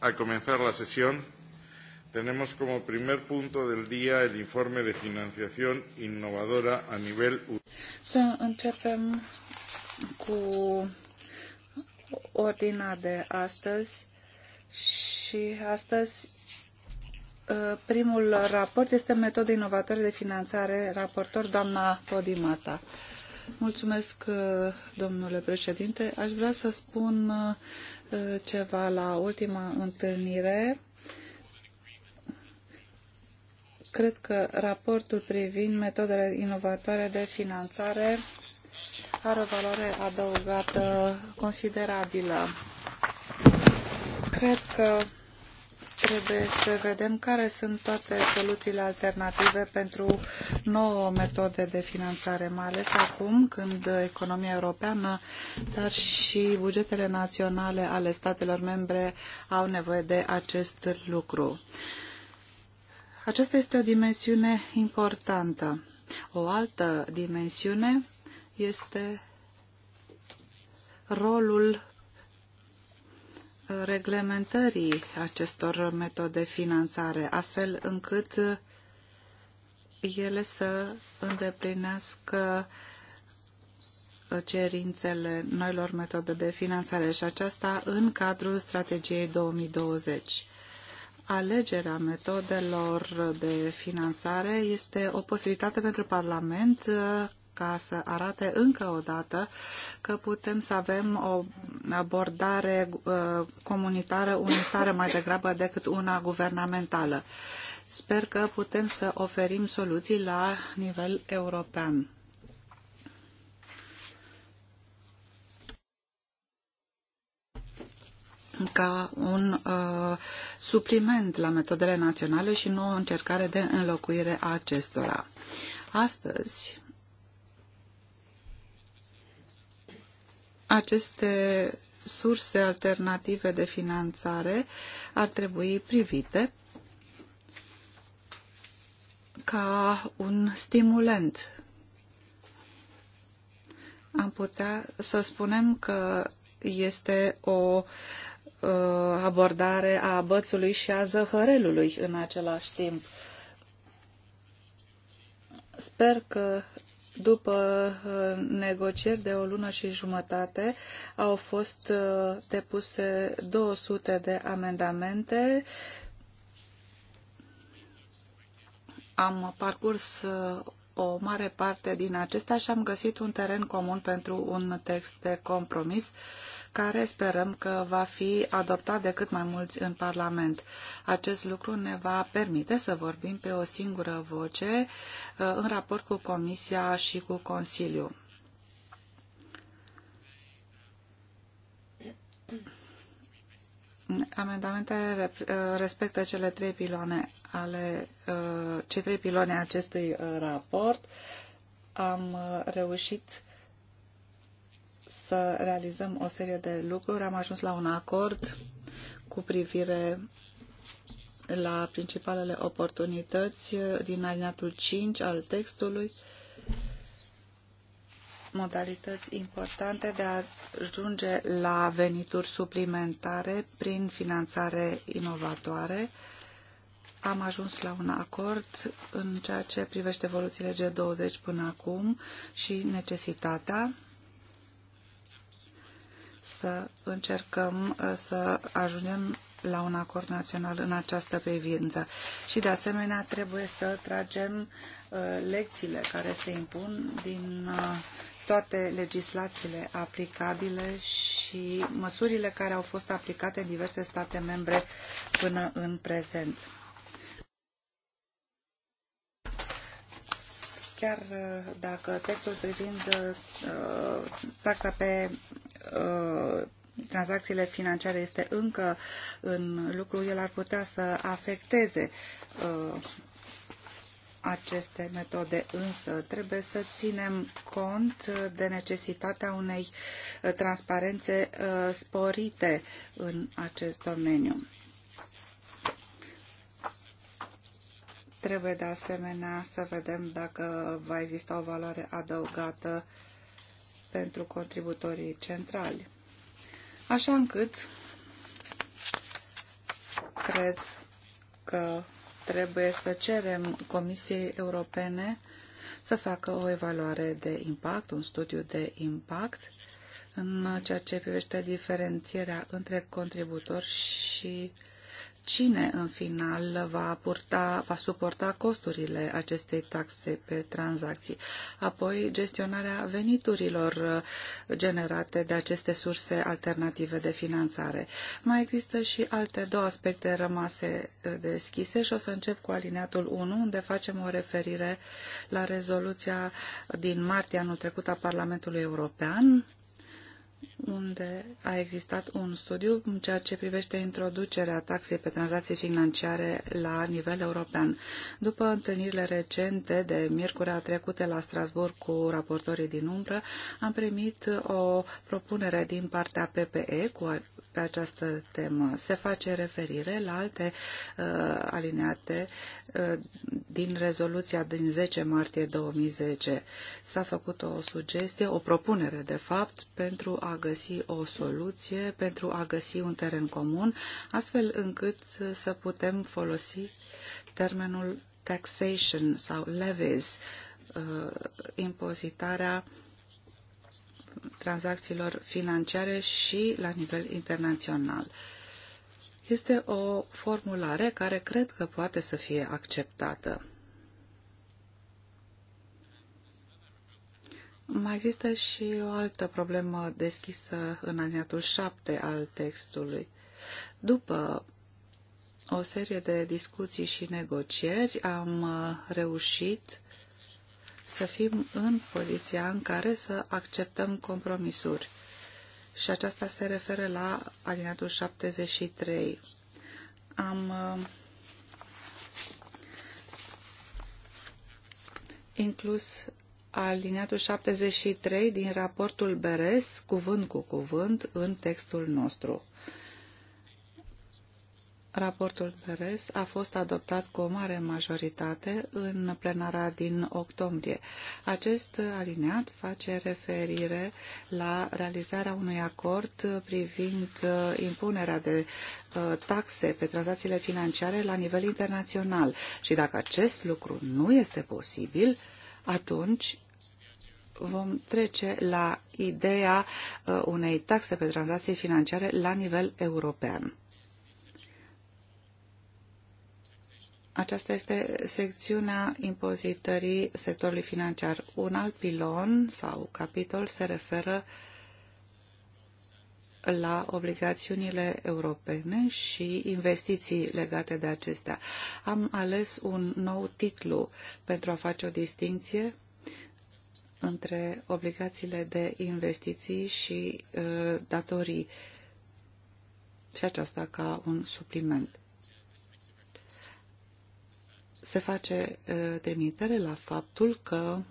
a comenzar la sesión. Tenemos como primer punto del día el informe de financiación innovadora a nivel... Să începem cu ordinea de astăzi și astăzi ă, primul raport este metode inovatoare de finanțare, raportor doamna Podimata. Mulțumesc, ă, domnule președinte. Aș vrea să spun ă, ceva la ultima întâlnire. Cred că raportul privind metodele inovatoare de finanțare are o valoare adăugată considerabilă. Cred că trebuie să vedem care sunt toate soluțiile alternative pentru nouă metode de finanțare, mai ales acum când economia europeană, dar și bugetele naționale ale statelor membre au nevoie de acest lucru. Aceasta este o dimensiune importantă. O altă dimensiune este rolul reglementării acestor metode de finanțare, astfel încât ele să îndeplinească cerințele noilor metode de finanțare și aceasta în cadrul strategiei 2020. Alegerea metodelor de finanțare este o posibilitate pentru Parlament ca să arate încă o dată că putem să avem o abordare uh, comunitară unitară mai degrabă decât una guvernamentală. Sper că putem să oferim soluții la nivel european. ca un uh, supliment la metodele naționale și nu o încercare de înlocuire a acestora. Astăzi, Aceste surse alternative de finanțare ar trebui privite ca un stimulent. Am putea să spunem că este o uh, abordare a bățului și a zăhărelului în același timp. Sper că după uh, negocieri de o lună și jumătate au fost uh, depuse 200 de amendamente. Am parcurs uh, o mare parte din acestea și am găsit un teren comun pentru un text de compromis uh, care sperăm că va fi adoptat de cât mai mulți în Parlament. Acest lucru ne va permite să vorbim pe o singură voce uh, în raport cu Comisia și cu Consiliu. Amendamentele uh, respectă cele trei piloane ale, uh, cei trei piloane acestui raport. Am reușit să realizăm o serie de lucruri. Am ajuns la un acord cu privire la principalele oportunități din alineatul 5 al textului, modalități importante de a ajunge la venituri suplimentare prin finanțare inovatoare. Am ajuns la un acord în ceea ce privește evoluțiile G20 până acum și necesitatea să încercăm uh, să ajungem la un acord național în această privință. Și de asemenea trebuie să tragem uh, lecțiile care se impun din uh, toate legislațiile aplicabile și măsurile care au fost aplicate în diverse state membre până în prezent. Chiar dacă textul privind taxa pe Uh, tranzacțiile financiare este încă în lucru, el ar putea să afecteze uh, aceste metode, însă trebuie să ținem cont de necesitatea unei uh, transparențe sporite în acest domeniu. Trebuie de asemenea să vedem dacă va exista o valoare adăugată uh, pentru contributorii centrali. Așa încât cred că trebuie să cerem Comisiei Europene să facă o evaluare de impact, un studiu de impact în ceea ce privește diferențierea între contributori și uh, cine în final va, purta, va suporta costurile acestei taxe pe tranzacții. Apoi, gestionarea veniturilor uh, generate de aceste surse alternative de finanțare. Mai există și alte două aspecte rămase uh, deschise și o să încep cu alineatul 1, unde facem o referire la rezoluția din martie anul trecut a Parlamentului European unde a existat un studiu în ceea ce privește introducerea taxei pe tranzacții financiare la nivel european. După întâlnirile recente de miercurea trecute la Strasburg cu raportorii din umbră, am primit o propunere din partea PPE cu pe această temă. Se face referire la alte uh, alineate uh, din rezoluția din 10 martie 2010. S-a făcut o sugestie, o propunere, de fapt, pentru a găsi o soluție, pentru a găsi un teren comun, astfel încât să putem folosi termenul taxation sau levies, uh, impozitarea uh, tranzacțiilor financiare și la nivel internațional. Este o formulare care cred că poate să fie acceptată. Mai există și o altă problemă deschisă în aliniatul 7 al textului. După o serie de discuții și negocieri am reușit să fim în poziția în care să acceptăm compromisuri. Și aceasta se referă la alineatul 73. Am uh, inclus aliniatul 73 din raportul Beres, cuvânt cu cuvânt, în textul nostru. Uh, Raportul Perez a fost adoptat cu o mare majoritate în plenara din octombrie. Acest alineat face referire la realizarea unui acord privind uh, impunerea de uh, taxe pe tranzacțiile financiare la nivel internațional și dacă acest lucru nu este posibil, atunci vom trece la ideea uh, unei taxe pe tranzacții financiare la nivel european. Aceasta este secțiunea impozitării sectorului financiar. Un alt pilon sau capitol se referă la obligațiunile europene și investiții legate de acestea. Am ales un nou titlu pentru a face o distinție între obligațiile de investiții și uh, datorii și aceasta ca un supliment se face trimitere la faptul că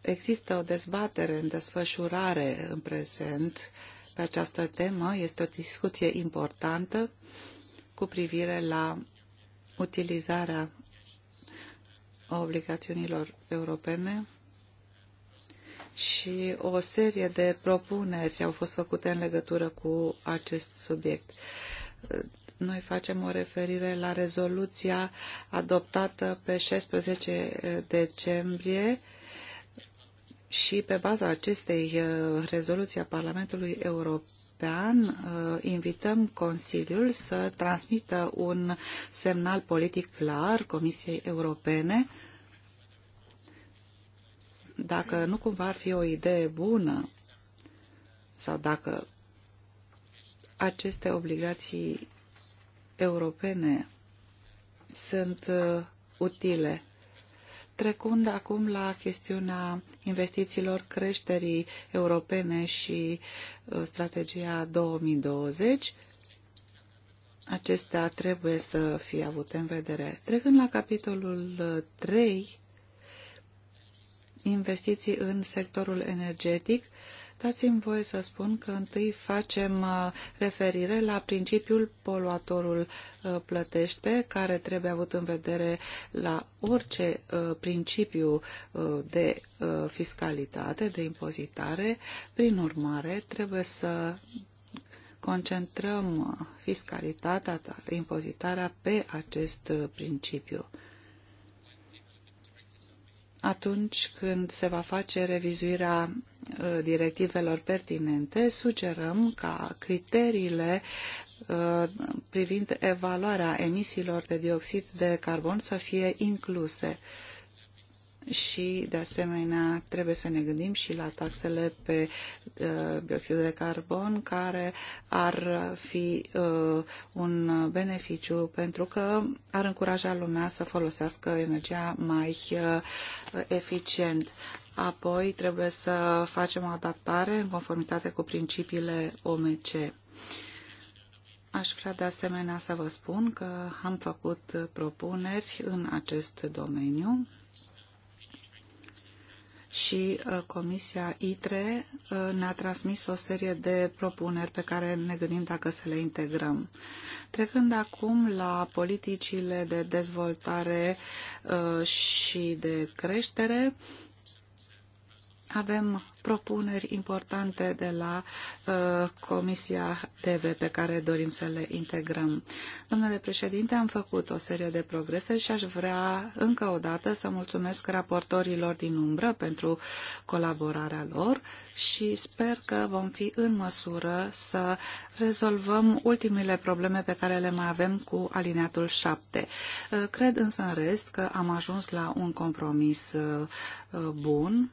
există o dezbatere în desfășurare în prezent pe această temă. Este o discuție importantă cu privire la utilizarea obligațiunilor europene și o serie de propuneri au fost făcute în legătură cu acest subiect noi facem o referire la rezoluția adoptată pe 16 decembrie și pe baza acestei uh, rezoluții a Parlamentului European uh, invităm Consiliul să transmită un semnal politic clar Comisiei Europene dacă nu cumva ar fi o idee bună sau dacă aceste obligații europene sunt uh, utile. Trecând acum la chestiunea investițiilor creșterii europene și uh, strategia 2020, acestea trebuie să fie avute în vedere. Trecând la capitolul 3, uh, investiții în sectorul energetic, Dați-mi voie să spun că întâi facem uh, referire la principiul poluatorul uh, plătește, care trebuie avut în vedere la orice uh, principiu de fiscalitate, de impozitare. Prin urmare, trebuie să concentrăm fiscalitatea, da, impozitarea pe acest principiu atunci când se va face revizuirea Uh, directivelor pertinente, sugerăm ca criteriile uh, privind evaluarea emisiilor de dioxid de carbon să fie incluse. Și, de asemenea, trebuie să ne gândim și la taxele pe uh, dioxid de carbon, care ar fi un beneficiu pentru că ar încuraja lumea să folosească energia mai eficient. Apoi trebuie să facem o adaptare în conformitate cu principiile OMC. Aș vrea de asemenea să vă spun că am făcut propuneri în acest domeniu și uh, Comisia ITRE uh, ne-a transmis o serie de propuneri pe care ne gândim dacă să le integrăm. Trecând acum la politicile de dezvoltare uh, și de creștere, avem propuneri importante de la uh, Comisia TV pe care dorim să le integrăm. Domnule președinte, am făcut o serie de progrese și aș vrea încă o dată să mulțumesc raportorilor din umbră pentru colaborarea lor și sper că vom fi în măsură să rezolvăm ultimile probleme pe care le mai avem cu alineatul 7. Uh, cred însă în rest că am ajuns la un compromis uh, bun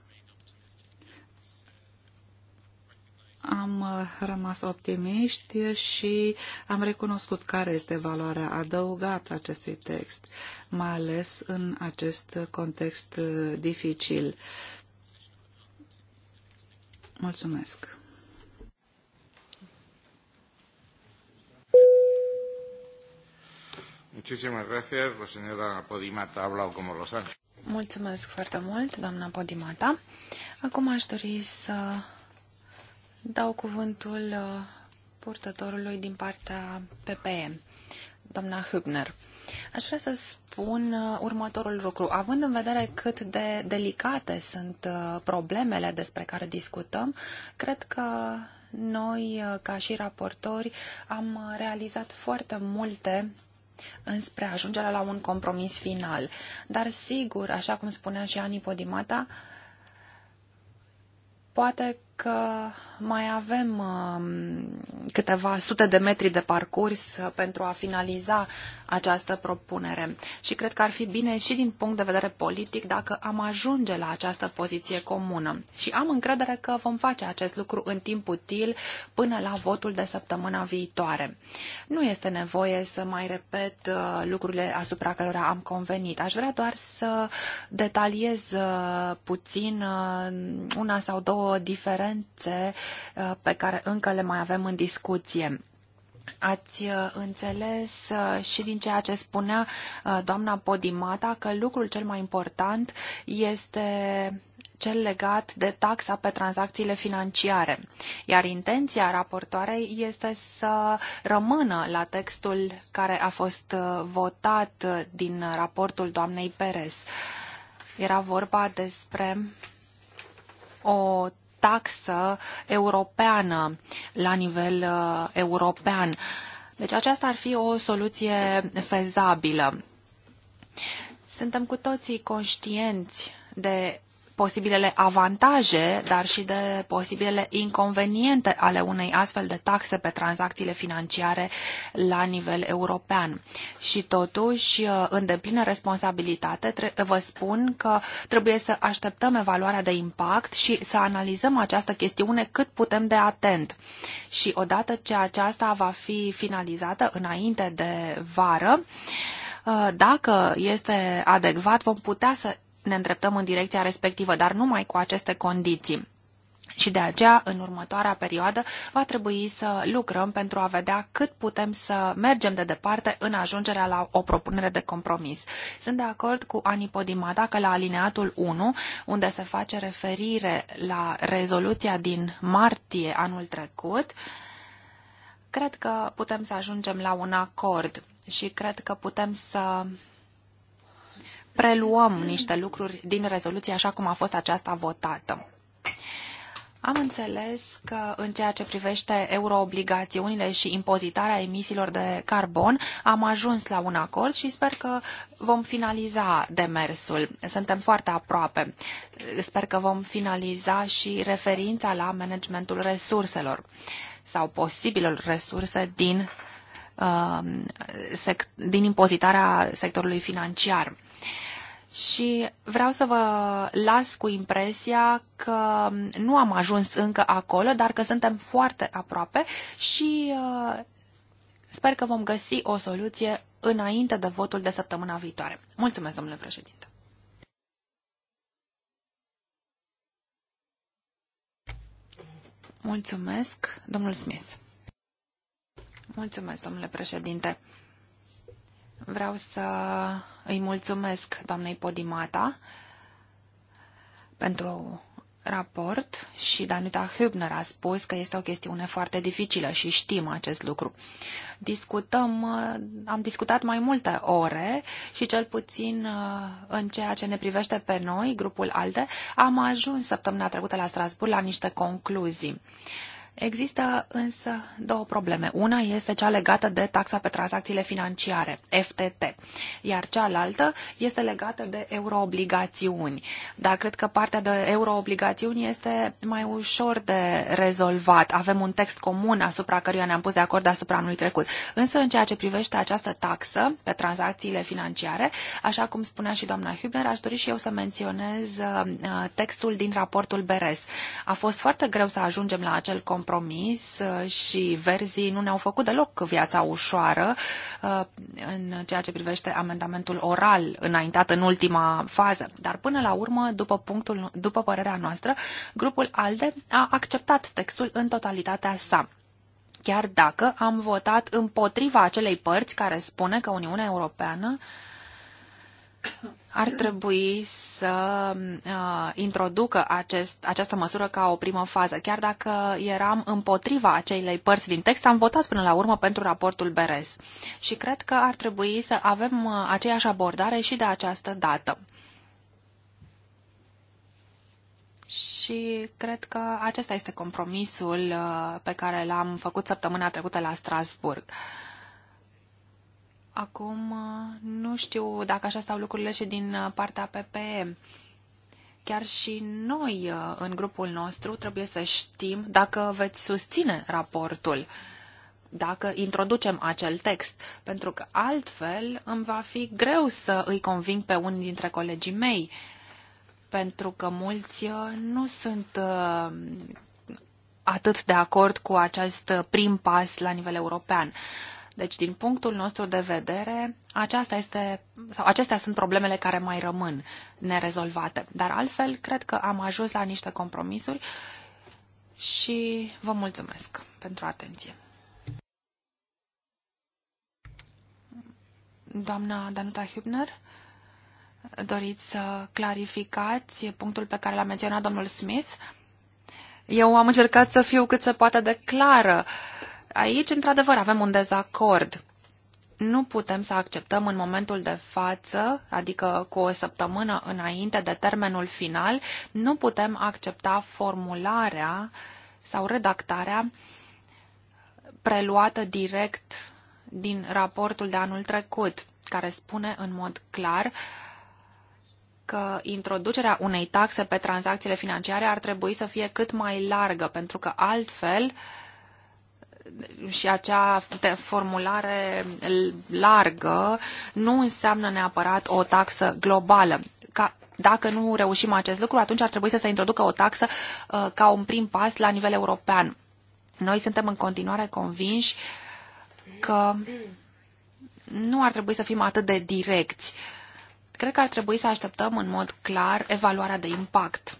am uh, rămas optimiști și am recunoscut care este valoarea adăugată acestui text, mai ales în acest context uh, dificil. Mulțumesc! Mulțumesc foarte mult, doamna Podimata. Acum aș dori să Dau cuvântul uh, purtătorului din partea PPM, doamna Hübner. Aș vrea să spun uh, următorul lucru. Având în vedere cât de delicate sunt uh, problemele despre care discutăm, cred că noi, ca și raportori, am realizat foarte multe înspre ajungerea la un compromis final. Dar sigur, așa cum spunea și Ani Podimata, poate că mai avem um, câteva sute de metri de parcurs pentru a finaliza această propunere și cred că ar fi bine și din punct de vedere politic dacă am ajunge la această poziție comună. Și am încredere că vom face acest lucru în timp util până la votul de săptămâna viitoare. Nu este nevoie să mai repet uh, lucrurile asupra cărora am convenit. Aș vrea doar să detaliez uh, puțin uh, una sau două diferențe diferențe uh, pe care încă le mai avem în discuție. Ați uh, înțeles uh, și din ceea ce spunea doamna Podimata că lucrul cel mai important este cel legat de taxa pe tranzacțiile financiare, iar intenția raportoarei este să rămână la textul care a fost votat din raportul doamnei Perez. Era vorba despre o taxă europeană la nivel uh, european. Deci aceasta ar fi o soluție fezabilă. Suntem cu toții conștienți de posibilele avantaje, dar și de posibilele inconveniente ale unei astfel de taxe pe tranzacțiile financiare la nivel european. Și totuși, uh, în deplină responsabilitate, vă spun că trebuie să așteptăm evaluarea de impact și să analizăm această chestiune cât putem de atent. Și odată ce aceasta va fi finalizată înainte de vară, uh, dacă este adecvat, vom putea să ne îndreptăm în direcția respectivă, dar numai cu aceste condiții. Și de aceea, în următoarea perioadă, va trebui să lucrăm pentru a vedea cât putem să mergem de departe în ajungerea la o propunere de compromis. Sunt de acord cu Anipodimata că la alineatul 1, unde se face referire la rezoluția din martie anul trecut, cred că putem să ajungem la un acord și cred că putem să preluăm niște lucruri din rezoluție așa cum a fost aceasta votată. Am înțeles că în ceea ce privește euroobligațiunile și impozitarea emisiilor de carbon, am ajuns la un acord și sper că vom finaliza demersul. Suntem foarte aproape. Sper că vom finaliza și referința la managementul resurselor sau posibilul resurse din, uh, din impozitarea sectorului financiar și vreau să vă las cu impresia că nu am ajuns încă acolo, dar că suntem foarte aproape și uh, sper că vom găsi o soluție înainte de votul de săptămâna viitoare. Mulțumesc, domnule președinte! Mulțumesc, domnul Smith. Mulțumesc, domnule președinte. Vreau să îi mulțumesc doamnei Podimata pentru raport și Danuta Hübner a spus că este o chestiune foarte dificilă și știm acest lucru. Discutăm, uh, am discutat mai multe ore și cel puțin uh, în ceea ce ne privește pe noi, grupul ALDE, am ajuns săptămâna trecută la Strasburg la niște concluzii. Există însă două probleme. Una este cea legată de taxa pe tranzacțiile financiare, FTT, iar cealaltă este legată de euroobligațiuni. Dar cred că partea de euroobligațiuni este mai ușor de rezolvat. Avem un text comun asupra căruia ne-am pus de acord asupra anului trecut. Însă, în ceea ce privește această taxă pe tranzacțiile financiare, așa cum spunea și doamna Hübner, aș dori și eu să menționez uh, textul din raportul Beres. A fost foarte greu să ajungem la acel compromis compromis uh, și verzii nu ne-au făcut deloc viața ușoară uh, în ceea ce privește amendamentul oral înaintat în ultima fază. Dar până la urmă, după, punctul, după părerea noastră, grupul ALDE a acceptat textul în totalitatea sa chiar dacă am votat împotriva acelei părți care spune că Uniunea Europeană uh, ar trebui să uh, introducă acest, această măsură ca o primă fază. Chiar dacă eram împotriva acelei părți din text, am votat până la urmă pentru raportul Beres. Și cred că ar trebui să avem uh, aceeași abordare și de această dată. Și cred că acesta este compromisul uh, pe care l-am făcut săptămâna trecută la Strasburg. Acum uh, nu știu dacă așa stau lucrurile și din uh, partea PPE. Chiar și noi, uh, în grupul nostru, trebuie să știm dacă veți susține raportul, dacă introducem acel text, pentru că altfel îmi va fi greu să îi conving pe unii dintre colegii mei, pentru că mulți nu sunt atât de acord cu acest prim pas la nivel european. Deci, din punctul nostru de vedere, aceasta este, sau acestea sunt problemele care mai rămân nerezolvate. Dar altfel, cred că am ajuns la niște compromisuri și vă mulțumesc pentru atenție. Doamna Danuta Hübner, doriți să clarificați punctul pe care l-a menționat domnul Smith? Eu am încercat să fiu cât se poate de clară. Uh, aici, într-adevăr, avem un dezacord. Nu putem să acceptăm în momentul de față, adică cu o săptămână înainte de termenul final, nu putem accepta formularea sau redactarea preluată direct din raportul de anul trecut, care spune în mod clar că introducerea unei taxe pe tranzacțiile financiare ar trebui să fie cât mai largă, pentru că altfel uh, și acea formulare largă nu înseamnă neapărat o taxă globală. Ca, dacă nu reușim acest lucru, atunci ar trebui să se introducă o taxă uh, ca un prim pas la nivel european. Noi suntem în continuare convinși că nu ar trebui să fim atât de direcți. Cred că ar trebui să așteptăm în mod clar evaluarea de impact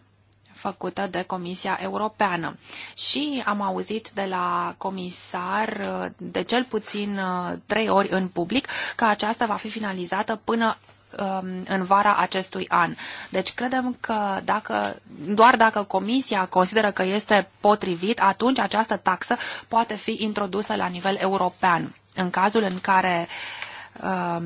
făcută de Comisia Europeană. Și am auzit de la comisar uh, de cel puțin uh, trei ori în public că aceasta va fi finalizată până um, în vara acestui an. Deci credem că dacă, doar dacă Comisia consideră că este potrivit, atunci această taxă poate fi introdusă la nivel european. În cazul în care um,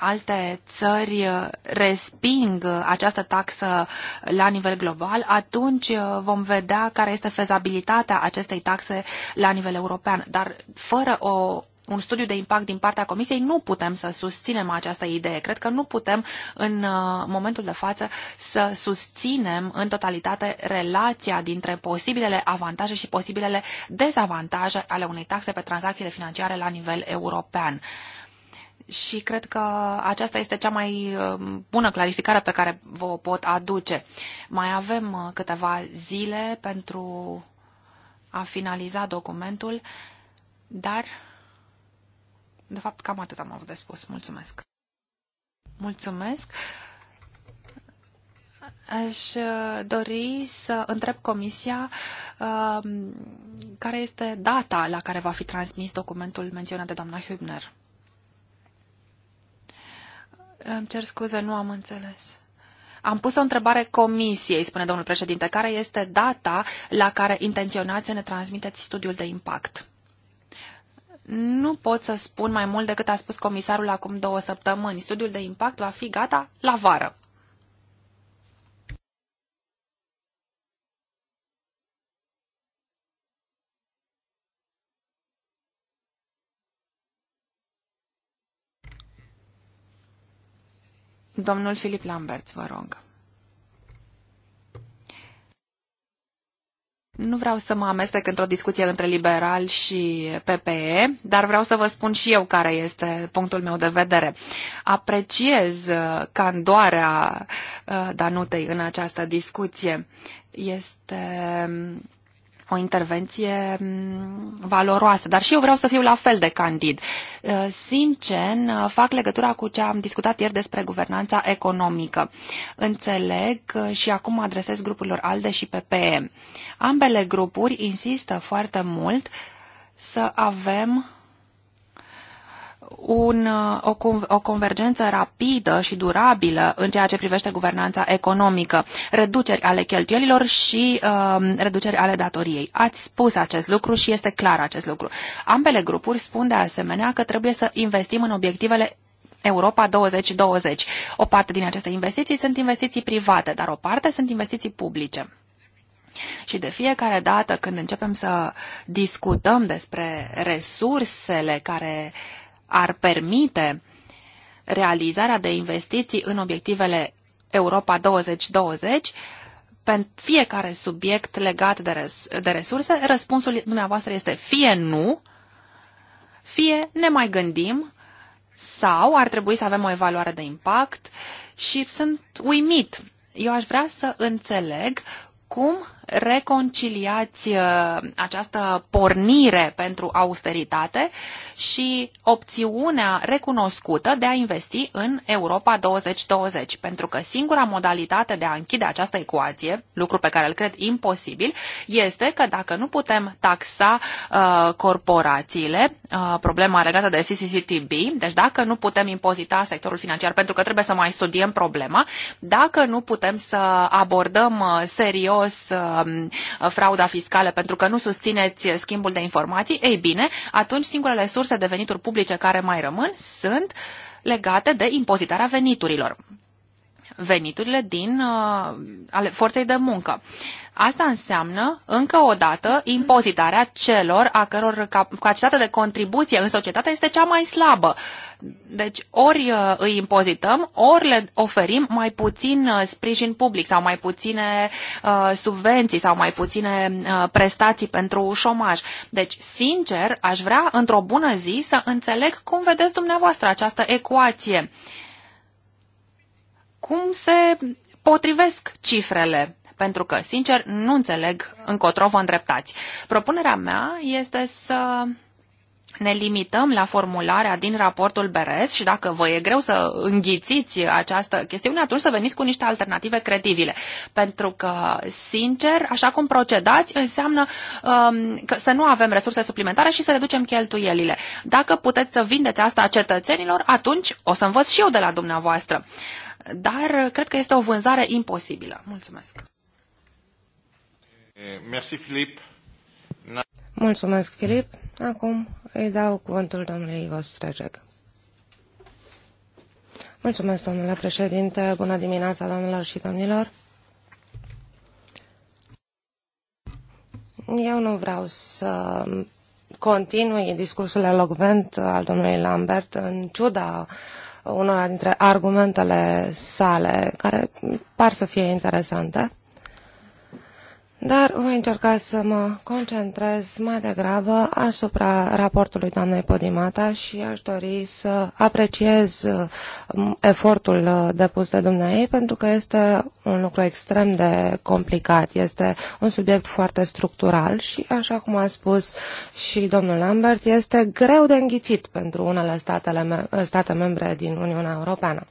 alte țări uh, resping uh, această taxă la nivel global, atunci uh, vom vedea care este fezabilitatea acestei taxe la nivel european. Dar fără o un studiu de impact din partea Comisiei, nu putem să susținem această idee. Cred că nu putem în momentul de față să susținem în totalitate relația dintre posibilele avantaje și posibilele dezavantaje ale unei taxe pe tranzacțiile financiare la nivel european și cred că aceasta este cea mai um, bună clarificare pe care vă o pot aduce. Mai avem uh, câteva zile pentru a finaliza documentul, dar de fapt cam atât am avut de spus. Mulțumesc! Mulțumesc! Aș uh, dori să întreb comisia um, care este data la care va fi transmis documentul menționat de doamna Hübner. Îmi cer scuze, nu am înțeles. Am pus o întrebare comisiei, spune domnul președinte, care este data la care intenționați să ne transmiteți studiul de impact? Nu pot să spun mai mult decât a spus comisarul acum două săptămâni. Studiul de impact va fi gata la vară. Domnul Filip Lambert, vă rog. Nu vreau să mă amestec într-o discuție între liberal și PPE, dar vreau să vă spun și eu care este punctul meu de vedere. Apreciez uh, candoarea uh, Danutei în această discuție. Este o intervenție mm, valoroasă, dar și eu vreau să fiu la fel de candid. Uh, Sincer, fac legătura cu ce am discutat ieri despre guvernanța economică. Înțeleg și acum adresez grupurilor ALDE și PPE. Ambele grupuri insistă foarte mult să avem un, o, o convergență rapidă și durabilă în ceea ce privește guvernanța economică, reduceri ale cheltuielilor și uh, reduceri ale datoriei. Ați spus acest lucru și este clar acest lucru. Ambele grupuri spun de asemenea că trebuie să investim în obiectivele Europa 2020. O parte din aceste investiții sunt investiții private, dar o parte sunt investiții publice. Și de fiecare dată când începem să discutăm despre resursele care uh, ar permite realizarea de investiții în obiectivele Europa 2020, pentru fiecare subiect legat de, res- de resurse, răspunsul dumneavoastră este fie nu, fie ne mai gândim sau ar trebui să avem o evaluare de impact și sunt uimit. Eu aș vrea să înțeleg cum reconciliați uh, această pornire pentru austeritate și opțiunea recunoscută de a investi în Europa 2020, pentru că singura modalitate de a închide această ecuație, lucru pe care îl cred imposibil, este că dacă nu putem taxa uh, corporațiile, uh, problema legată de CCCTB, deci dacă nu putem impozita sectorul financiar, pentru că trebuie să mai studiem problema, dacă nu putem să abordăm uh, serios uh, Um, frauda fiscală pentru că nu susțineți schimbul de informații, ei bine, atunci singurele surse de venituri publice care mai rămân sunt legate de impozitarea veniturilor veniturile din uh, ale forței de muncă. Asta înseamnă, încă o dată, impozitarea celor a căror capacitate de contribuție în societate este cea mai slabă. Deci ori uh, îi impozităm, ori le oferim mai puțin uh, sprijin public sau mai puține uh, subvenții sau mai puține uh, prestații pentru șomaj. Deci, sincer, aș vrea într-o bună zi să înțeleg cum vedeți dumneavoastră această ecuație. Uh, cum se potrivesc cifrele pentru că, sincer, nu înțeleg încotro vă îndreptați. Propunerea mea este să ne limităm la formularea din raportul BRS și dacă vă e greu să înghițiți această chestiune, atunci să veniți cu niște alternative credibile. Pentru că, sincer, așa cum procedați, înseamnă um, că să nu avem resurse suplimentare și să reducem cheltuielile. Dacă puteți să vindeți asta cetățenilor, atunci o să învăț și eu de la dumneavoastră. Uh, dar cred că este o vânzare imposibilă. Mulțumesc! Eh, merci, Filip. Mulțumesc, Filip. Acum îi dau cuvântul domnului Stregec. Mulțumesc, domnule președinte. Bună dimineața, domnilor și domnilor. Eu nu vreau să continui discursul elocvent al domnului Lambert în ciuda uh, unora dintre argumentele sale, care par să fie interesante dar voi încerca să mă concentrez mai degrabă asupra raportului doamnei Podimata și aș dori să apreciez um, efortul uh, depus de dumneai pentru că este un lucru extrem de complicat. Este un subiect foarte structural și, așa cum a spus și domnul Lambert, este greu de înghițit pentru unele statele, state membre din Uniunea Europeană.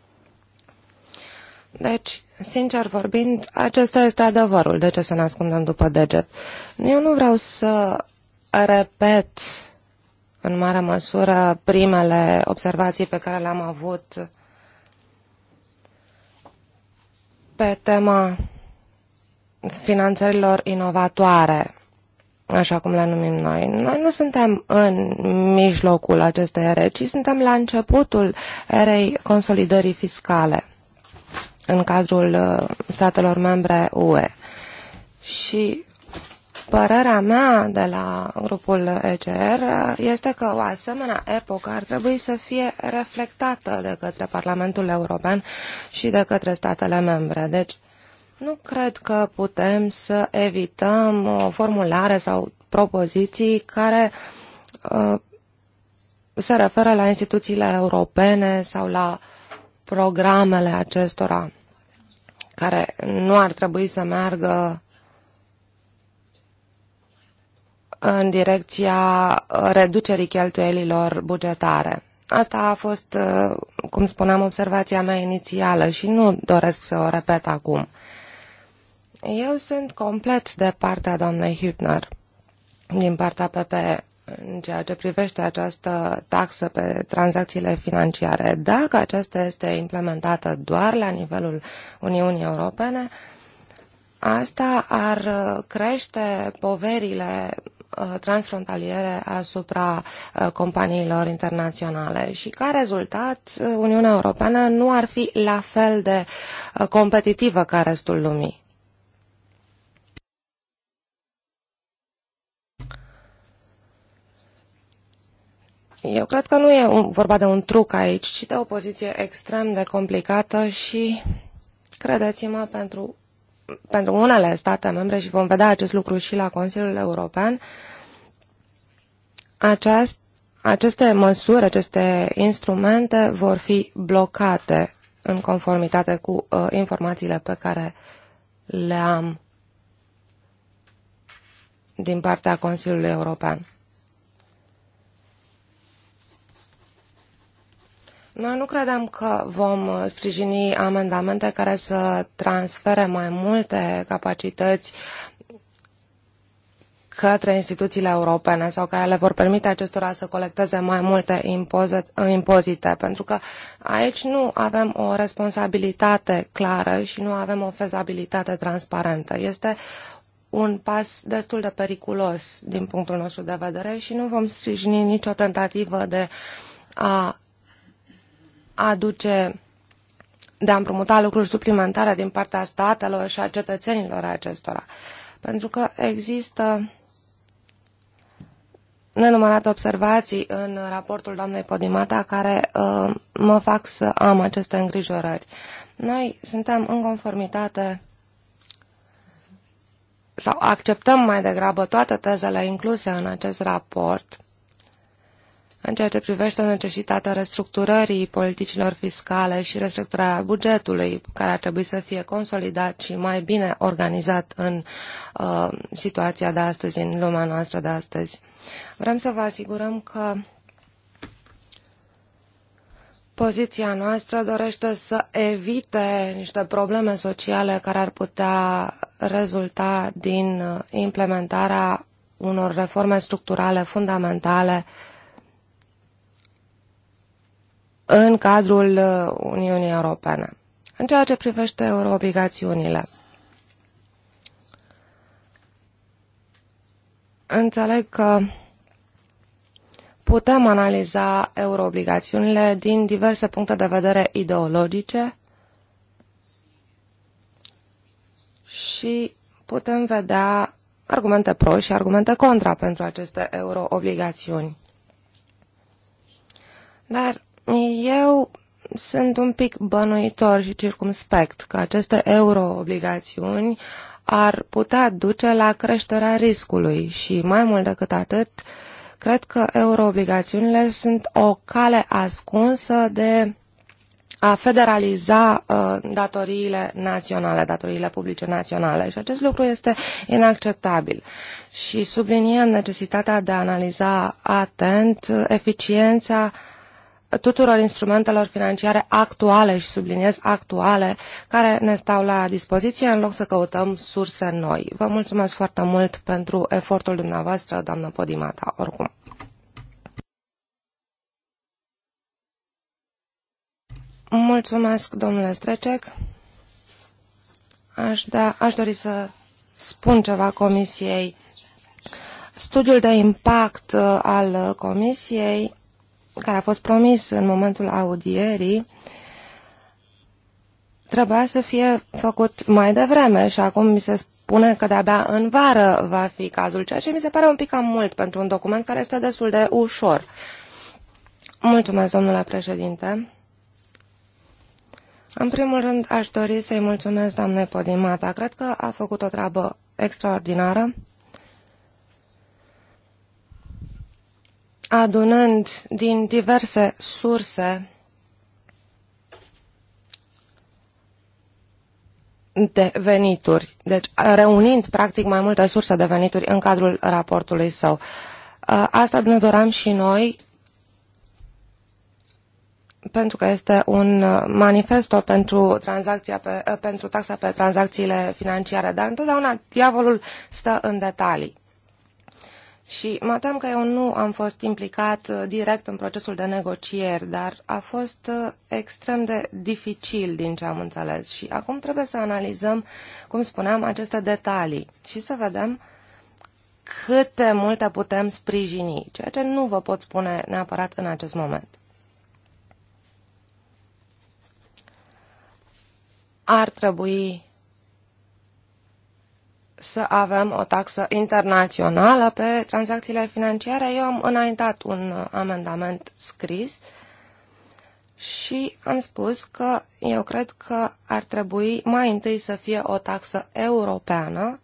Deci, Sincer vorbind, acesta este adevărul. De ce să ne ascundem după deget? Eu nu vreau să repet în mare măsură primele observații pe care le-am avut pe tema finanțărilor inovatoare, așa cum le numim noi. Noi nu suntem în mijlocul acestei ere, ci suntem la începutul erei consolidării fiscale în cadrul uh, statelor membre UE. Și părerea mea de la grupul ECR este că o asemenea epocă ar trebui să fie reflectată de către Parlamentul European și de către statele membre. Deci, nu cred că putem să evităm o uh, formulare sau propoziții care uh, se referă la instituțiile europene sau la programele acestora care nu ar trebui să meargă în direcția reducerii cheltuielilor bugetare. Asta a fost, uh, cum spuneam, observația mea inițială și nu doresc să o repet acum. Eu sunt complet de partea doamnei Hübner, din partea PPE în ceea ce privește această taxă pe tranzacțiile financiare, dacă aceasta este implementată doar la nivelul Uniunii Europene, asta ar uh, crește poverile uh, transfrontaliere asupra uh, companiilor internaționale și ca rezultat Uniunea Europeană nu ar fi la fel de competitivă ca restul lumii. Eu cred că nu e un, vorba de un truc aici, ci de o poziție extrem de complicată și, credeți-mă, pentru, pentru unele state membre, și vom vedea acest lucru și la Consiliul European, aceast, aceste măsuri, aceste instrumente vor fi blocate în conformitate cu uh, informațiile pe care le am din partea Consiliului European. Noi nu credem că vom uh, sprijini amendamente care să transfere mai multe capacități către instituțiile europene sau care le vor permite acestora să colecteze mai multe uh, impozite, pentru că aici nu avem o responsabilitate clară și nu avem o fezabilitate transparentă. Este un pas destul de periculos din punctul nostru de vedere și nu vom sprijini nicio tentativă de a aduce de a împrumuta lucruri suplimentare din partea statelor și a cetățenilor acestora. Pentru că există nenumărate observații în raportul doamnei Podimata care uh, mă fac să am aceste îngrijorări. Noi suntem în conformitate sau acceptăm mai degrabă toate tezele incluse în acest raport în ceea ce privește necesitatea restructurării politicilor fiscale și restructurarea bugetului, care ar trebui să fie consolidat și mai bine organizat în uh, situația de astăzi, în lumea noastră de astăzi. Vrem să vă asigurăm că poziția noastră dorește să evite niște probleme sociale care ar putea rezulta din uh, implementarea unor reforme structurale fundamentale uh, în cadrul uh, Uniunii Europene. În ceea ce privește euroobligațiunile, înțeleg că putem analiza euroobligațiunile din diverse puncte de vedere ideologice și putem vedea argumente pro și argumente contra pentru aceste euroobligațiuni. Dar eu sunt un pic bănuitor și circumspect că aceste euroobligațiuni ar putea duce la creșterea riscului și mai mult decât atât, cred că euroobligațiunile sunt o cale ascunsă de a federaliza uh, datoriile naționale, datoriile publice naționale și acest lucru este inacceptabil. Și subliniem necesitatea de a analiza atent eficiența uh, tuturor instrumentelor financiare actuale și subliniez actuale care ne stau la dispoziție în loc să căutăm surse noi. Vă mulțumesc foarte mult pentru efortul dumneavoastră, doamnă Podimata, oricum. Mulțumesc, domnule Strecec. Aș, da, aș dori să spun ceva comisiei. Studiul de impact uh, al uh, comisiei care a fost promis în momentul audierii trebuia să fie făcut mai devreme și acum mi se spune că de-abia în vară va fi cazul, ceea ce mi se pare un pic cam mult pentru un document care este destul de ușor. Mulțumesc, domnule președinte. În primul rând, aș dori să-i mulțumesc doamnei Podimata. Cred că a făcut o treabă extraordinară adunând din diverse surse de venituri, deci reunind practic mai multe surse de venituri în cadrul raportului său. Asta ne doram și noi pentru că este un uh, manifesto pentru, tranzacția pe, uh, pentru taxa pe tranzacțiile financiare, dar întotdeauna diavolul stă în detalii. Și mă tem că eu nu am fost implicat uh, direct în procesul de negocieri, dar a fost uh, extrem de dificil din ce am înțeles. Și acum trebuie să analizăm, cum spuneam, aceste detalii și să vedem câte multe putem sprijini, ceea ce nu vă pot spune neapărat în acest moment. Ar trebui să avem o taxă internațională pe tranzacțiile financiare. Eu am înaintat un uh, amendament scris și am spus că eu cred că ar trebui mai întâi să fie o taxă europeană,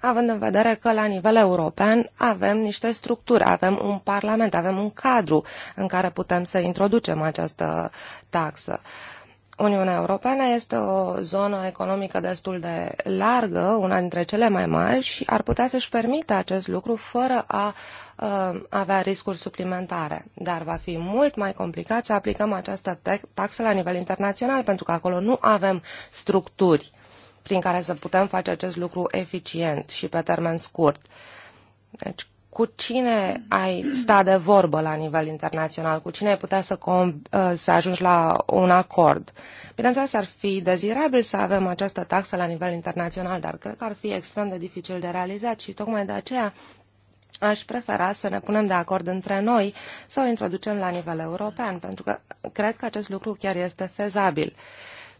având în vedere că la nivel european avem niște structuri, avem un parlament, avem un cadru în care putem să introducem această taxă. Uh, Uniunea Europeană este o zonă economică destul de largă, una dintre cele mai mari și ar putea să-și permită acest lucru fără a uh, avea riscuri suplimentare. Dar va fi mult mai complicat să aplicăm această taxă la nivel internațional, pentru că acolo nu avem structuri prin care să putem face acest lucru eficient și pe termen scurt. Deci, cu cine ai sta de vorbă la nivel internațional, cu cine ai putea să, uh, să ajungi la un acord. Bineînțeles, ar fi dezirabil să avem această taxă la nivel internațional, dar cred că ar fi extrem de dificil de realizat și tocmai de aceea aș prefera să ne punem de acord între noi să o introducem la nivel european, pentru că cred că acest lucru chiar este fezabil.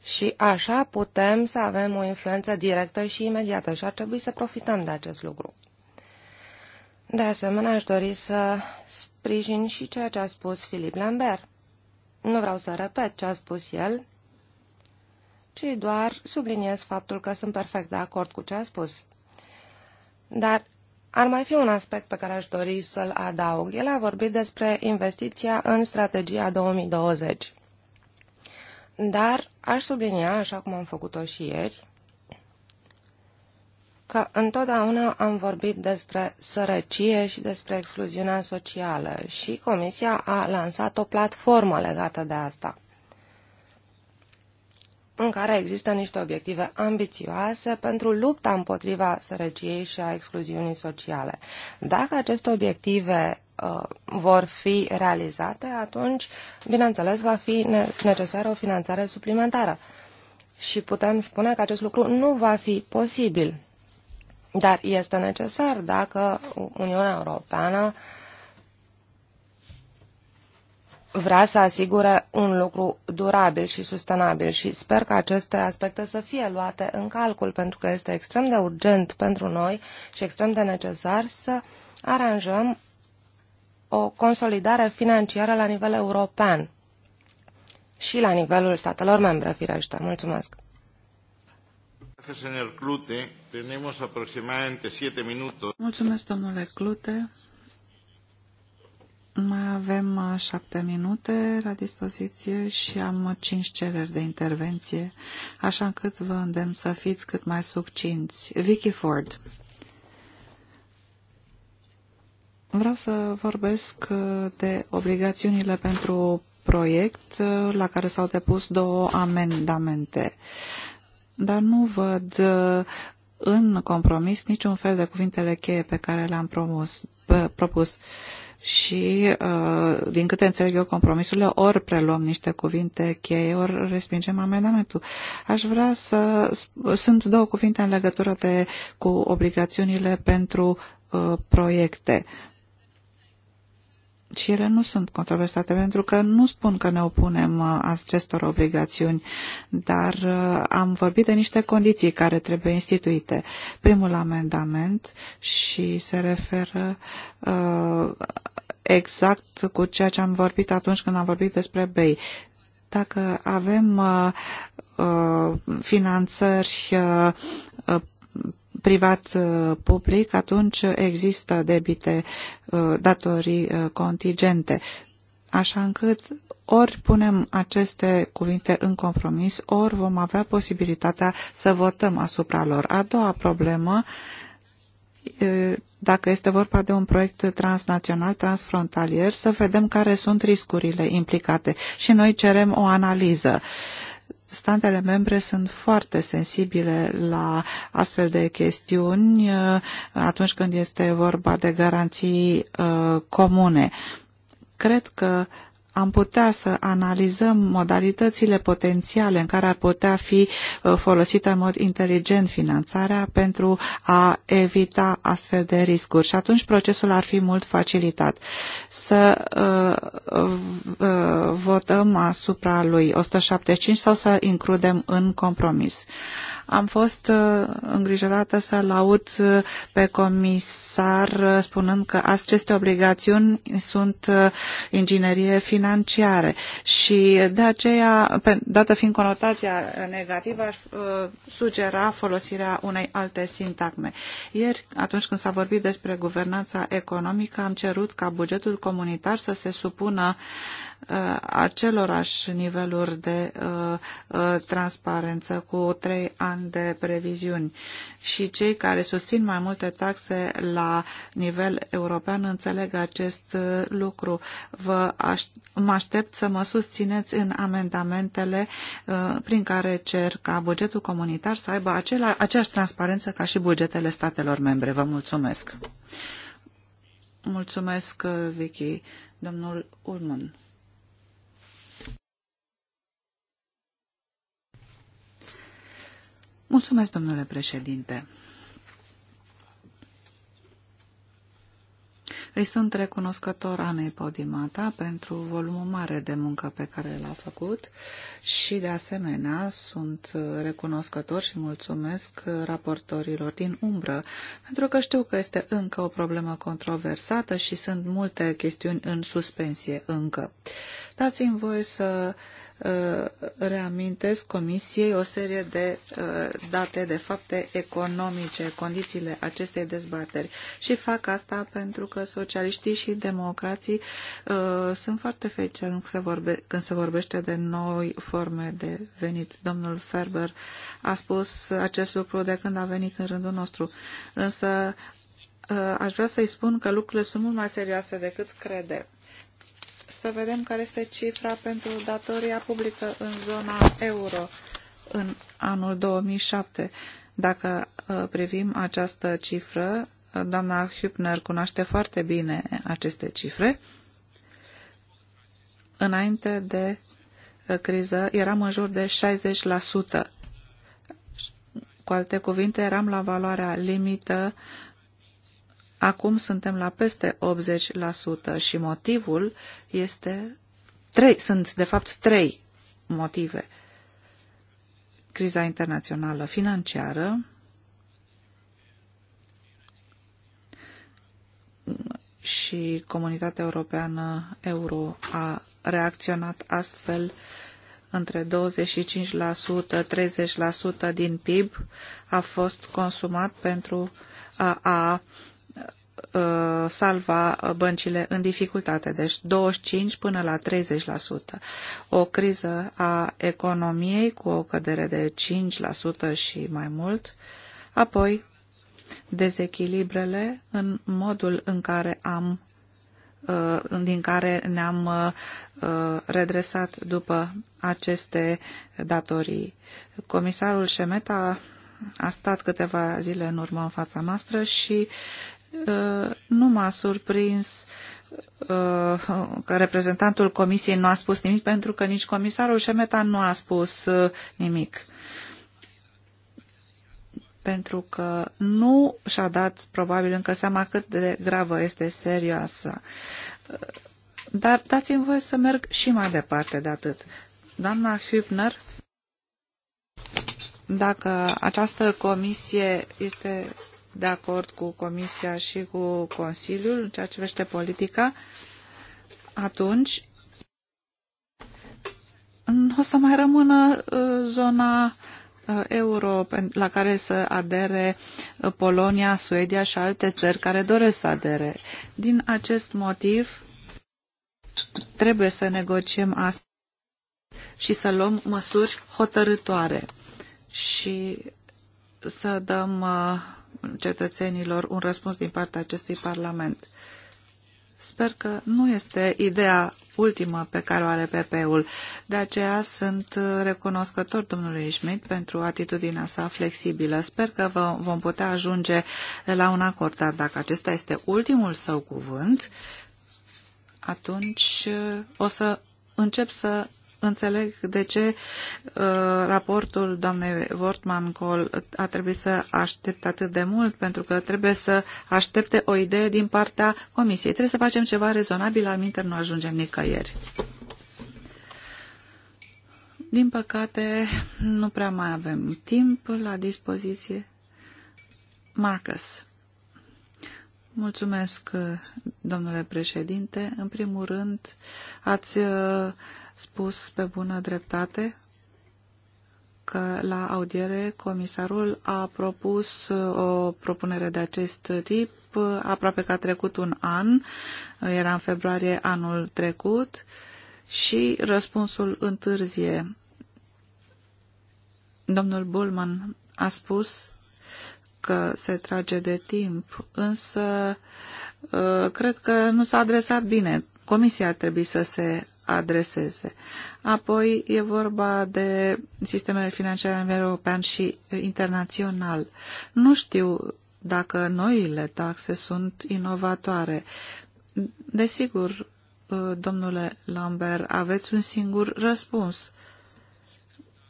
Și așa putem să avem o influență directă și imediată și ar trebui să profităm de acest lucru. De asemenea, aș dori să sprijin și ceea ce a spus Filip Lambert. Nu vreau să repet ce a spus el, ci doar subliniez faptul că sunt perfect de acord cu ce a spus. Dar ar mai fi un aspect pe care aș dori să-l adaug. El a vorbit despre investiția în strategia 2020. Dar aș sublinia, așa cum am făcut-o și ieri, că întotdeauna am vorbit despre sărăcie și despre excluziunea socială și Comisia a lansat o platformă legată de asta în care există niște obiective ambițioase pentru lupta împotriva sărăciei și a excluziunii sociale. Dacă aceste obiective uh, vor fi realizate, atunci, bineînțeles, va fi necesară o finanțare suplimentară. Și putem spune că acest lucru nu va fi posibil dar este necesar dacă Uniunea Europeană vrea să asigure un lucru durabil și sustenabil și sper că aceste aspecte să fie luate în calcul pentru că este extrem de urgent pentru noi și extrem de necesar să aranjăm o consolidare financiară la nivel european și la nivelul statelor membre, firește. Mulțumesc! Mulțumesc, domnule Clute. Mai avem uh, șapte minute la dispoziție și am uh, cinci cereri de intervenție, așa încât vă îndemn să fiți cât mai succinți. Vicky Ford. Vreau să vorbesc uh, de obligațiunile pentru proiect la care s-au depus două amendamente dar nu văd uh, în compromis niciun fel de cuvintele cheie pe care le-am propus. Și, uh, din câte înțeleg eu compromisurile, ori preluăm niște cuvinte cheie, ori respingem amendamentul. Aș vrea să... Sunt două cuvinte în legătură de, cu obligațiunile pentru uh, proiecte. Uh, și ele nu sunt controversate pentru că nu spun că ne opunem uh, acestor obligațiuni, dar uh, am vorbit de niște condiții care trebuie instituite. Primul amendament și se referă uh, exact cu ceea ce am vorbit atunci când am vorbit despre BEI. Dacă avem uh, uh finanțări uh, privat-public, uh, atunci există debite uh, datorii uh, contingente, așa încât ori punem aceste cuvinte în compromis, ori vom avea posibilitatea să votăm asupra lor. A doua problemă, dacă este vorba de un proiect transnațional, transfrontalier, să vedem care sunt riscurile implicate și noi cerem o analiză. Uh, statele membre sunt foarte sensibile la astfel de chestiuni uh, atunci când este vorba de garanții uh, comune. Cred că uh, am putea să analizăm modalitățile potențiale în care ar putea fi uh, folosită în mod inteligent finanțarea pentru a evita astfel de riscuri și atunci procesul ar fi mult facilitat. Să uh, uh, votăm asupra lui 175 sau să includem în compromis. Am fost uh, îngrijorată să-l aud uh, pe comisar uh, spunând că aceste obligațiuni sunt inginerie financiare și de aceea, dată fiind conotația negativă, aș sugera folosirea unei alte sintagme. Ieri, atunci când s-a vorbit despre guvernanța economică, am cerut ca bugetul comunitar să se supună uh, Uh, acelorași niveluri de uh, uh, transparență cu trei ani de previziuni și cei care susțin mai multe taxe la nivel european înțeleg acest lucru. Vă aș, mă aștept să mă susțineți în amendamentele prin care cer ca bugetul comunitar să aibă acela, aceeași transparență ca și bugetele statelor membre. Vă mulțumesc! Mulțumesc, Vicky. Domnul Ulman. Mulțumesc, domnule președinte. Îi sunt recunoscător Anei Podimata pentru volumul mare de muncă pe care l-a făcut și, de asemenea, sunt recunoscător și mulțumesc raportorilor din umbră, pentru că știu că este încă o problemă controversată și sunt multe chestiuni în suspensie încă. Dați-mi voie să Uh, reamintesc Comisiei o serie de uh, date, de fapte economice, condițiile acestei dezbateri. Și fac asta pentru că socialiștii și democrații uh, sunt foarte fericiți când se, când se vorbește de noi forme de venit. Domnul Ferber a spus acest lucru de când a venit în rândul nostru. Însă aș vrea să-i spun că lucrurile sunt mult mai serioase decât crede să vedem care este cifra pentru datoria publică în zona euro în anul 2007. Dacă uh, privim această cifră, uh, doamna Hübner cunoaște foarte bine aceste cifre. Înainte de uh, criză eram în jur de 60%. Cu alte cuvinte, eram la valoarea limită Acum suntem la peste 80% și motivul este trei, sunt de fapt trei motive. Criza internațională financiară, și comunitatea europeană euro a reacționat astfel între 25%, 30% din PIB a fost consumat pentru a, a Uh, salva uh, băncile în dificultate, deci 25 până la 30%. O criză a economiei cu o cădere de 5% și mai mult, apoi dezechilibrele în modul în care am uh, din care ne-am redresat după aceste datorii. Comisarul Șemeta a stat câteva zile în urmă în fața noastră și Uh, nu m-a surprins uh, că reprezentantul comisiei nu a spus nimic pentru că nici comisarul Șemeta nu a spus uh, nimic. Pentru că nu și-a dat probabil încă seama cât de gravă este serioasă. Dar dați-mi voie să merg și mai departe de atât. Doamna Hübner, dacă această comisie este de acord cu Comisia și cu Consiliul în ceea ce vește politica, atunci o să mai rămână uh, zona uh, euro la care să adere uh, Polonia, Suedia și alte țări care doresc să adere. Din acest motiv, trebuie să negociem asta și să luăm măsuri hotărătoare și să dăm cetățenilor un răspuns din partea acestui Parlament. Sper că nu este ideea ultimă pe care o are PP-ul. De aceea sunt recunoscător domnului Schmidt pentru atitudinea sa flexibilă. Sper că vom putea ajunge la un acord, dar dacă acesta este ultimul său cuvânt, atunci uh, o să încep să înțeleg de ce uh, raportul doamnei Wortman Col a trebuit să aștepte atât de mult, pentru că trebuie să aștepte o idee din partea Comisiei. Trebuie să facem ceva rezonabil, al minter nu ajungem nicăieri. Din păcate, nu prea mai avem timp la dispoziție. Marcus. Mulțumesc, domnule președinte. În primul rând, ați uh, spus pe bună dreptate că la audiere comisarul a propus uh, o propunere de acest tip uh, aproape că a trecut un an, uh, era în februarie anul trecut și răspunsul întârzie. Domnul Bulman a spus că se trage de timp, însă cred că nu s-a adresat bine. Comisia ar trebui să se adreseze. Apoi e vorba de sistemele financiare la nivel european și internațional. Nu știu dacă noile taxe sunt inovatoare. Desigur, domnule Lambert, aveți un singur răspuns.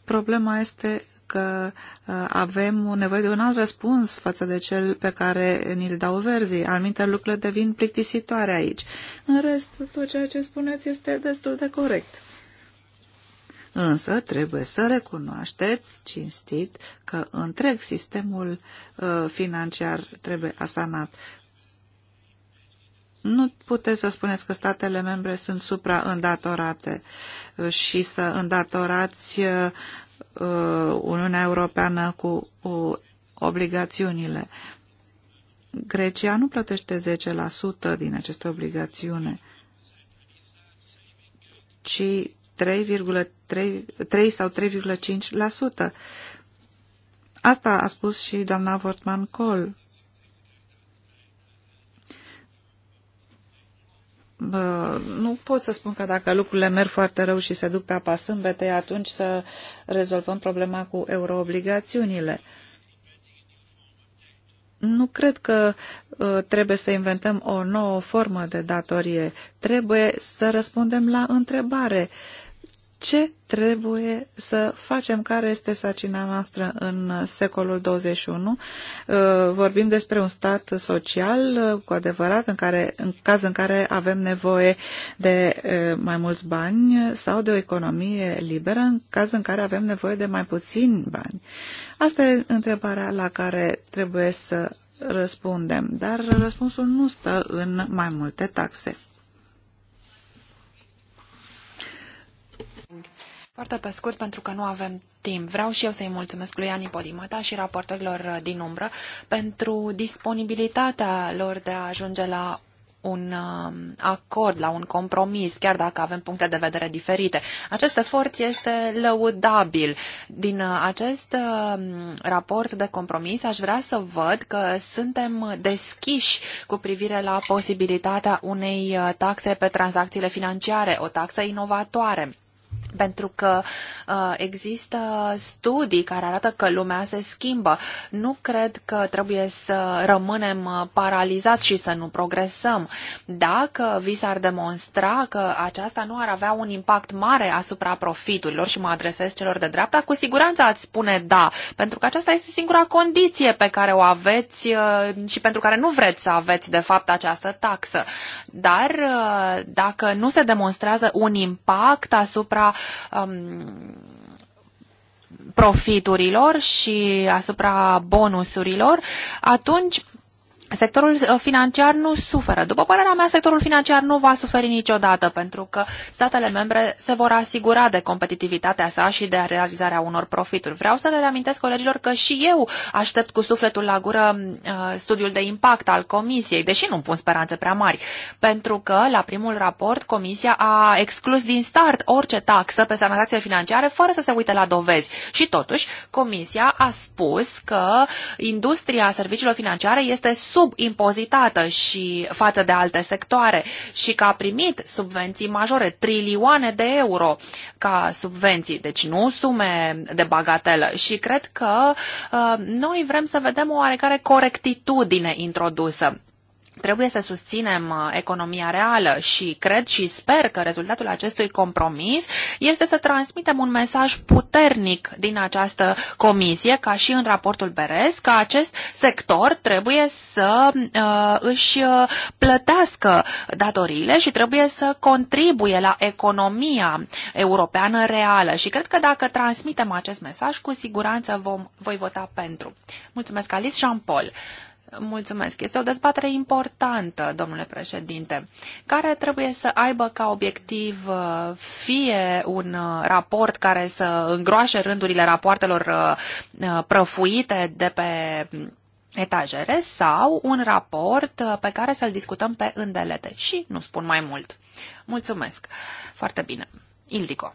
Problema este că uh, avem nevoie de un alt răspuns față de cel pe care ni-l dau verzii. Anumite lucrurile devin plictisitoare aici. În rest, tot ceea ce spuneți este destul de corect. Însă trebuie să recunoașteți cinstit că întreg sistemul uh, financiar trebuie asanat. Nu puteți să spuneți că statele membre sunt supra-îndatorate uh, și să îndatorați uh, Uh, Uniunea Europeană cu obligațiunile. Grecia nu plătește 10% din aceste obligațiune, ci 3,3 sau 3,5%. Asta a spus și doamna Vortman Col. nu pot să spun că dacă lucrurile merg foarte rău și se duc pe apa sâmbete, atunci să rezolvăm problema cu euroobligațiunile. Nu cred că uh, trebuie să inventăm o nouă formă de datorie. Trebuie să răspundem la întrebare. Uh, ce trebuie să facem, care este sacina noastră în secolul 21. Uh, vorbim despre un stat social uh, cu adevărat, în, care, în caz în care avem nevoie de uh, mai mulți bani sau de o economie liberă, în caz în care avem nevoie de mai puțini bani. Asta e întrebarea la care trebuie să răspundem, dar răspunsul nu stă în mai multe taxe. Foarte pe scurt, pentru că nu avem timp. Vreau și eu să-i mulțumesc lui Ani Podimata și raportorilor uh, din umbră pentru disponibilitatea lor de a ajunge la un um, acord, la un compromis, chiar dacă avem puncte de vedere diferite. Acest efort este lăudabil. Din uh, acest um, raport de compromis aș vrea să văd că suntem deschiși cu privire la posibilitatea unei uh, taxe pe tranzacțiile financiare, o taxă inovatoare pentru că uh, există studii care arată că lumea se schimbă. Nu cred că trebuie să rămânem uh, paralizați și să nu progresăm. Dacă vi s-ar demonstra că aceasta nu ar avea un impact mare asupra profiturilor și mă adresez celor de dreapta, cu siguranță ați spune da, pentru că aceasta este singura condiție pe care o aveți uh, și pentru care nu vreți să aveți, de fapt, această taxă. Dar uh, dacă nu se demonstrează un impact asupra asupra um, profiturilor și asupra bonusurilor, atunci Sectorul uh, financiar nu suferă. După părerea mea, sectorul financiar nu va suferi niciodată, pentru că statele membre se vor asigura de competitivitatea sa și de realizarea unor profituri. Vreau să le reamintesc colegilor că și eu aștept cu sufletul la gură uh, studiul de impact al Comisiei, deși nu pun speranțe prea mari, pentru că la primul raport Comisia a exclus din start orice taxă pe tranzacțiile financiare fără să se uite la dovezi. Și totuși, Comisia a spus că industria serviciilor financiare este sub subimpozitată și față de alte sectoare și că a primit subvenții majore, trilioane de euro ca subvenții, deci nu sume de bagatelă și cred că uh, noi vrem să vedem o oarecare corectitudine introdusă. Trebuie să susținem uh, economia reală și cred și sper că rezultatul acestui compromis este să transmitem un mesaj puternic din această comisie, ca și în raportul Berez, că acest sector trebuie să uh, își uh, plătească datoriile și trebuie să contribuie la economia europeană reală. Și cred că dacă transmitem acest mesaj, cu siguranță vom, voi vota pentru. Mulțumesc, Alice Jean-Paul. Mulțumesc. Este o dezbatere importantă, domnule președinte, care trebuie să aibă ca obiectiv uh, fie un uh, raport care să îngroașe rândurile rapoartelor uh, prăfuite de pe etajere sau un raport pe care să-l discutăm pe îndelete. Și nu spun mai mult. Mulțumesc. Foarte bine. Ildico.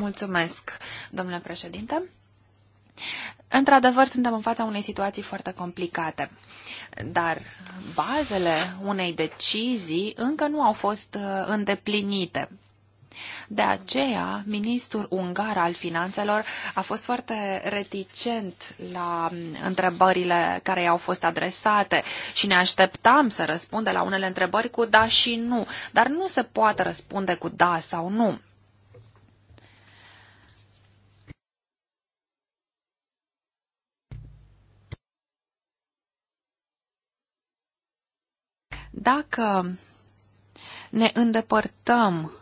Mulțumesc, domnule președinte. Într-adevăr, suntem în fața unei situații foarte complicate, dar bazele unei decizii încă nu au fost uh, îndeplinite. De aceea, ministrul ungar al finanțelor a fost foarte reticent la mm, întrebările care i-au fost adresate și ne așteptam să răspundă la unele întrebări cu da și nu, dar nu se poate răspunde cu da sau nu. Dacă ne îndepărtăm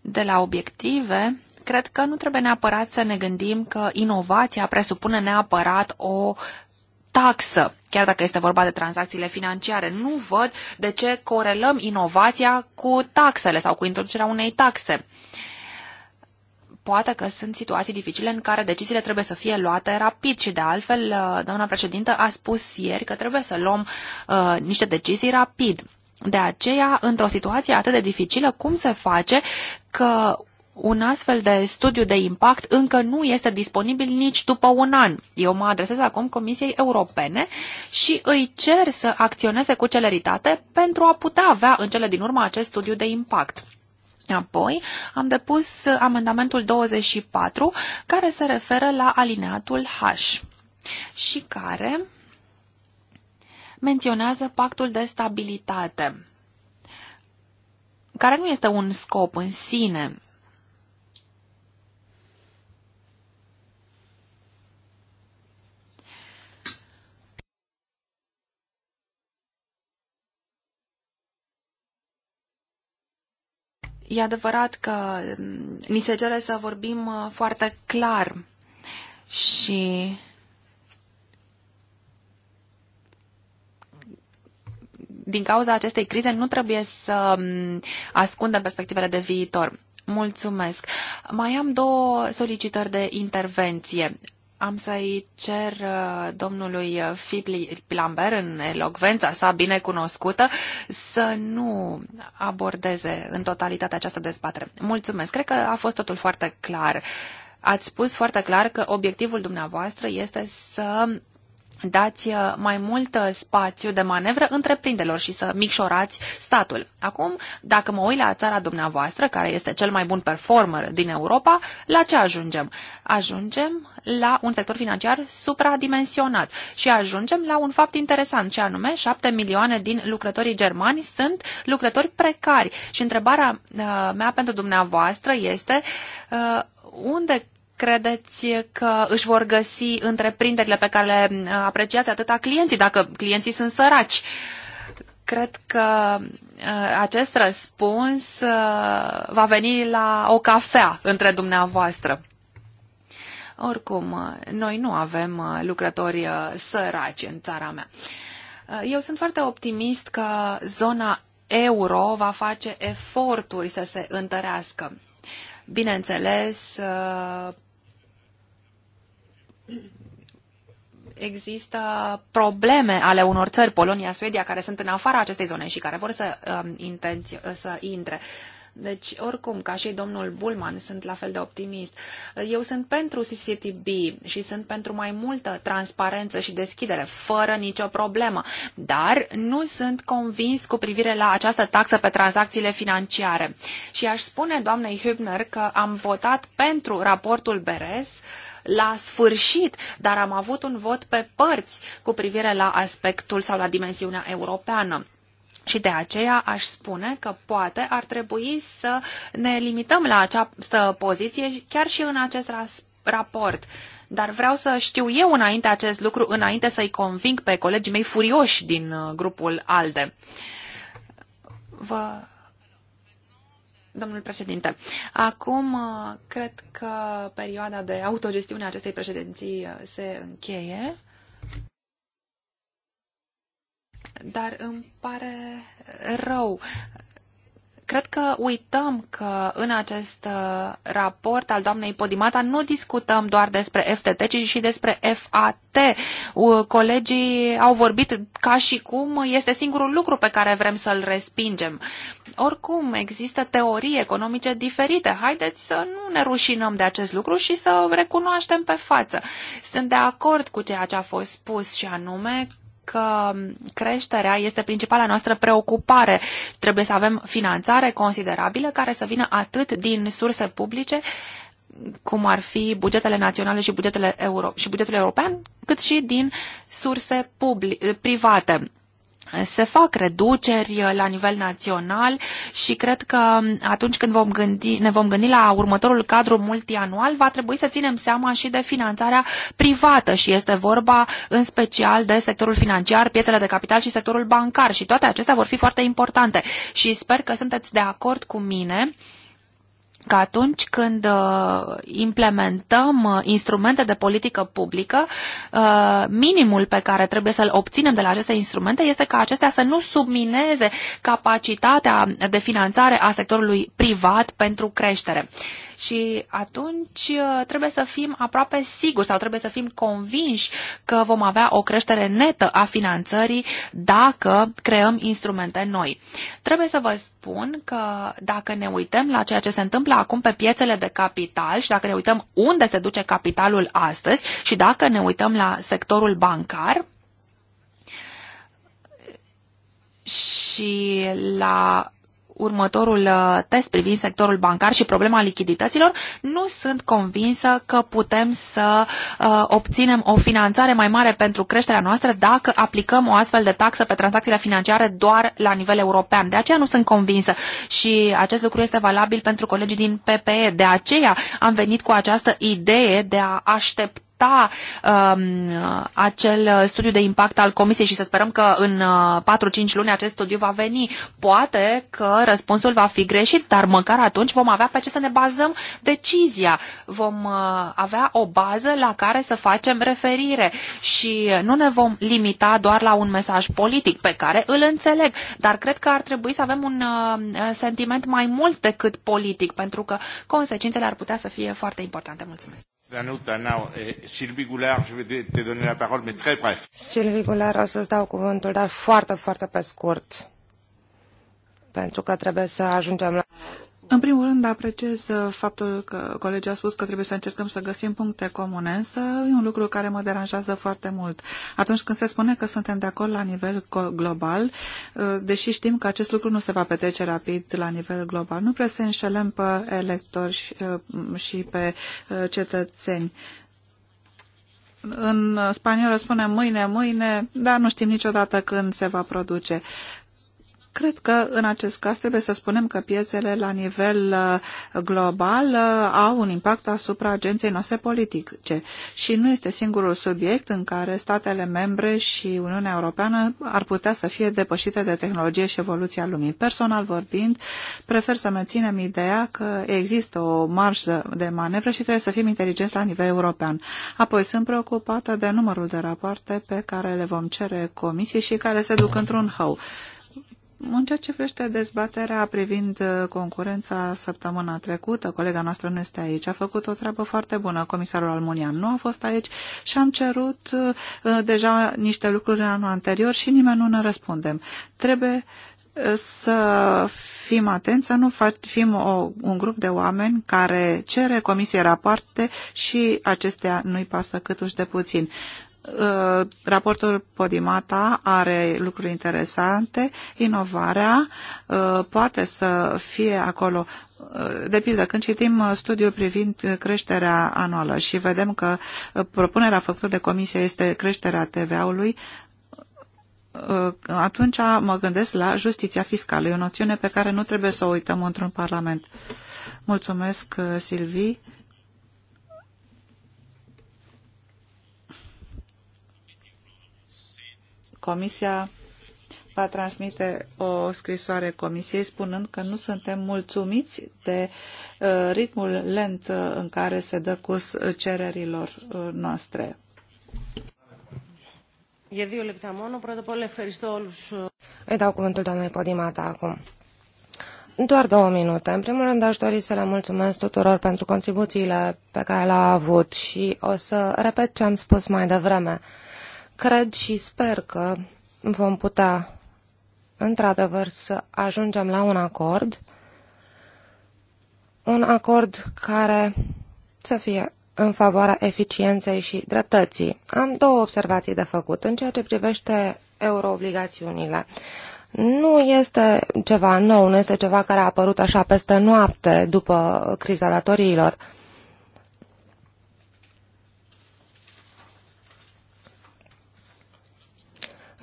de la obiective, cred că nu trebuie neapărat să ne gândim că inovația presupune neapărat o taxă, chiar dacă este vorba de tranzacțiile financiare. Nu văd de ce corelăm inovația cu taxele sau cu introducerea unei taxe. Uh, poate că sunt situații dificile în care deciziile trebuie să fie luate rapid și de altfel, uh, doamna președintă a spus ieri că trebuie să luăm uh, niște decizii rapid. De aceea, într-o situație atât de dificilă, cum se face că un astfel de studiu de impact încă nu este disponibil nici după un an. Eu mă adresez acum Comisiei Europene și îi cer să acționeze cu celeritate pentru a putea avea în cele din urmă acest studiu de impact. Apoi am depus amendamentul 24 care se referă la alineatul H și care menționează pactul de stabilitate, care nu este un scop în sine, E adevărat că ni mm, se cere să vorbim uh, foarte clar și din cauza acestei crize nu trebuie să mm, ascundem perspectivele de viitor. Mulțumesc. Mai am două solicitări de intervenție. Am să-i cer uh, domnului uh, Fibli Plamber, în elocvența sa binecunoscută, să nu abordeze în totalitate această dezbatere. Mulțumesc. Cred că a fost totul foarte clar. Ați spus foarte clar că obiectivul dumneavoastră este să dați uh, mai mult uh, spațiu de manevră întreprinderilor și să micșorați statul. Acum, dacă mă uit la țara dumneavoastră, care este cel mai bun performer din Europa, la ce ajungem? Ajungem la un sector financiar supradimensionat și ajungem la un fapt interesant, ce anume 7 milioane din lucrătorii germani sunt lucrători precari. Și întrebarea uh, mea pentru dumneavoastră este unde credeți că își vor găsi întreprinderile pe care le uh, apreciați atâta clienții, dacă clienții sunt săraci? Cred că uh, acest răspuns uh, va veni la o cafea între dumneavoastră. Oricum, noi nu avem lucrători săraci în țara mea. Eu sunt foarte optimist că zona euro va face eforturi să se întărească. Bineînțeles, există probleme ale unor țări, Polonia, Suedia, care sunt în afara acestei zone și care vor să, um, intenți, uh, să intre. Deci, oricum, ca și domnul Bulman, sunt la fel de optimist. Eu sunt pentru CCTB și sunt pentru mai multă transparență și deschidere, fără nicio problemă, dar nu sunt convins cu privire la această taxă pe tranzacțiile financiare. Și aș spune doamnei Hübner că am votat pentru raportul Beres uh, la sfârșit, dar am avut un vot pe părți cu privire la aspectul sau la dimensiunea europeană. Și de aceea aș spune că poate ar trebui să ne limităm la această poziție chiar și în acest raport. Dar vreau să știu eu înainte acest lucru, înainte să-i conving pe colegii mei furioși din uh, grupul ALDE. Vă Domnul președinte, acum uh, cred că perioada de autogestiune a acestei președinții uh, se încheie. Dar îmi pare rău. Cred că uităm că în acest uh, raport al doamnei Podimata nu discutăm doar despre FTT, ci și despre FAT. Colegii au vorbit ca și cum este singurul lucru pe care vrem să-l respingem. Oricum, există teorii economice diferite. Haideți să nu ne rușinăm de acest lucru și să recunoaștem pe față. Sunt de acord cu ceea ce a fost spus și anume că creșterea este principala noastră preocupare. Trebuie să avem finanțare considerabilă care să vină atât din surse publice, cum ar fi bugetele naționale și, bugetele euro- și bugetul european, cât și din surse private se fac reduceri uh, la nivel național și cred că um, atunci când vom gândi, ne vom gândi la următorul cadru multianual, va trebui să ținem seama și de finanțarea privată și este vorba în special de sectorul financiar, piețele de capital și sectorul bancar și toate acestea vor fi foarte importante și sper că sunteți de acord cu mine că atunci când uh, implementăm uh, instrumente de politică publică, uh, minimul pe care trebuie să-l obținem de la aceste instrumente este ca acestea să nu submineze capacitatea de finanțare a sectorului privat pentru creștere. Și atunci uh, trebuie să fim aproape siguri sau trebuie să fim convinși că vom avea o creștere netă a finanțării dacă creăm instrumente noi. Trebuie să vă spun că dacă ne uităm la ceea ce se întâmplă acum pe piețele de capital și dacă ne uităm unde se duce capitalul astăzi și dacă ne uităm la sectorul bancar, și la următorul uh, test privind sectorul bancar și problema lichidităților, nu sunt convinsă că putem să uh, obținem o finanțare mai mare pentru creșterea noastră dacă aplicăm o astfel de taxă pe tranzacțiile financiare doar la nivel european. De aceea nu sunt convinsă și acest lucru este valabil pentru colegii din PPE. De aceea am venit cu această idee de a aștepta aștepta um, acel studiu de impact al Comisiei și să sperăm că în 4-5 uh, luni acest studiu va veni. Poate că răspunsul va fi greșit, dar măcar atunci vom avea pe ce să ne bazăm decizia. Vom uh, avea o bază la care să facem referire și nu ne vom limita doar la un mesaj politic pe care îl înțeleg, dar cred că ar trebui să avem un uh, sentiment mai mult decât politic, pentru că consecințele ar putea să fie foarte importante. Mulțumesc! Sylvie Goulard, je vais te donner la parole, mais très bref. Sylvie Goulard, o să-ți dau cuvântul, dar foarte, foarte pe scurt, pentru că trebuie să ajungem la... În primul rând, apreciez uh, faptul că colegii au spus că trebuie să încercăm să găsim puncte comune, însă e un lucru care mă deranjează foarte mult. Atunci când se spune că suntem de acord la nivel global, uh, deși știm că acest lucru nu se va petrece rapid la nivel global, nu prea să înșelăm pe electori și uh, pe cetățeni în spaniolă spune mâine, mâine, dar nu știm niciodată când se va produce. Cred că în acest caz trebuie să spunem că piețele la nivel uh, global uh, au un impact asupra agenței noastre politice și nu este singurul subiect în care statele membre și Uniunea Europeană ar putea să fie depășite de tehnologie și evoluția lumii. Personal vorbind, prefer să menținem ideea că există o marjă de manevră și trebuie să fim inteligenți la nivel european. Apoi sunt preocupată de numărul de rapoarte pe care le vom cere comisiei și care se duc într-un hău. În ceea ce vrește dezbaterea privind uh, concurența săptămâna trecută, colega noastră nu este aici, a făcut o treabă foarte bună. Comisarul Almunian nu a fost aici și am cerut uh, deja niște lucruri în anul anterior și nimeni nu ne răspundem. Trebuie uh, să fim atenți, să nu fim o, un grup de oameni care cere comisiei rapoarte și acestea nu-i pasă cât uși de puțin. Uh, raportul Podimata are lucruri interesante, inovarea uh, poate să fie acolo. Uh, de pildă, când citim studiul privind creșterea anuală și vedem că propunerea făcută de comisie este creșterea TVA-ului, atunci mă gândesc la justiția fiscală. E o noțiune pe care nu trebuie să o uităm într-un parlament. Mulțumesc, Silvii. Comisia va transmite o scrisoare Comisiei spunând că nu suntem mulțumiți de uh, ritmul lent uh, în care se dă curs uh, cererilor noastre. Îi dau cuvântul doamnei Podimata acum. Doar două minute. În primul rând aș dori să le mulțumesc tuturor pentru contribuțiile pe care le-au avut și o să repet ce am spus mai devreme. Cred și sper că vom putea, într-adevăr, să ajungem la un acord, un acord care să fie în favoarea eficienței și dreptății. Am două observații de făcut în ceea ce privește euroobligațiunile. Nu este ceva nou, nu este ceva care a apărut așa peste noapte după criza datoriilor. Uh,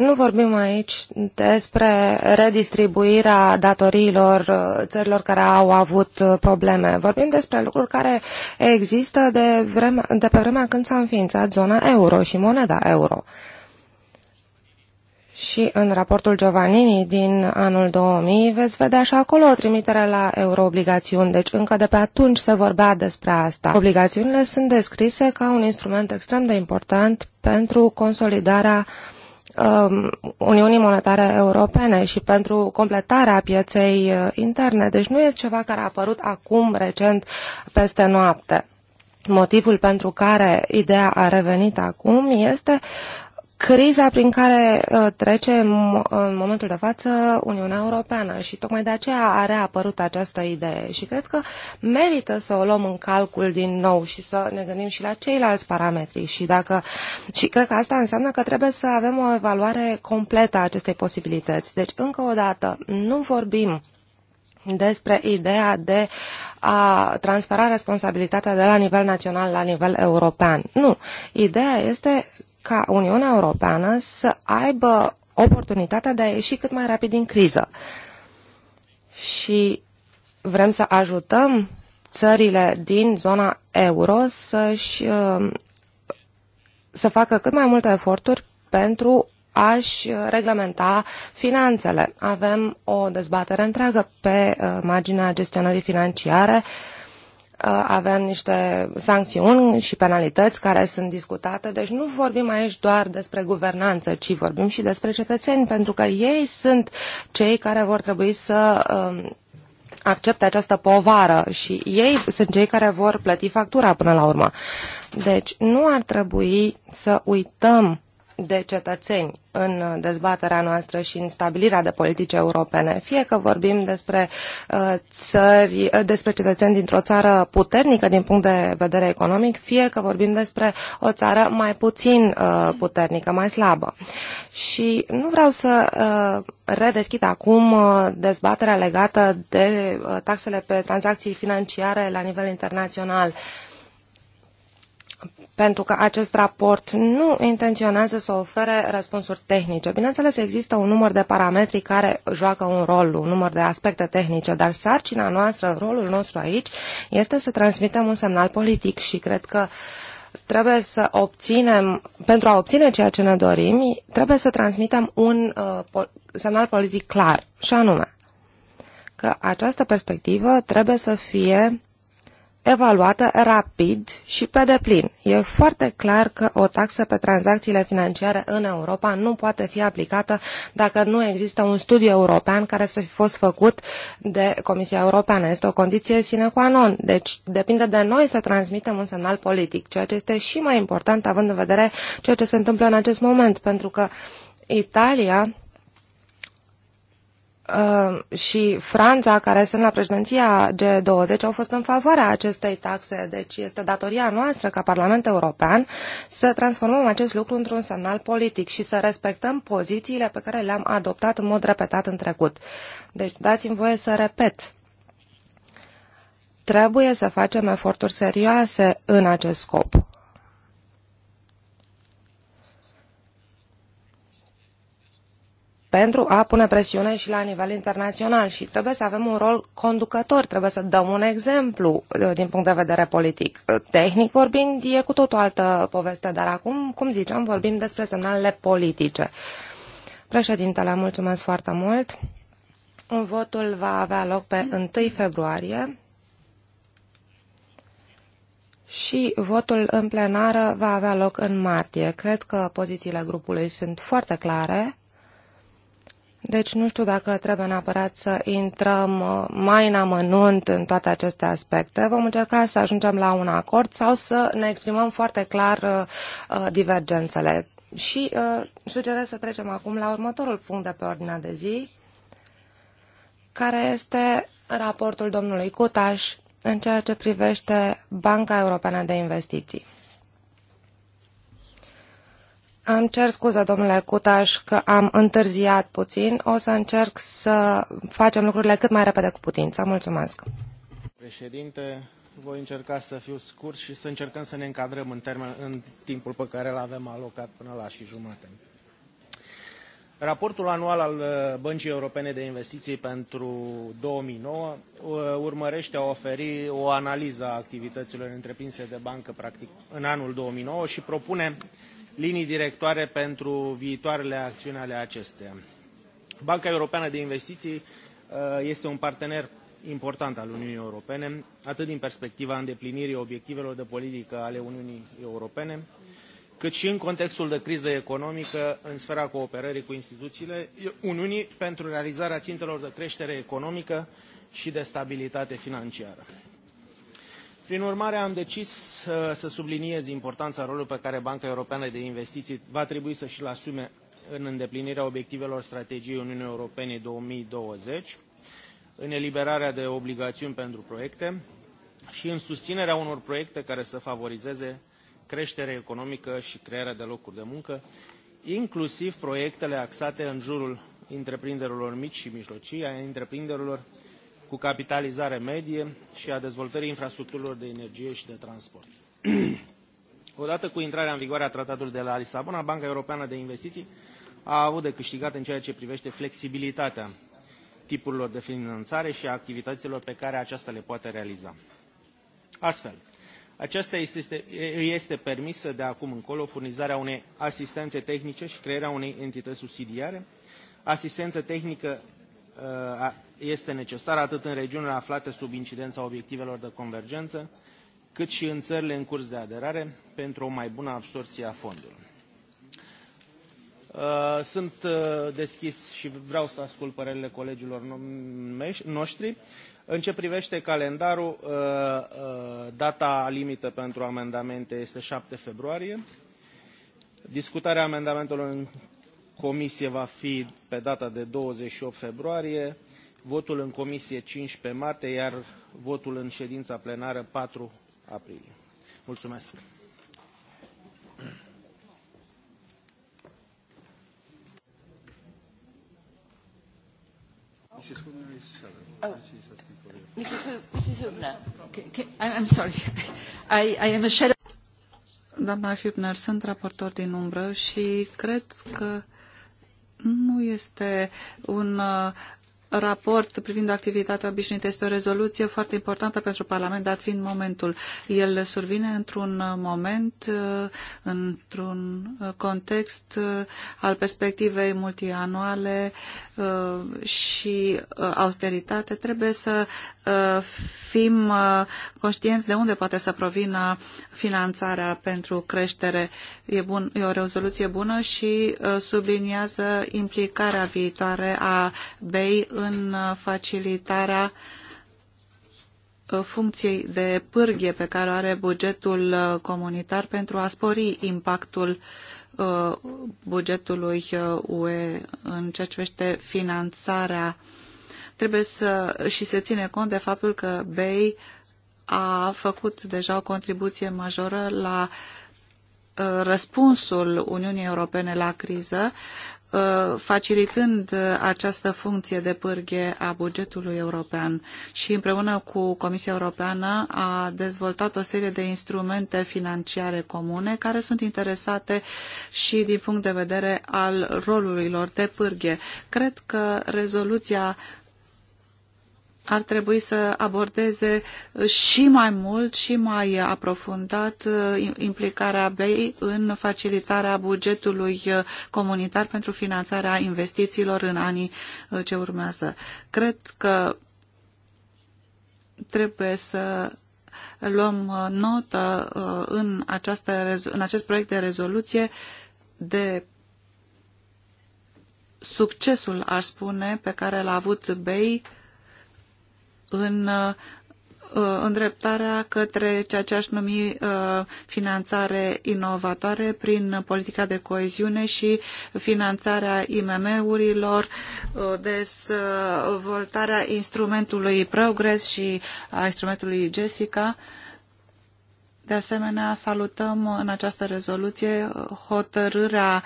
Nu vorbim aici despre redistribuirea datoriilor uh, țărilor care au avut uh, probleme. Vorbim despre lucruri care există de, vreme, de pe vremea când s-a înființat zona euro și moneda euro. Și în raportul Giovannini din anul 2000 veți vedea și acolo o trimitere la euroobligațiuni, deci încă de pe atunci se vorbea despre asta. Obligațiunile sunt descrise ca un instrument extrem de important pentru consolidarea uh, Um, Uniunii Monetare Europene și pentru completarea pieței uh, interne. Deci nu este ceva care a apărut acum, recent, peste noapte. Motivul pentru care ideea a revenit acum este criza prin care uh, trece în momentul de față Uniunea Europeană și tocmai de aceea a reapărut această idee și cred că merită să o luăm în calcul din nou și să ne gândim și la ceilalți parametri și dacă și cred că asta înseamnă că trebuie să avem o evaluare completă a acestei posibilități. Deci încă o dată, nu vorbim despre ideea de a transfera responsabilitatea de la nivel național la nivel european. Nu. Ideea este ca Uniunea Europeană să aibă oportunitatea de a ieși cât mai rapid din criză. Și vrem să ajutăm țările din zona euro să-și uh, să facă cât mai multe eforturi pentru a-și reglementa finanțele. Avem o dezbatere întreagă pe uh, marginea gestionării financiare uh, Uh, avem niște sancțiuni și penalități care sunt discutate, deci nu vorbim aici doar despre guvernanță, ci vorbim și despre cetățeni, pentru că ei sunt cei care vor trebui să um, accepte această povară și ei sunt cei care vor plăti factura până la urmă. Deci nu ar trebui să uităm de cetățeni în dezbaterea noastră și în stabilirea de politici europene, fie că vorbim despre uh, țări, uh, despre cetățeni dintr-o țară puternică din punct de vedere economic, fie că vorbim despre o țară mai puțin uh, puternică, mai slabă. Și nu vreau să redeschid acum dezbaterea legată de taxele pe tranzacții financiare la nivel internațional pentru că acest raport nu intenționează să ofere răspunsuri tehnice. Bineînțeles, există un număr de parametri care joacă un rol, un număr de aspecte tehnice, dar sarcina noastră, rolul nostru aici, este să transmitem un semnal politic și cred că trebuie să obținem, pentru a obține ceea ce ne dorim, trebuie să transmitem un uh, semnal politic clar, și anume că această perspectivă trebuie să fie evaluată rapid și pe deplin. E foarte clar că o taxă pe tranzacțiile financiare în Europa nu poate fi aplicată dacă nu există un studiu european care să fi fost făcut de Comisia Europeană. Este o condiție sine qua non. Deci depinde de noi să transmitem un semnal politic, ceea ce este și mai important având în vedere ceea ce se întâmplă în acest moment, pentru că Italia Ehm, și Franța, care sunt la președinția G20, au fost în favoarea acestei taxe. Deci este datoria noastră ca Parlament European să transformăm acest lucru într-un semnal politic și să respectăm pozițiile pe care le-am adoptat în mod repetat în trecut. Deci dați-mi voie să repet. Trebuie să facem eforturi serioase în acest scop pentru a pune presiune și la nivel internațional și trebuie să avem un rol conducător, trebuie să dăm un exemplu uh, din punct de vedere politic. Uh, tehnic vorbind e cu tot o altă poveste, dar acum, cum ziceam, vorbim despre semnalele politice. Președintele, mulțumesc foarte mult. Votul va avea loc pe 1 februarie și votul în plenară va avea loc în martie. Cred că pozițiile grupului sunt foarte clare deci nu știu dacă trebuie neapărat să intrăm uh, mai în amănunt în toate aceste aspecte. Vom încerca să ajungem la un acord sau să ne exprimăm foarte clar uh, uh, divergențele. Și uh, sugerez să trecem acum la următorul punct de pe ordinea de zi, care este raportul domnului Cutaș în ceea ce privește Banca Europeană de Investiții. Îmi cer scuze, domnule Cutaș, că am întârziat puțin. O să încerc să facem lucrurile cât mai repede cu putință. Mulțumesc. Președinte, voi încerca să fiu scurt și să încercăm să ne încadrăm în, termen, în timpul pe care îl avem alocat până la și jumate. Raportul anual al uh, Băncii Europene de Investiții pentru 2009 uh, urmărește a oferi o analiză a activităților întreprinse de bancă practic în anul 2009 și propune linii directoare pentru viitoarele acțiuni ale acesteia. Banca Europeană de Investiții uh, este un partener important al Uniunii Europene, atât din perspectiva îndeplinirii obiectivelor de politică ale Uniunii Europene, cât și în contextul de criză economică în sfera cooperării cu instituțiile Uniunii pentru realizarea țintelor de creștere economică și de stabilitate financiară. Prin urmare, am decis să, să subliniez importanța rolului pe care Banca Europeană de Investiții va trebui să și-l asume în îndeplinirea obiectivelor strategiei Uniunii Europene 2020, în eliberarea de obligațiuni pentru proiecte și în susținerea unor proiecte care să favorizeze creșterea economică și crearea de locuri de muncă, inclusiv proiectele axate în jurul întreprinderilor mici și mijlocii, a întreprinderilor cu capitalizare medie și a dezvoltării infrastructurilor de energie și de transport. Odată cu intrarea în vigoare a tratatului de la Lisabona, Banca Europeană de Investiții a avut de câștigat în ceea ce privește flexibilitatea tipurilor de finanțare și a activităților pe care aceasta le poate realiza. Astfel, aceasta este, este, este permisă de acum încolo furnizarea unei asistențe tehnice și crearea unei entități subsidiare, asistență tehnică uh, este necesară atât în regiunile aflate sub incidența obiectivelor de convergență, cât și în țările în curs de aderare, pentru o mai bună absorție a fondului. Uh, sunt uh, deschis și vreau să ascult părerile colegilor noștri. În ce privește calendarul, uh, data limită pentru amendamente este 7 februarie. Discutarea amendamentelor în comisie va fi pe data de 28 februarie, votul în comisie 15 martie, iar votul în ședința plenară 4 aprilie. Mulțumesc! Mrs. Hubner Mrs. Hubner, I'm sorry. I, I am a shadow. Doamna Hübner, sunt raportor din umbră și cred că nu este un raport privind activitatea obișnuită este o rezoluție foarte importantă pentru Parlament, dat fiind momentul. El survine într-un moment, uh, într-un uh, context uh, al perspectivei multianuale și austeritate. Trebuie să fim conștienți de unde poate să provină finanțarea pentru creștere. E, bun, e o rezoluție bună și subliniază implicarea viitoare a BEI în facilitarea uh, funcției de pârghie pe care o are bugetul uh, comunitar pentru a spori impactul uh, bugetului UE în ceea ce vește finanțarea trebuie să și se ține cont de faptul că BEI a făcut deja o contribuție majoră la răspunsul Uniunii Europene la criză Uh, facilitând uh, această funcție de pârghie a bugetului european și împreună cu Comisia Europeană a dezvoltat o serie de instrumente financiare comune care sunt interesate și din punct de vedere al rolurilor de pârghie. Cred că rezoluția ar trebui să abordeze uh, și mai mult și mai aprofundat uh, implicarea BEI în facilitarea bugetului uh, comunitar pentru finanțarea investițiilor în anii ce urmează. Cred că trebuie să luăm notă în, această, în acest proiect de rezoluție de succesul, aș spune, pe care l-a avut BEI în uh, îndreptarea către ceea ce aș numi uh, finanțare inovatoare prin politica de coeziune și finanțarea IMM-urilor, uh, dezvoltarea instrumentului Progress și a instrumentului Jessica. De asemenea, salutăm în această rezoluție hotărârea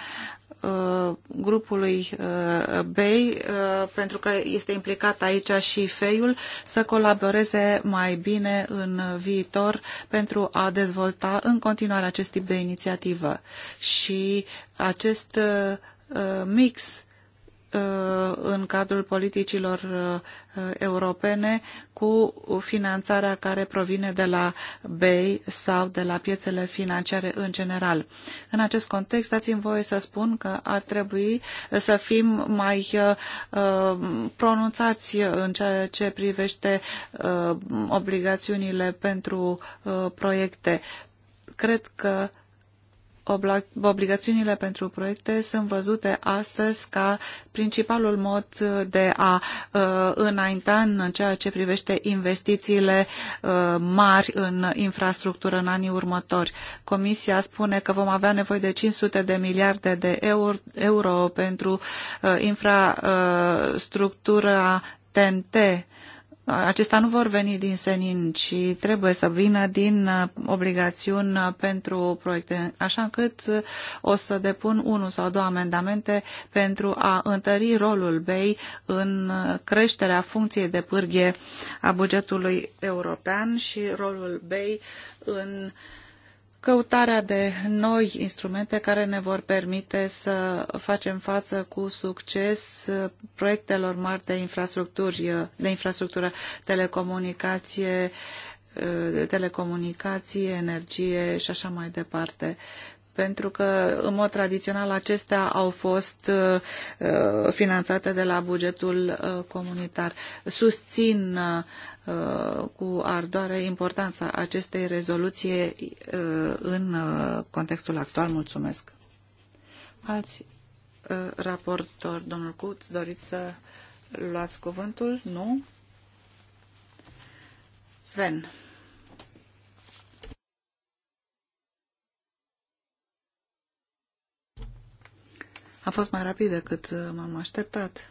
Uh, grupului uh, BEI, uh, pentru că este implicat aici și FEIUL, să colaboreze mai bine în viitor pentru a dezvolta în continuare acest tip de inițiativă. Și acest mix Uh, în cadrul politicilor uh, europene cu finanțarea care provine de la BEI sau de la piețele financiare în general. În acest context, dați-mi voie să spun că ar trebui să fim mai uh, pronunțați în ceea ce privește obligațiunile pentru proiecte. Cred că obligațiunile pentru proiecte sunt văzute astăzi ca principalul mod de a uh, înainta în ceea ce privește investițiile uh, mari în infrastructură în anii următori. Comisia spune că vom avea nevoie de 500 de miliarde de euro pentru uh, infrastructura TNT acesta nu vor veni din senin, ci trebuie să vină din uh, obligațiuni uh, pentru proiecte, așa încât uh, o să depun unul sau două amendamente pentru a întări rolul BEI în creșterea funcției de pârghie a bugetului european și rolul BEI în căutarea de noi instrumente care ne vor permite să facem față cu succes proiectelor mari de, infrastructuri, de infrastructură, telecomunicație, telecomunicație, energie și așa mai departe pentru că, în mod tradițional, acestea au fost uh, finanțate de la bugetul uh, comunitar. Susțin uh, Uh, cu ardoare importanța acestei rezoluție uh, în uh, contextul actual. Mulțumesc. Alți raportori, domnul Cuț, doriți să luați cuvântul? Nu? Sven. A fost mai rapid decât m-am așteptat.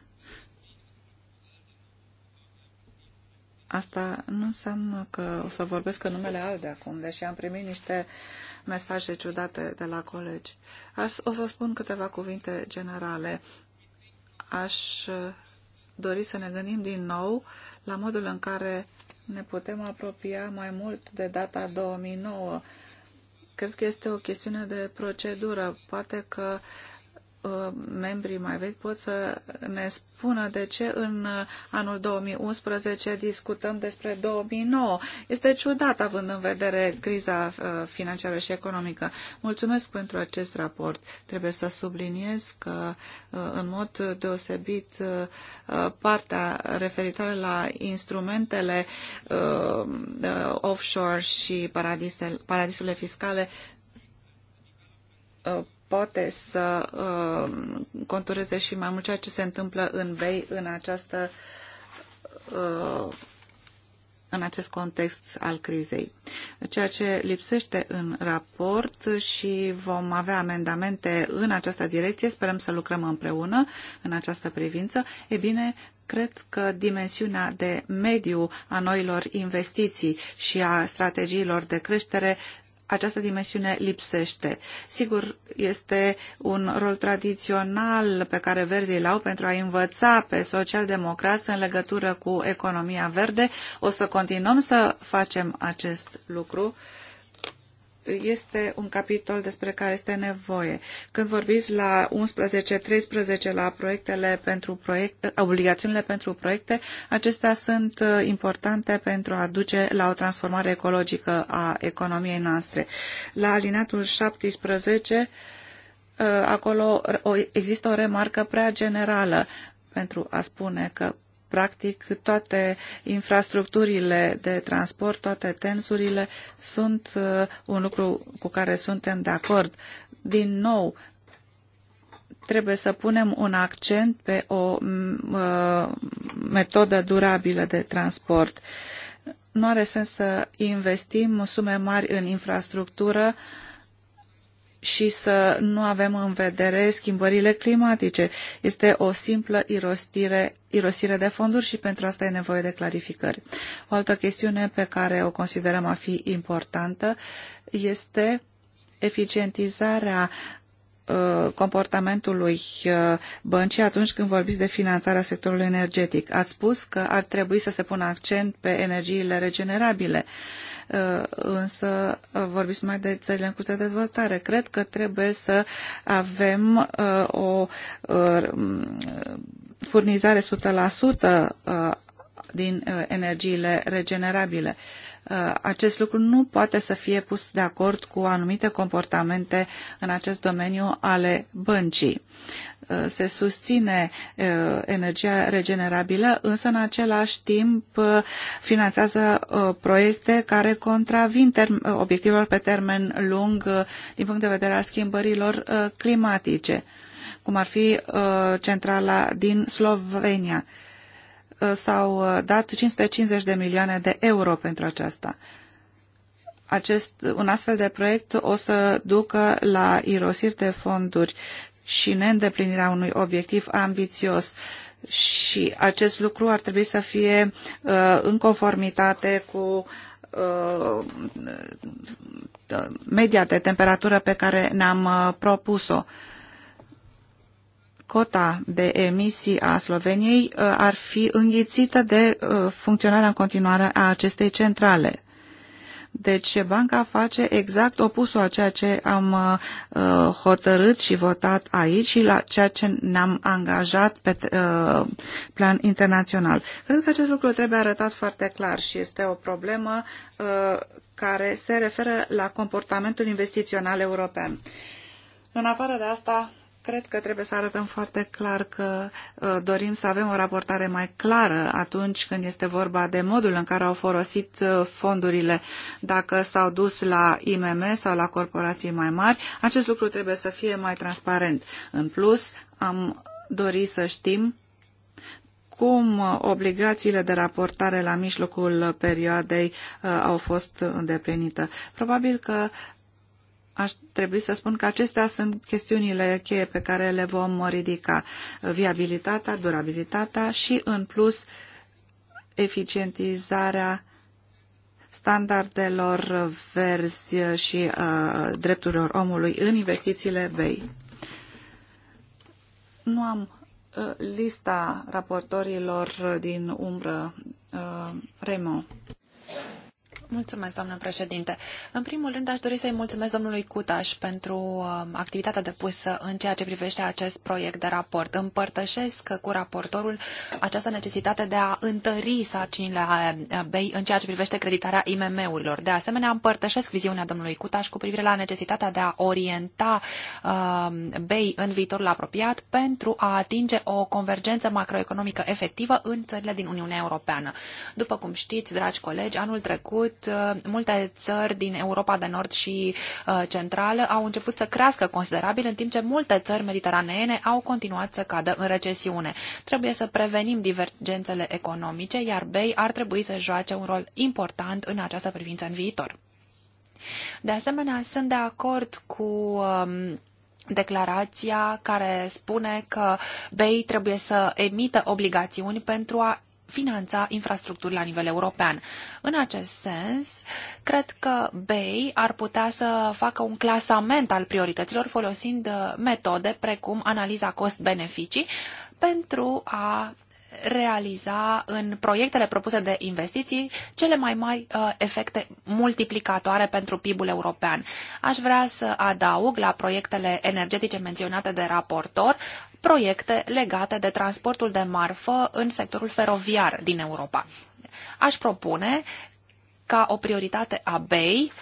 Asta nu înseamnă că o să vorbesc în numele de acum, deși am primit niște mesaje ciudate de la colegi. Aș, o să spun câteva cuvinte generale. Aș uh, dori să ne gândim din nou la modul în care ne putem apropia mai mult de data 2009. Cred că este o chestiune de procedură. Poate că uh, Uh, membrii mai vechi pot să ne spună de ce în uh, anul 2011 discutăm despre 2009. Este ciudat având în vedere criza uh, financiară și economică. Mulțumesc pentru acest raport. Trebuie să subliniez că în mod deosebit partea referitoare la instrumentele offshore și paradisurile fiscale poate să uh, contureze și mai mult ceea ce se întâmplă în BEI în această uh, în acest context al crizei. Ceea ce lipsește în raport și vom avea amendamente în această direcție, sperăm să lucrăm împreună în această privință, e bine, cred că dimensiunea de mediu a noilor investiții și a strategiilor de creștere această dimensiune lipsește. Sigur, este un rol tradițional pe care verzii l-au pentru a învăța pe socialdemocrați în legătură cu economia verde. O să continuăm să facem acest lucru este un capitol despre care este nevoie. Când vorbiți la 11-13 la proiectele pentru proiecte, obligațiunile pentru proiecte, acestea sunt uh, importante pentru a duce la o transformare ecologică a economiei noastre. La alineatul 17 uh, acolo există o remarcă prea generală pentru a spune că Practic, toate infrastructurile de transport, toate tensurile sunt uh, un lucru cu care suntem de acord. Din nou, trebuie să punem un accent pe o uh, metodă durabilă de transport. Nu are sens să investim sume mari în infrastructură uh, și să nu avem în vedere schimbările climatice. Este o simplă irostire, irosire de fonduri și pentru asta e nevoie de clarificări. O altă chestiune pe care o considerăm a fi importantă este eficientizarea Uh, comportamentului uh, băncii atunci când vorbiți de finanțarea sectorului energetic. Ați spus că ar trebui să se pună accent pe energiile regenerabile, uh, însă vorbiți mai de țările în curs de dezvoltare. Cred că trebuie să avem o furnizare 100% din energiile regenerabile. Uh, acest lucru nu poate să fie pus de acord cu anumite comportamente în acest domeniu ale băncii. Uh, se susține uh, energia regenerabilă, însă în același timp finanțează proiecte care contravin obiectivelor pe termen lung din punct de vedere al schimbărilor climatice, cum ar fi centrala din Slovenia Uh, s-au uh, dat 550 de milioane de euro pentru aceasta. Acest, un astfel de proiect o să ducă la irosiri de fonduri și neîndeplinirea unui obiectiv ambițios și acest lucru ar trebui să fie uh, în conformitate cu uh, media de temperatură pe care ne-am uh, propus-o. Uh, cota de emisii a Sloveniei uh, ar fi înghițită de uh, funcționarea în continuare a acestei centrale. Deci banca face exact opusul a ceea ce am uh, hotărât și votat aici și la ceea ce ne-am angajat pe plan internațional. Cred că acest lucru trebuie arătat foarte clar și este o problemă care se referă la comportamentul investițional european. În afară de asta, Cred că trebuie să arătăm foarte clar că uh, dorim să avem o raportare mai clară atunci când este vorba de modul în care au folosit uh, fondurile, dacă s-au dus la IMM sau la corporații mai mari. Acest lucru trebuie să fie mai transparent. În plus, am dori să știm cum uh, obligațiile de raportare la mijlocul perioadei uh, au fost îndeplinite. Probabil că aș trebui să spun că acestea sunt chestiunile cheie pe care le vom ridica. Viabilitatea, durabilitatea și, în plus, eficientizarea standardelor verzi și uh, drepturilor omului în investițiile vei. Nu am uh, lista raportorilor din umbră. Uh, Remo. Mulțumesc, doamnă președinte. În primul rând, aș dori să-i mulțumesc domnului Cutaș pentru um, activitatea depusă în ceea ce privește acest proiect de raport. Împărtășesc cu raportorul această necesitate de a întări sarcinile uh, BEI în ceea ce privește creditarea IMM-urilor. De asemenea, împărtășesc viziunea domnului Cutaș cu privire la necesitatea de a orienta um, BEI în viitorul apropiat pentru a atinge o convergență macroeconomică efectivă în țările din Uniunea Europeană. După cum știți, dragi colegi, anul trecut încât uh, multe țări din Europa de Nord și uh, Centrală au început să crească considerabil, în timp ce multe țări mediteraneene au continuat să cadă în recesiune. Trebuie să prevenim divergențele economice, iar BEI ar trebui să joace un rol important în această privință în viitor. De asemenea, sunt de acord cu um, declarația care spune că BEI trebuie să emită obligațiuni pentru a finanța infrastructuri la nivel european. În acest sens, cred că BEI ar putea să facă un clasament al priorităților folosind uh, metode precum analiza cost-beneficii pentru a realiza în proiectele propuse de investiții cele mai mari uh, efecte multiplicatoare pentru PIB-ul european. Aș vrea să adaug la proiectele energetice menționate de raportor proiecte legate de transportul de marfă în sectorul feroviar din Europa. Aș propune ca o prioritate a BEI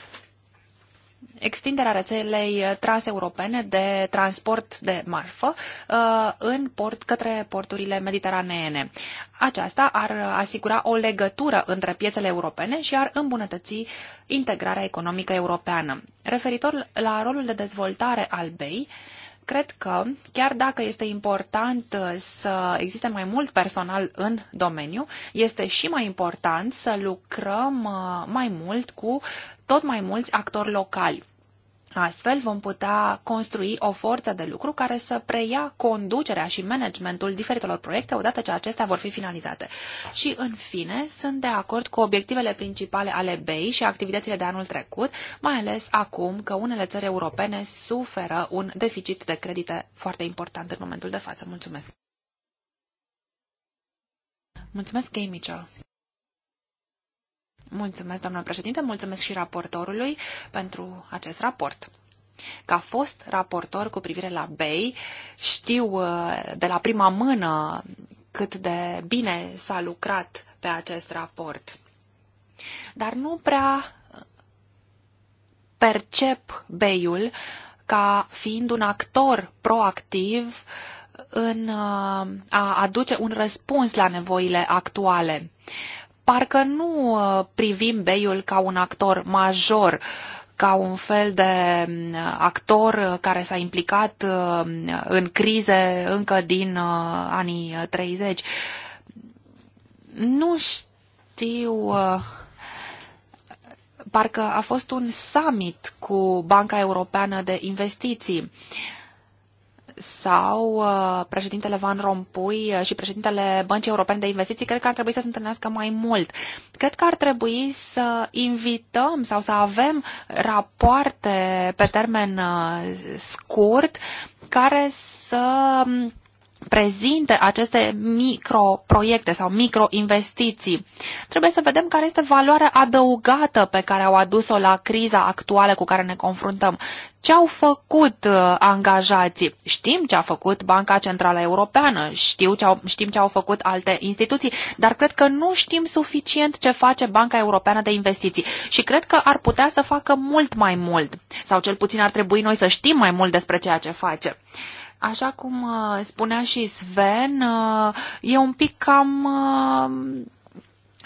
extinderea rețelei transeuropene de transport de marfă uh, în port, către porturile mediteraneene. Aceasta ar asigura o legătură între piețele europene și ar îmbunătăți integrarea economică europeană. Referitor la rolul de dezvoltare al BEI, Cred că, chiar dacă este important uh, să existe mai mult personal în domeniu, este și mai important să lucrăm uh, mai mult cu tot mai mulți actori locali Astfel vom putea construi o forță de lucru care să preia conducerea și managementul diferitelor proiecte odată ce acestea vor fi finalizate. Și, în fine, sunt de acord cu obiectivele principale ale BEI și activitățile de anul trecut, mai ales acum că unele țări europene suferă un deficit de credite foarte important în momentul de față. Mulțumesc! Mulțumesc, Gay Mitchell! Mulțumesc, doamnă președinte, mulțumesc și raportorului pentru acest raport. Ca fost raportor cu privire la BEI, știu uh, de la prima mână cât de bine s-a lucrat pe acest raport. Dar nu prea percep BEI-ul ca fiind un actor proactiv în uh, a aduce un răspuns la nevoile actuale parcă nu uh, privim Beiul ca un actor major, ca un fel de mm, actor care s-a implicat uh, în crize încă din uh, anii 30. Nu știu parcă a fost un summit cu Banca Europeană de Investiții. Uh, sau uh, președintele Van Rompuy uh, și președintele Băncii Europene de Investiții, cred că ar trebui să se întâlnească mai mult. Cred că ar trebui să invităm sau să avem rapoarte pe termen uh, scurt care să um, prezinte aceste microproiecte sau microinvestiții. Trebuie să vedem care este valoarea adăugată pe care au adus-o la criza actuală cu care ne confruntăm. Ce au făcut uh, angajații? Știm ce a făcut Banca Centrală Europeană, știu ce au, știm ce au făcut alte instituții, dar cred că nu știm suficient ce face Banca Europeană de Investiții și cred că ar putea să facă mult mai mult, sau cel puțin ar trebui noi să știm mai mult despre ceea ce face. Uh, Așa cum uh, spunea și Sven, uh, e un pic cam uh,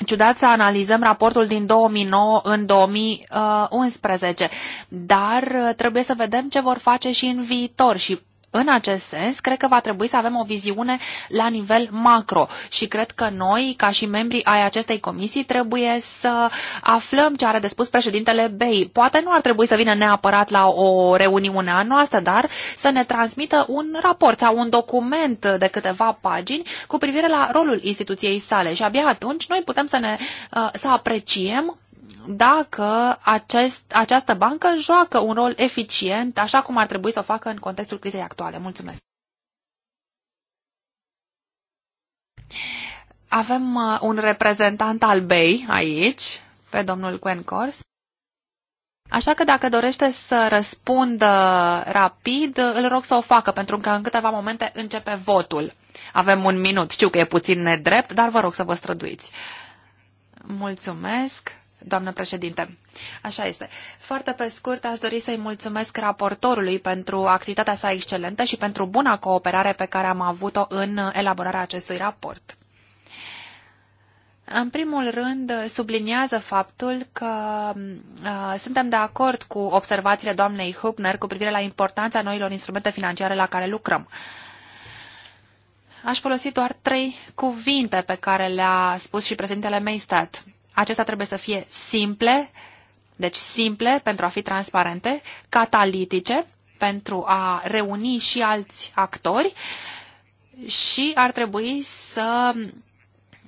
ciudat să analizăm raportul din 2009 în 2011, dar trebuie să vedem ce vor face și în viitor și în acest sens, cred că va trebui să avem o viziune la nivel macro și cred că noi, ca și membrii ai acestei comisii, trebuie să aflăm ce are de spus președintele BEI. Poate nu ar trebui să vină neapărat la o reuniune a noastră, dar să ne transmită un raport sau un document de câteva pagini cu privire la rolul instituției sale și abia atunci noi putem să ne uh, să apreciem dacă acest, această bancă joacă un rol eficient, așa cum ar trebui să o facă în contextul crizei actuale. Mulțumesc! Avem uh, un reprezentant al BEI aici, pe domnul Quen Așa că dacă dorește să răspundă rapid, îl rog să o facă, pentru că în câteva momente începe votul. Avem un minut, știu că e puțin nedrept, dar vă rog să vă străduiți. Mulțumesc! doamnă președinte. Așa este. Foarte pe scurt, aș dori să-i mulțumesc raportorului pentru activitatea sa excelentă și pentru buna cooperare pe care am avut-o în elaborarea acestui raport. În primul rând, subliniază faptul că uh, suntem de acord cu observațiile doamnei Hubner cu privire la importanța noilor instrumente financiare la care lucrăm. Aș folosi doar trei cuvinte pe care le-a spus și președintele Meistat. Acestea trebuie să fie simple, deci simple pentru a fi transparente, catalitice pentru a reuni și alți actori și ar trebui să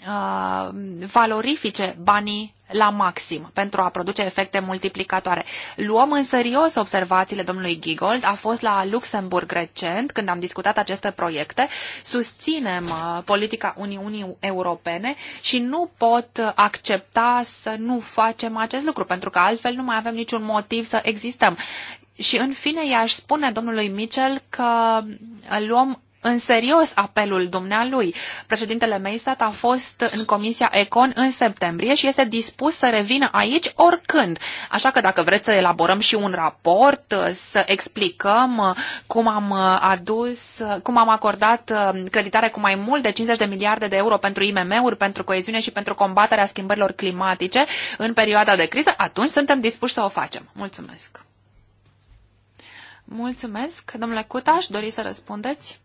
Uh, valorifice banii la maxim pentru a produce efecte multiplicatoare. Luăm în serios observațiile domnului Gigold, a fost la Luxemburg recent când am discutat aceste proiecte, susținem uh, politica Uniunii Europene și nu pot accepta să nu facem acest lucru, pentru că altfel nu mai avem niciun motiv să existăm. Și în fine i-aș spune domnului Mitchell că luăm în serios apelul dumnealui. Președintele Meistat a fost în Comisia Econ în septembrie și este dispus să revină aici oricând. Așa că dacă vreți să elaborăm și un raport, să explicăm cum am adus, cum am acordat creditare cu mai mult de 50 de miliarde de euro pentru IMM-uri, pentru coeziune și pentru combaterea schimbărilor climatice în perioada de criză, atunci suntem dispuși să o facem. Mulțumesc! Mulțumesc. Domnule Cutaș, doriți să răspundeți?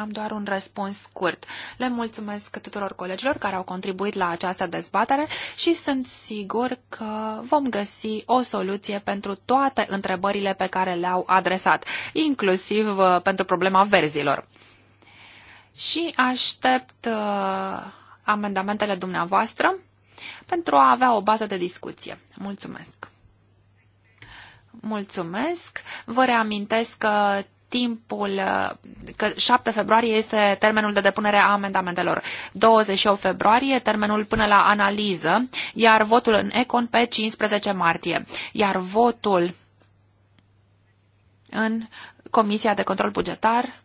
Am doar un răspuns scurt. Le mulțumesc tuturor colegilor care au contribuit la această dezbatere și sunt sigur că vom găsi o soluție pentru toate întrebările pe care le-au adresat, inclusiv uh, pentru problema verzilor. Și aștept uh, amendamentele dumneavoastră pentru a avea o bază de discuție. Mulțumesc! Mulțumesc! Vă reamintesc că timpul, uh, că 7 februarie este termenul de depunere a amendamentelor, 28 februarie termenul până la analiză, iar votul în Econ pe 15 martie, iar votul în Comisia de Control Bugetar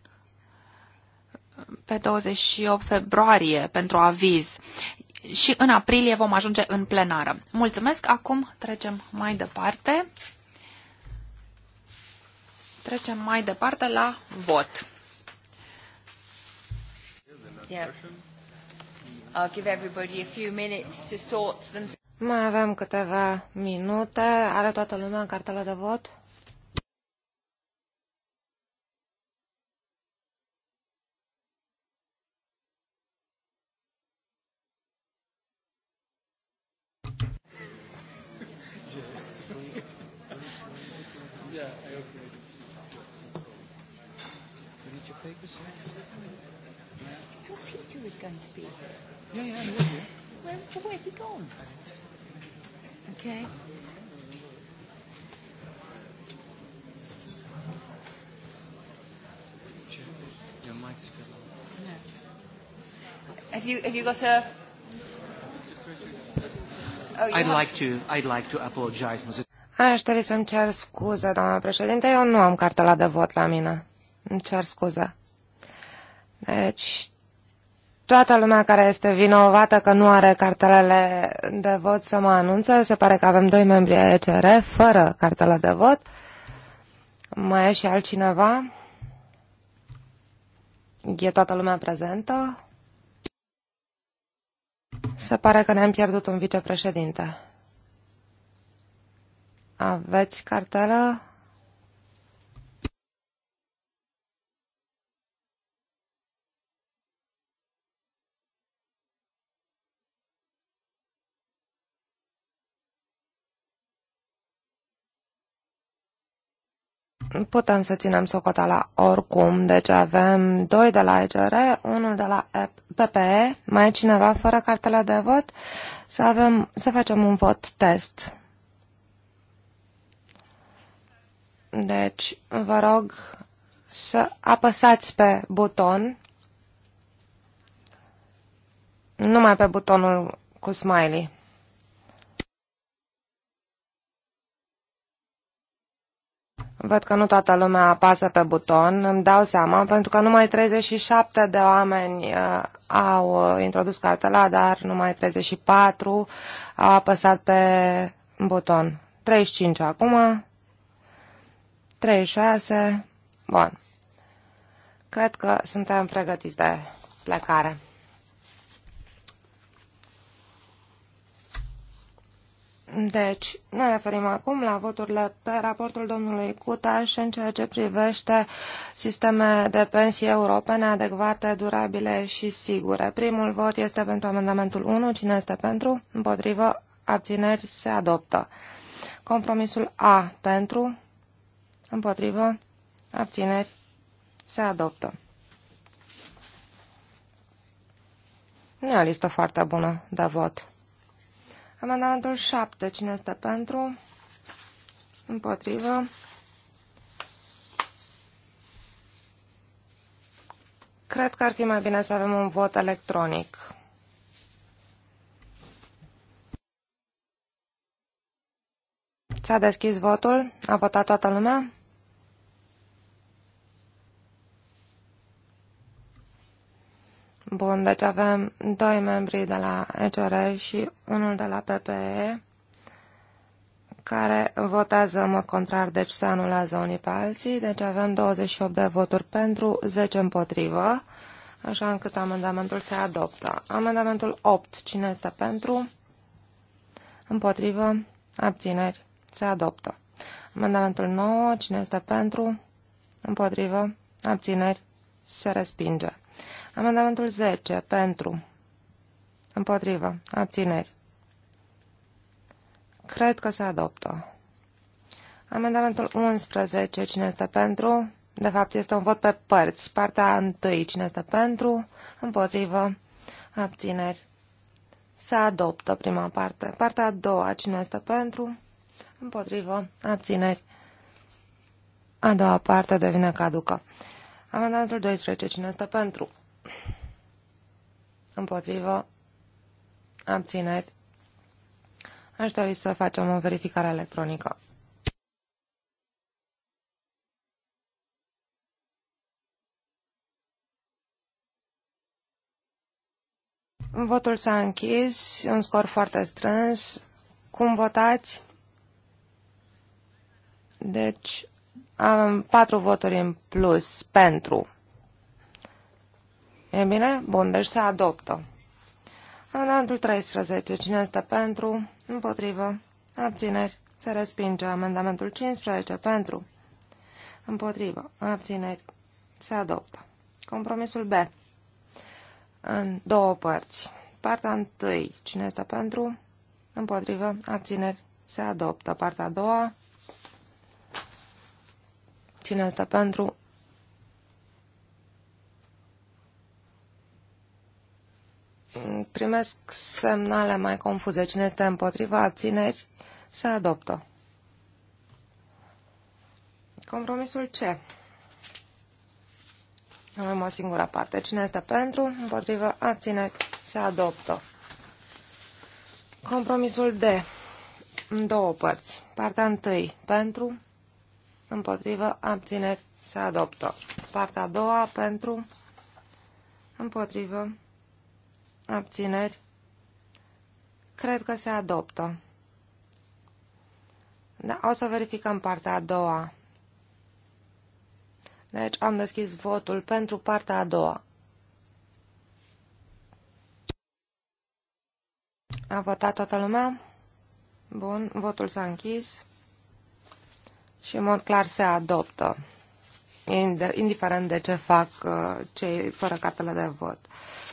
pe 28 februarie pentru aviz și în aprilie vom ajunge în plenară. Mulțumesc, acum trecem mai departe. Trecem mai departe la vot. Yeah. I'll give everybody a few minutes to sort Mai avem câteva minute. Are toată lumea cartela de vot? going to be here. Yeah, yeah, he was here. Where, where's he gone? Okay. Your mic is still on. No. Have you have you got a? Oh, I'd have... like to I'd like to apologize, Mrs. Aș dori să-mi cer scuze, doamna președinte, eu nu am cartela de vot la mine. Îmi cer scuze. Deci, toată lumea care este vinovată că nu are cartelele de vot să mă anunțe. Se pare că avem doi membri ai ECR fără cartela de vot. Mai e și altcineva? E toată lumea prezentă? Se pare că ne-am pierdut un vicepreședinte. Aveți cartelă? Putem să ținem socoteala oricum, deci avem doi de la EGR, unul de la PPE, mai e cineva fără cartela de vot, să, avem, să facem un vot test. Deci, vă rog să apăsați pe buton, numai pe butonul cu smiley. Văd că nu toată lumea apasă pe buton, îmi dau seama, pentru că numai 37 de oameni uh, au uh, introdus cartela, dar numai 34 au apăsat pe buton. 35 acum, 36, bun. Cred că suntem pregătiți de plecare. Deci, ne referim acum la voturile pe raportul domnului Cutaș în ceea ce privește sisteme de pensii europene adecvate, durabile și sigure. Primul vot este pentru amendamentul 1. Cine este pentru? Împotrivă? Abțineri? Se adoptă. Compromisul A. Pentru? Împotrivă? Abțineri? Se adoptă. Nu e o listă foarte bună de vot. Amendamentul 7. Cine este pentru? Împotrivă. Cred că ar fi mai bine să avem un vot electronic. S-a deschis votul? A votat toată lumea? Bun, deci avem doi membri de la ECR și unul de la PPE care votează mă contrar, deci se anulează unii pe alții. Deci avem 28 de voturi pentru, 10 împotrivă, așa încât amendamentul se adoptă. Amendamentul 8, cine este pentru? Împotrivă, abțineri, se adoptă. Amendamentul 9, cine este pentru? Împotrivă, abțineri, se respinge. Amendamentul 10. Pentru. Împotrivă. Abțineri. Cred că se adoptă. Amendamentul 11. Cine este pentru? De fapt, este un vot pe părți. Partea 1. Cine este pentru? Împotrivă. Abțineri. Se adoptă prima parte. Partea a doua. Cine este pentru? Împotrivă. Abțineri. A doua parte devine caducă. Amendamentul 12. Cine este pentru? Împotrivă. Abțineri. Aș dori să facem o verificare electronică. Votul s-a închis, un scor foarte strâns. Cum votați? Deci, am patru voturi în plus pentru. E bine? Bun, deci se adoptă. Amendamentul 13. Cine este pentru? Împotrivă. Abțineri. Se respinge. Amendamentul 15. Pentru. Împotrivă. Abțineri. Se adoptă. Compromisul B. În două părți. Partea întâi. Cine este pentru? Împotrivă. Abțineri. Se adoptă. Partea a doua. Cine este pentru? Primesc semnale mai confuze. Cine este împotriva abțineri, se adoptă. Compromisul C. Avem o singură parte. Cine este pentru, împotrivă, abțineri, se adoptă. Compromisul D. În două părți. Partea întâi, pentru, împotrivă, abțineri, se adoptă. Partea a doua, pentru, împotrivă, abțineri, cred că se adoptă. Da, o să verificăm partea a doua. Deci am deschis votul pentru partea a doua. A votat toată lumea? Bun, votul s-a închis și în mod clar se adoptă indiferent de ce fac uh, cei fără cartele de vot.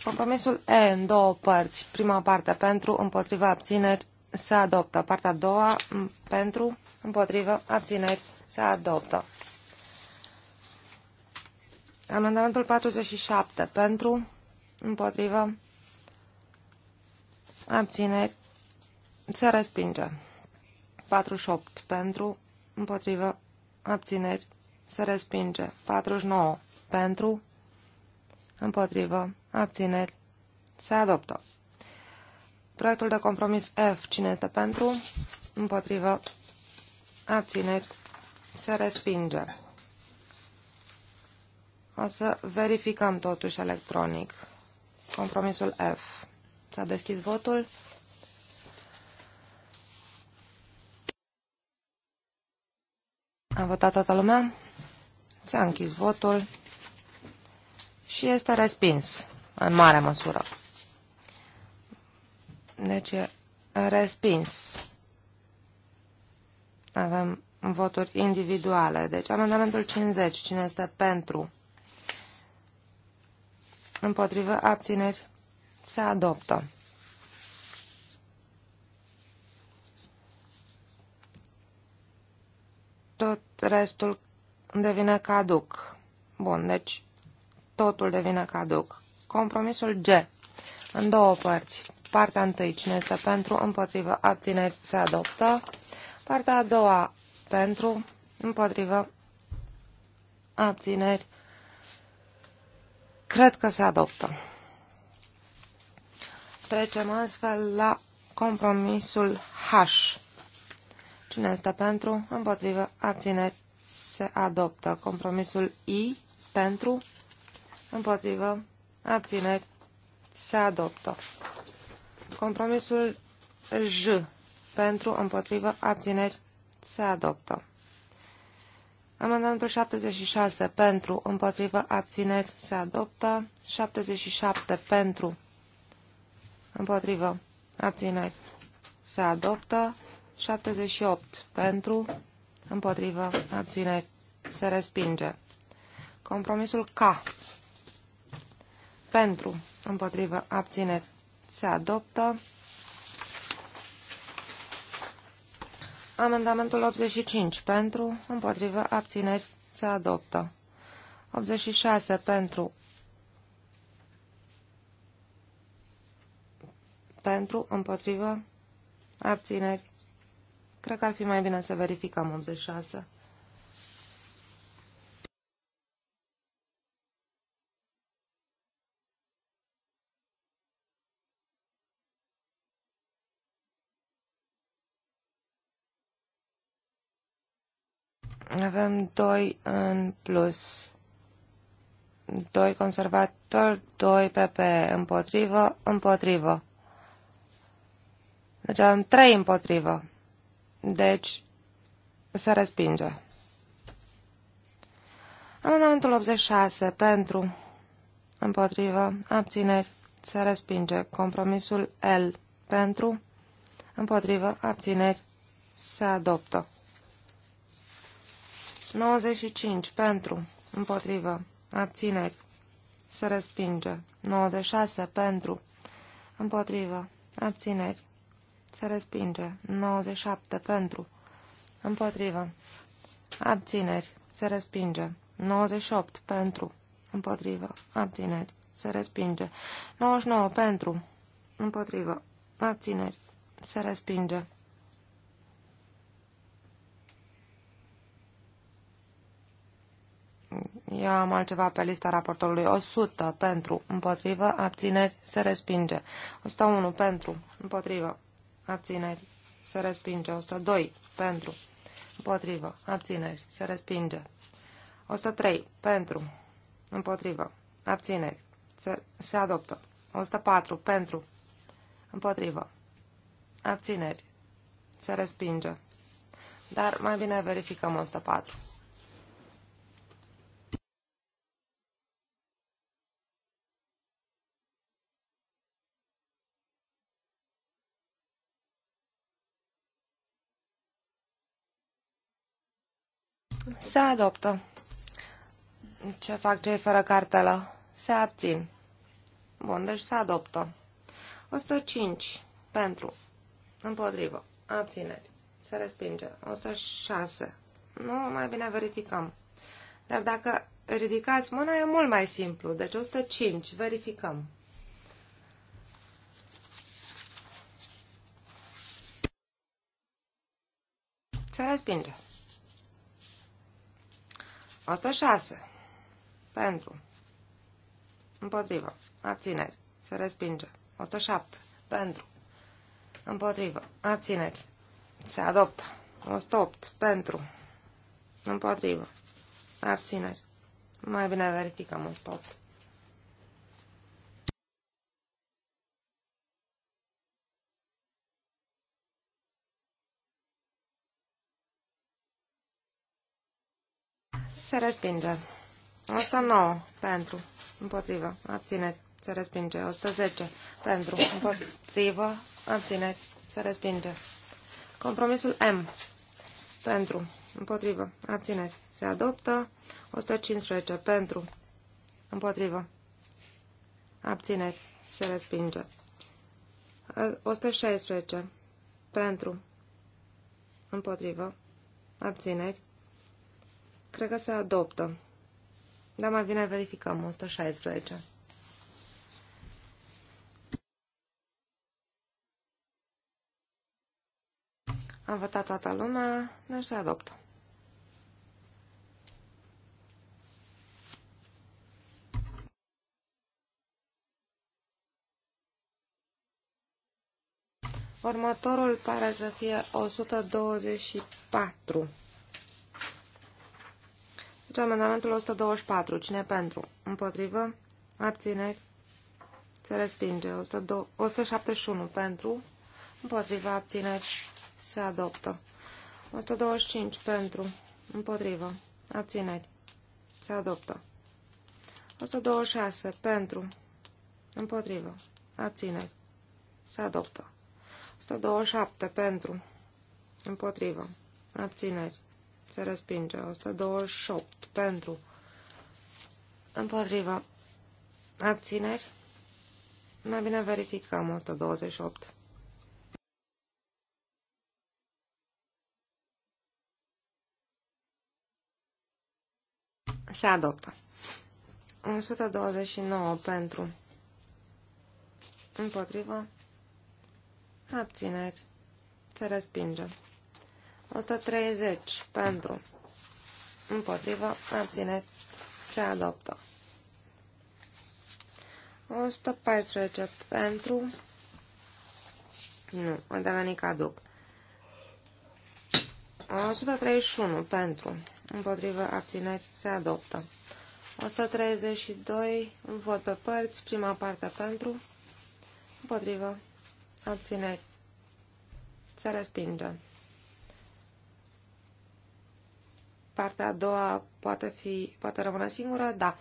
Compromisul E în două părți. Prima parte pentru, împotriva abțineri, se adoptă. Partea a doua pentru, împotriva abțineri, se adoptă. Amendamentul 47 pentru, împotriva abțineri, se respinge. 48 pentru, împotriva abțineri, se respinge. 49. Pentru. Împotrivă. Abțineri. Se adoptă. Proiectul de compromis F. Cine este pentru? Împotrivă. Abțineri. Se respinge. O să verificăm totuși electronic. Compromisul F. S-a deschis votul. A votat toată lumea? S-a închis votul și este respins în mare măsură. Deci respins. Avem voturi individuale. Deci amendamentul 50. Cine este pentru? Împotrivă abțineri se adoptă. Tot restul devine caduc. Bun, deci totul devine caduc. Compromisul G. În două părți. Partea întâi, cine este pentru, împotrivă, abțineri, se adoptă. Partea a doua, pentru, împotrivă, abțineri, cred că se adoptă. Trecem astfel la compromisul H. Cine este pentru, împotrivă, abțineri, se adoptă. Compromisul I pentru, împotrivă, abțineri, se adoptă. Compromisul J pentru, împotrivă, abțineri, se adoptă. Amendamentul 76 pentru, împotrivă, abțineri, se adoptă. 77 pentru, împotrivă, abțineri, se adoptă. 78 pentru, împotrivă, abține, se respinge. Compromisul K, pentru, împotrivă, abține, se adoptă. Amendamentul 85 pentru, împotrivă, abțineri, se adoptă. 86 pentru, pentru, împotrivă, abțineri, Cred că ar fi mai bine să verificăm 86. Avem 2 în plus. 2 conservator, 2 PP împotrivă, împotrivă. Deci avem 3 împotrivă. Deci, se respinge. Amendamentul 86 pentru, împotrivă, abțineri, se respinge. Compromisul L pentru, împotrivă, abțineri, se adoptă. 95 pentru, împotrivă, abțineri, se respinge. 96 pentru, împotrivă, abțineri, se respinge. 97 pentru. Împotrivă. Abțineri. Se respinge. 98 pentru. Împotrivă. Abțineri. Se respinge. 99 pentru. Împotrivă. Abțineri. Se respinge. Eu am altceva pe lista raportorului. 100 pentru, împotrivă, abțineri, se respinge. 101 pentru, împotrivă, abțineri, se respinge. 102 pentru, împotrivă, abțineri, se respinge. 103 pentru, împotrivă, abțineri, se, se adoptă. 104 pentru, împotrivă, abțineri, se respinge. Dar mai bine verificăm 104. Se adoptă. Ce fac cei fără cartelă? Se abțin. Bun, deci se adoptă. 105 pentru, împotrivă, abțineri, se respinge. 106. Nu, mai bine verificăm. Dar dacă ridicați mâna e mult mai simplu. Deci 105, verificăm. Se respinge. 106. Pentru. Împotrivă. Abțineri. Se respinge. 107. Pentru. Împotrivă. Abțineri. Se adoptă. 108. Pentru. Împotrivă. Abțineri. Mai bine verificăm 108. se respinge. 109 pentru, împotrivă, abțineri, se respinge. 110 pentru, împotrivă, abțineri, se respinge. Compromisul M pentru, împotrivă, abțineri, se adoptă. 115 pentru, împotrivă, abțineri, se respinge. 116 pentru, împotrivă, abțineri, Cred că se adoptă. Dar mai bine verificăm. 116. Am votat toată lumea, dar deci se adoptă. Următorul pare să fie 124. Deci amendamentul 124. Cine pentru? Împotrivă? Abțineri? Se respinge. 102, 171 pentru? Împotrivă? Abțineri? Se adoptă. 125 pentru? Împotrivă? Abțineri? Se adoptă. 126 pentru? Împotrivă? Abțineri? Se adoptă. 127 pentru? Împotrivă? Abțineri? se respinge. 128 pentru, împotriva, abțineri, mai bine verificăm 128. Se adoptă. 129 pentru, împotriva, abțineri, se respinge. 130 pentru, împotrivă, abțineri, se adoptă. 114 pentru, nu, a devenit caduc. 131 pentru, împotrivă, abțineri, se adoptă. 132, vot pe părți, prima parte pentru, împotrivă, abțineri, se respinge. Partea a doua poate, fi, poate rămâne singură? Da.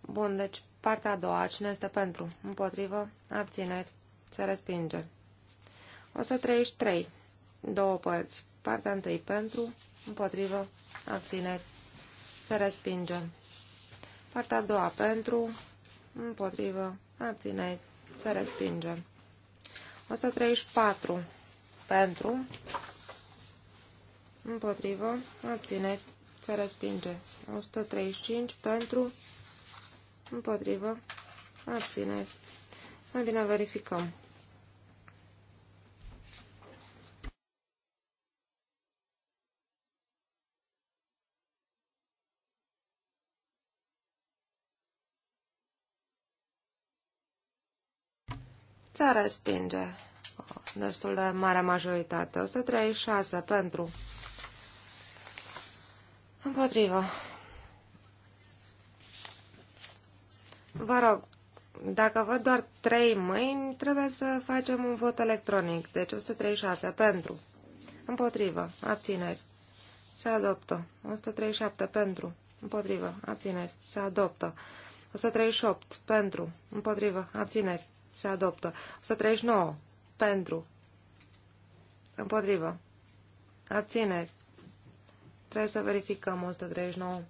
Bun, deci partea a doua. Cine este pentru? Împotrivă? Abțineri? Se respinge. 133. Două părți. Partea întâi pentru, împotrivă, abțineri. Se respinge. Partea a doua pentru, împotrivă, abțineri. Se respinge. 134. Pentru, împotrivă, abțineri se respinge. 135 pentru, împotrivă, abține. Mai bine verificăm. Se respinge destul de mare majoritate. 136 pentru Împotrivă. Vă rog, dacă văd doar trei mâini, trebuie să facem un vot electronic. Deci 136 pentru. Împotrivă. Abțineri. Se adoptă. 137 pentru. Împotrivă. Abțineri. Se adoptă. 138 pentru. Împotrivă. Abțineri. Se adoptă. 139 pentru. Împotrivă. Abțineri. Trebuie să verificăm 139.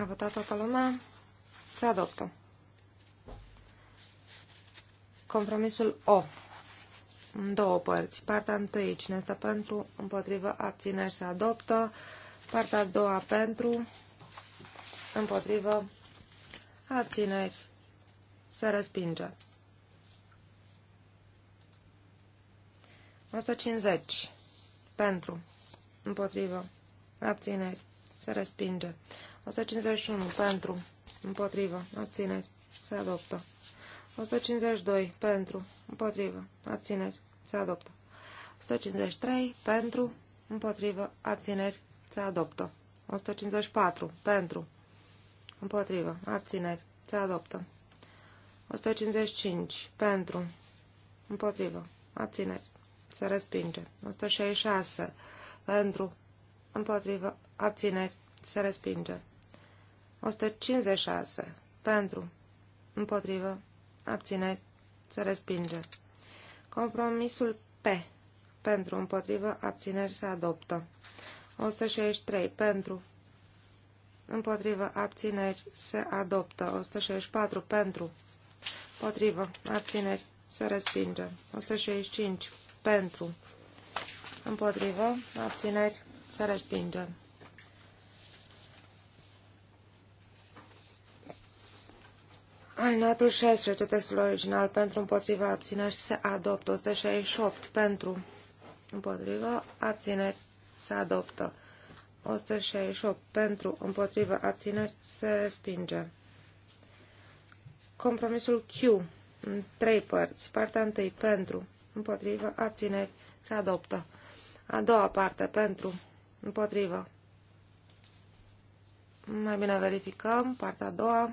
A votat toată lumea? Se adoptă. Compromisul O. În două părți. Partea întâi, cine este pentru, împotrivă, abțineri, se adoptă. Partea a doua, pentru, împotrivă, abțineri, se respinge. 150. Pentru. Împotrivă. Abțineri. Se respinge. 151. Pentru. Împotrivă. Abțineri. Se adoptă. 152. Pentru. Împotrivă. Abțineri. Se adoptă. 153. Pentru. Împotrivă. Abțineri. Se adoptă. 154. Pentru. Împotrivă. Abțineri. Se adoptă. 155. Pentru. Împotrivă. Abțineri. Se respinge. 166. Pentru. Împotrivă. Abțineri. Se respinge. 156. Pentru. Împotrivă. Abțineri. Se respinge. Compromisul P. Pentru. Împotrivă. Abțineri. Se adoptă. 163. Pentru. Împotrivă. Abțineri. Se adoptă. 164. Pentru. Potrivă. Abțineri. Se respinge. 165. Pentru. Împotrivă. Abțineri. Se respinge. Alinatul 16, textul original, pentru împotriva abțineri, se adoptă. 168, pentru împotriva abțineri, se adoptă. 168, pentru împotriva abțineri, se respinge. Compromisul Q, în trei părți. Partea întâi pentru, împotrivă, abțineri, se adoptă. A doua parte pentru, împotrivă. Mai bine verificăm partea a doua.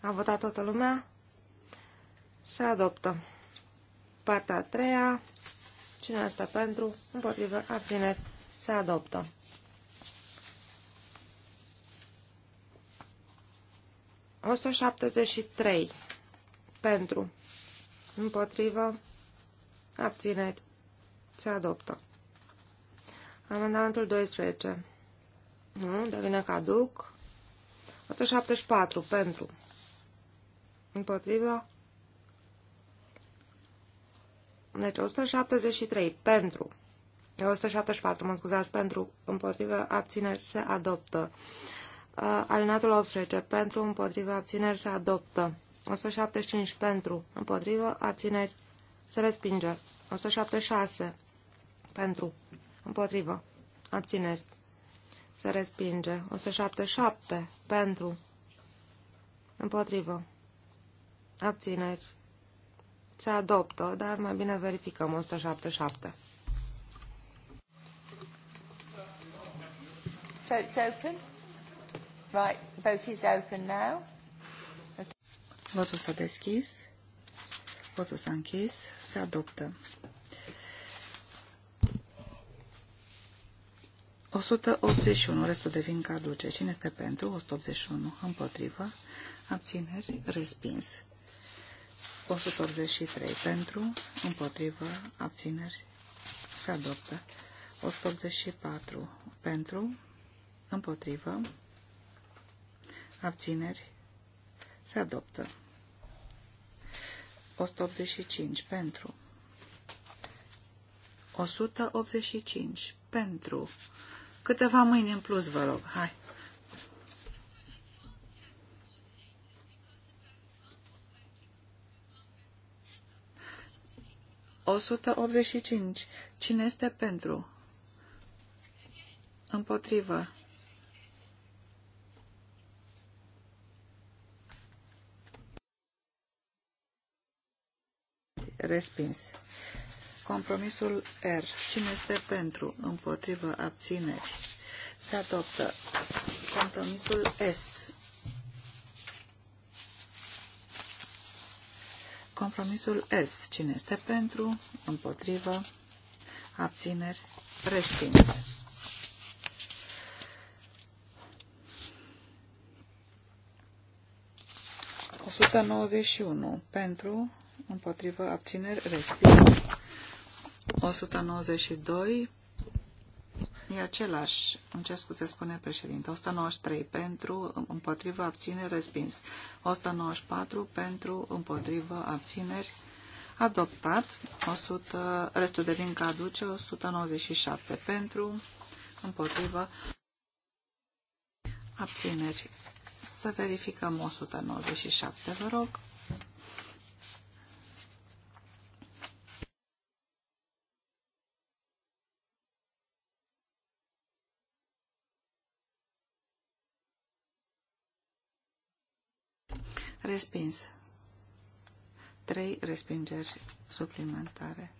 A votat toată lumea. Se adoptă. Partea a treia. Cine asta pentru? Împotrivă. Abțineri. Se adoptă. O 173 pentru, împotrivă, abțineri, se adoptă. Amendamentul 12, nu, devine caduc. 174 pentru, împotrivă, deci 173 pentru, 174, mă scuzați, pentru, împotrivă, abțineri, se adoptă. Uh, Alinatul 18, pentru, împotrivă, abțineri, se adoptă. 175, pentru, împotrivă, abțineri, se respinge. 176, pentru, împotrivă, abțineri, se respinge. 177, pentru, împotrivă, abțineri, se adoptă, dar mai bine verificăm 177. it's open. Right, vote is open now. Votul s-a deschis. Votul s-a închis. Se adoptă. 181. Restul devin caduce. Cine este pentru? 181. Împotrivă. Abțineri. Respins. 183. Pentru. Împotrivă. Abțineri. Se adoptă. 184. Pentru împotrivă, abțineri, se adoptă. 185 pentru 185 pentru câteva mâini în plus, vă rog, hai. O Cine este pentru? Împotrivă. respins. Compromisul R. Cine este pentru? Împotrivă abțineri. Se adoptă. Compromisul S. Compromisul S. Cine este pentru? Împotrivă abțineri. Respins. unu pentru împotrivă, abțineri, respins. 192 e același, în ce scuze, spune președinte. 193 pentru, împotrivă, abțineri, respins. 194 pentru, împotrivă, abțineri, adoptat. 100, restul devin caduce, 197 pentru, împotrivă, abțineri. Să verificăm 197, vă rog. Respins. Trei respingeri suplimentare.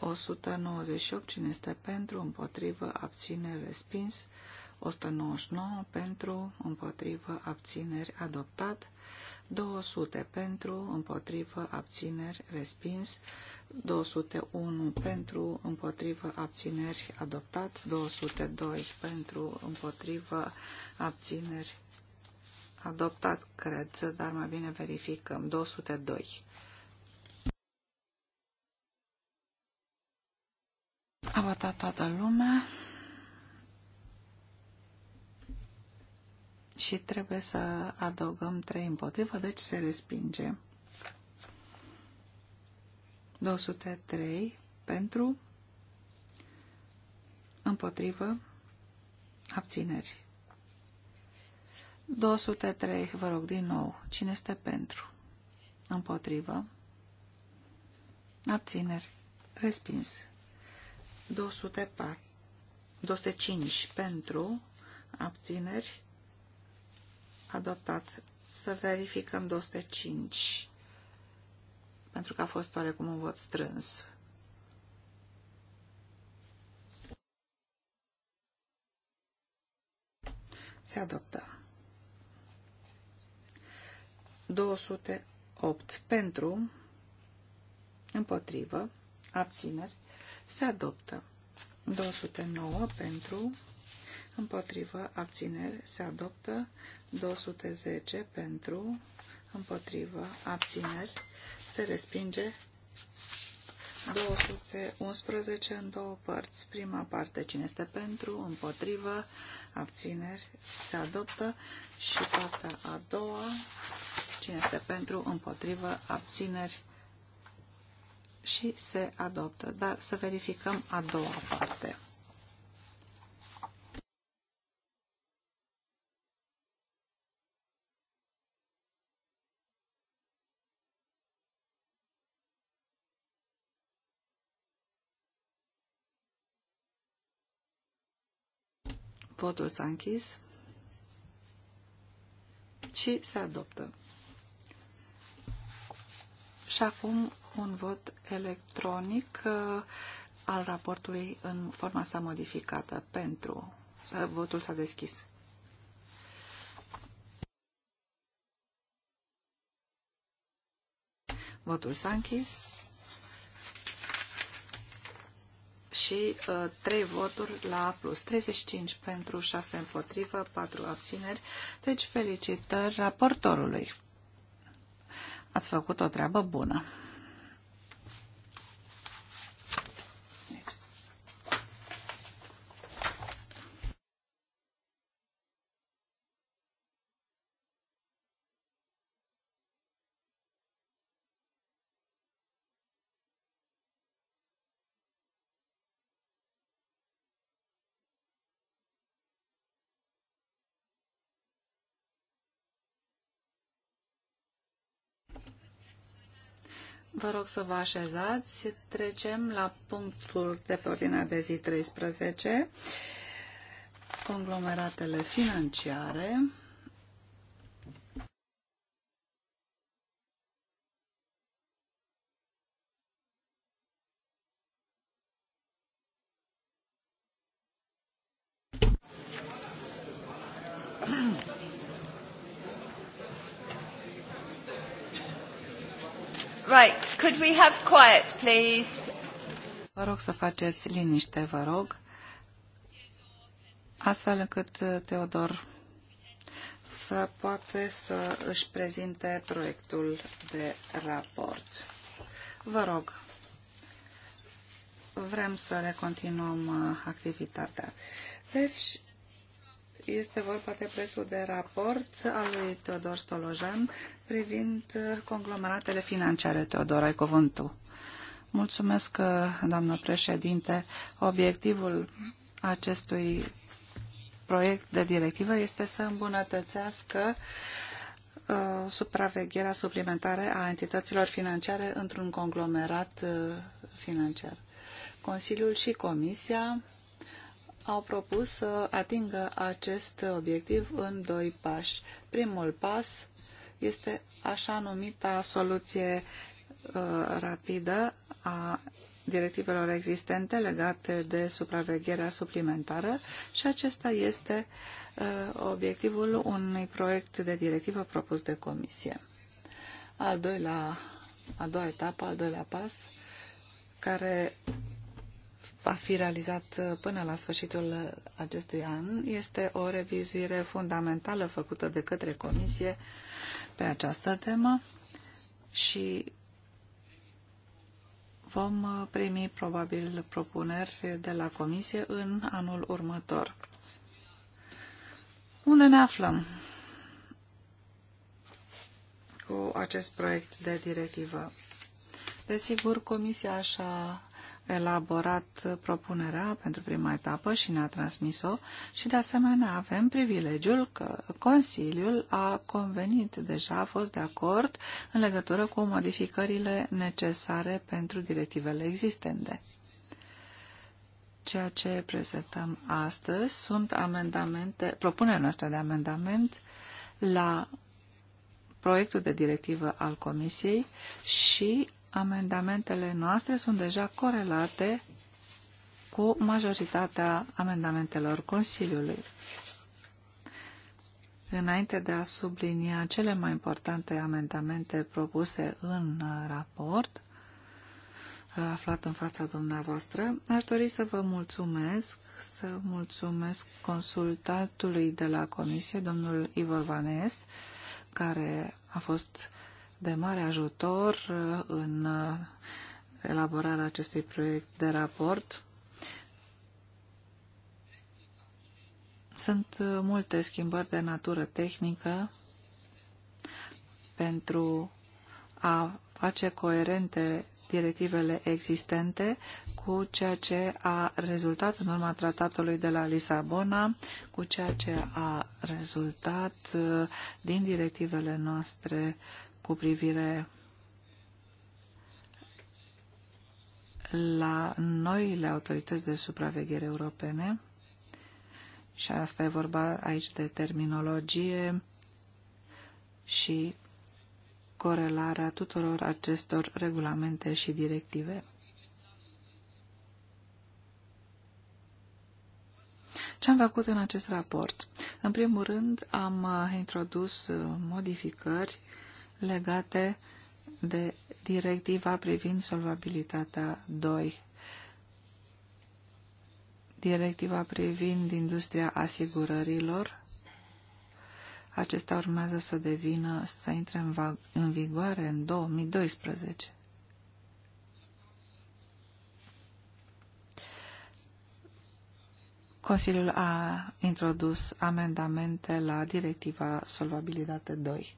198. Cine este pentru? Împotrivă. Abțineri. Respins. 199 pentru, împotrivă, abțineri, adoptat, 200 pentru, împotrivă, abțineri, respins, 201 pentru, împotrivă, abțineri, adoptat, 202 pentru, împotrivă, abțineri, adoptat, cred, dar mai bine verificăm. 202. A votat toată lumea și trebuie să adăugăm 3 împotrivă, deci se respinge. 203 pentru, împotrivă, abțineri. 203, vă rog, din nou. Cine este pentru? Împotrivă. Abțineri. Respins. 204. 205 pentru. Abțineri. Adoptat. Să verificăm 205. Pentru că a fost oarecum un vot strâns. Se adoptă. 208 pentru, împotrivă, abțineri, se adoptă. 209 pentru, împotrivă, abțineri, se adoptă. 210 pentru, împotrivă, abțineri, se respinge. 211 în două părți. Prima parte, cine este pentru, împotrivă, abțineri, se adoptă. Și partea a doua, Cine este pentru, împotrivă, abțineri și se adoptă. Dar să verificăm a doua parte. Votul s-a închis și se adoptă. Și acum un vot electronic uh, al raportului în forma sa modificată pentru. Uh, votul s-a deschis. Votul s-a închis. și uh, 3 voturi la plus, 35 pentru, 6 împotrivă, 4 abțineri. Deci felicitări raportorului. Ați făcut o treabă bună. Vă rog să vă așezați. Trecem la punctul de pe ordinea de zi 13, conglomeratele financiare. Right, could we have quiet, please? Vă rog să faceți liniște, vă rog, astfel încât uh, Teodor să poate să își prezinte proiectul de raport. Vă rog, vrem să recontinuăm uh, activitatea. Deci, deci, este vorba de proiectul de raport al lui Teodor Stolojan privind uh, conglomeratele financiare. Teodor, ai cuvântul. Mulțumesc, uh, doamnă președinte. Obiectivul acestui proiect de directivă este să îmbunătățească uh, supravegherea suplimentară a entităților financiare într-un conglomerat uh, financiar. Consiliul și Comisia au propus să atingă acest obiectiv în doi pași. Primul pas este așa numita soluție uh, rapidă a directivelor existente legate de supravegherea suplimentară și acesta este uh, obiectivul unui proiect de directivă propus de comisie. Al doilea, a doua etapă, al doilea pas, care va fi realizat uh, până la sfârșitul acestui an este o revizuire fundamentală făcută de către Comisie pe această temă și vom uh, primi probabil propuneri de la Comisie în anul următor. Unde ne aflăm cu acest proiect de directivă? Desigur, Comisia așa elaborat propunerea pentru prima etapă și ne-a transmis-o și de asemenea avem privilegiul că Consiliul a convenit deja, a fost de acord în legătură cu modificările necesare pentru directivele existente. Ceea ce prezentăm astăzi sunt amendamente, propunerea noastră de amendament la proiectul de directivă al Comisiei și amendamentele noastre sunt deja corelate cu majoritatea amendamentelor Consiliului. Înainte de a sublinia cele mai importante amendamente propuse în raport, aflat în fața dumneavoastră, aș dori să vă mulțumesc, să mulțumesc consultatului de la Comisie, domnul Ivor Vanes, care a fost uh, de mare ajutor uh, în uh, elaborarea acestui proiect de raport. Sunt uh, multe schimbări de natură tehnică pentru a face coerente directivele existente cu ceea ce a rezultat în urma tratatului de la Lisabona, cu ceea ce a rezultat din directivele noastre cu privire la noile autorități de supraveghere europene și asta e vorba aici de terminologie și corelarea tuturor acestor regulamente și directive. Ce am făcut în acest raport? În primul rând, am uh, introdus uh, modificări legate de directiva privind solvabilitatea 2, directiva privind industria asigurărilor. Acesta urmează să devină, să intre în, în vigoare în 2012. Consiliul a introdus amendamente la directiva Solvabilitate 2.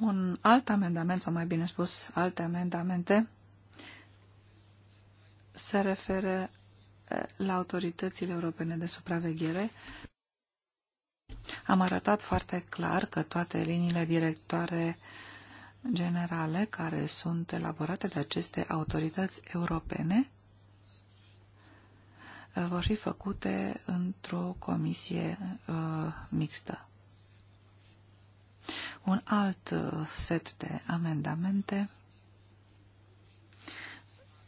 un alt amendament, sau mai bine spus, alte amendamente, se referă eh, la autoritățile europene de supraveghere. Am arătat foarte clar că toate liniile directoare generale care sunt elaborate de aceste autorități europene eh, vor fi făcute într-o comisie uh, mixtă un alt uh, set de amendamente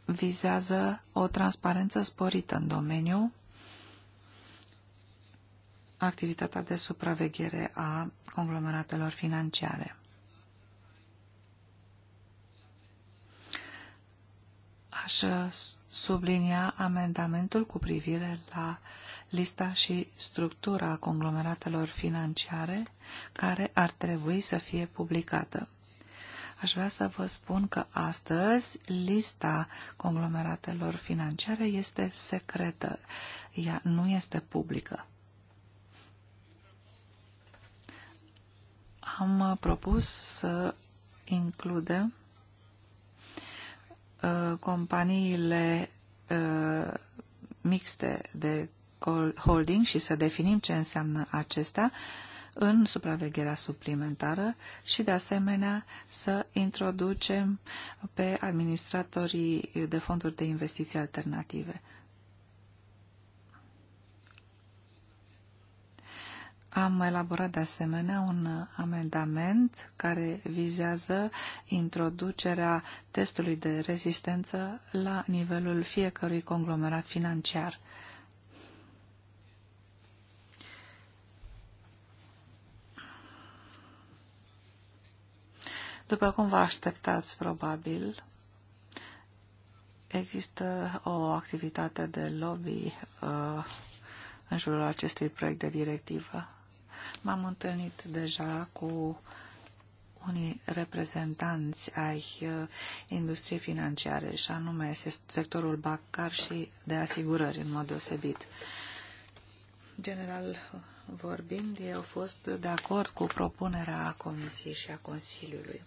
vizează o transparență sporită în domeniu, activitatea de supraveghere a conglomeratelor financiare. Aș uh, sublinia amendamentul cu privire la uh, lista și structura conglomeratelor financiare care ar trebui să fie publicată. Aș vrea să vă spun că astăzi lista conglomeratelor financiare este secretă. Ea nu este publică. Am propus să includem uh, companiile uh, mixte de holding și să definim ce înseamnă acesta în supravegherea suplimentară și, de asemenea, să introducem pe administratorii de fonduri de investiții alternative. Am elaborat de asemenea un amendament care vizează introducerea testului de rezistență la nivelul fiecărui conglomerat financiar. După cum vă așteptați, probabil, există o activitate de lobby uh, în jurul acestui proiect de directivă. M-am întâlnit deja cu unii reprezentanți ai uh, industriei financiare, și anume sectorul bancar și de asigurări, în mod deosebit. General vorbind, eu fost de acord cu propunerea Comisiei și a Consiliului.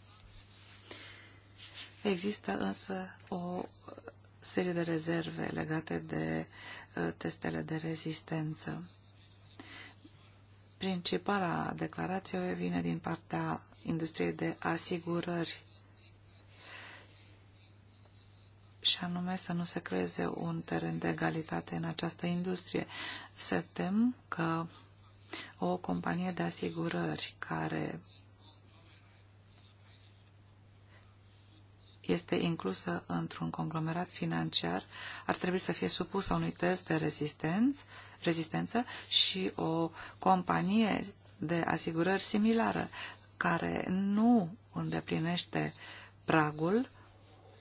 Există însă o serie de rezerve legate de uh, testele de rezistență. Principala declarație vine din partea industriei de asigurări și anume să nu se creeze un teren de egalitate în această industrie. Se tem că o companie de asigurări care este inclusă într-un conglomerat financiar, ar trebui să fie supusă unui test de rezistență, și o companie de asigurări similară care nu îndeplinește pragul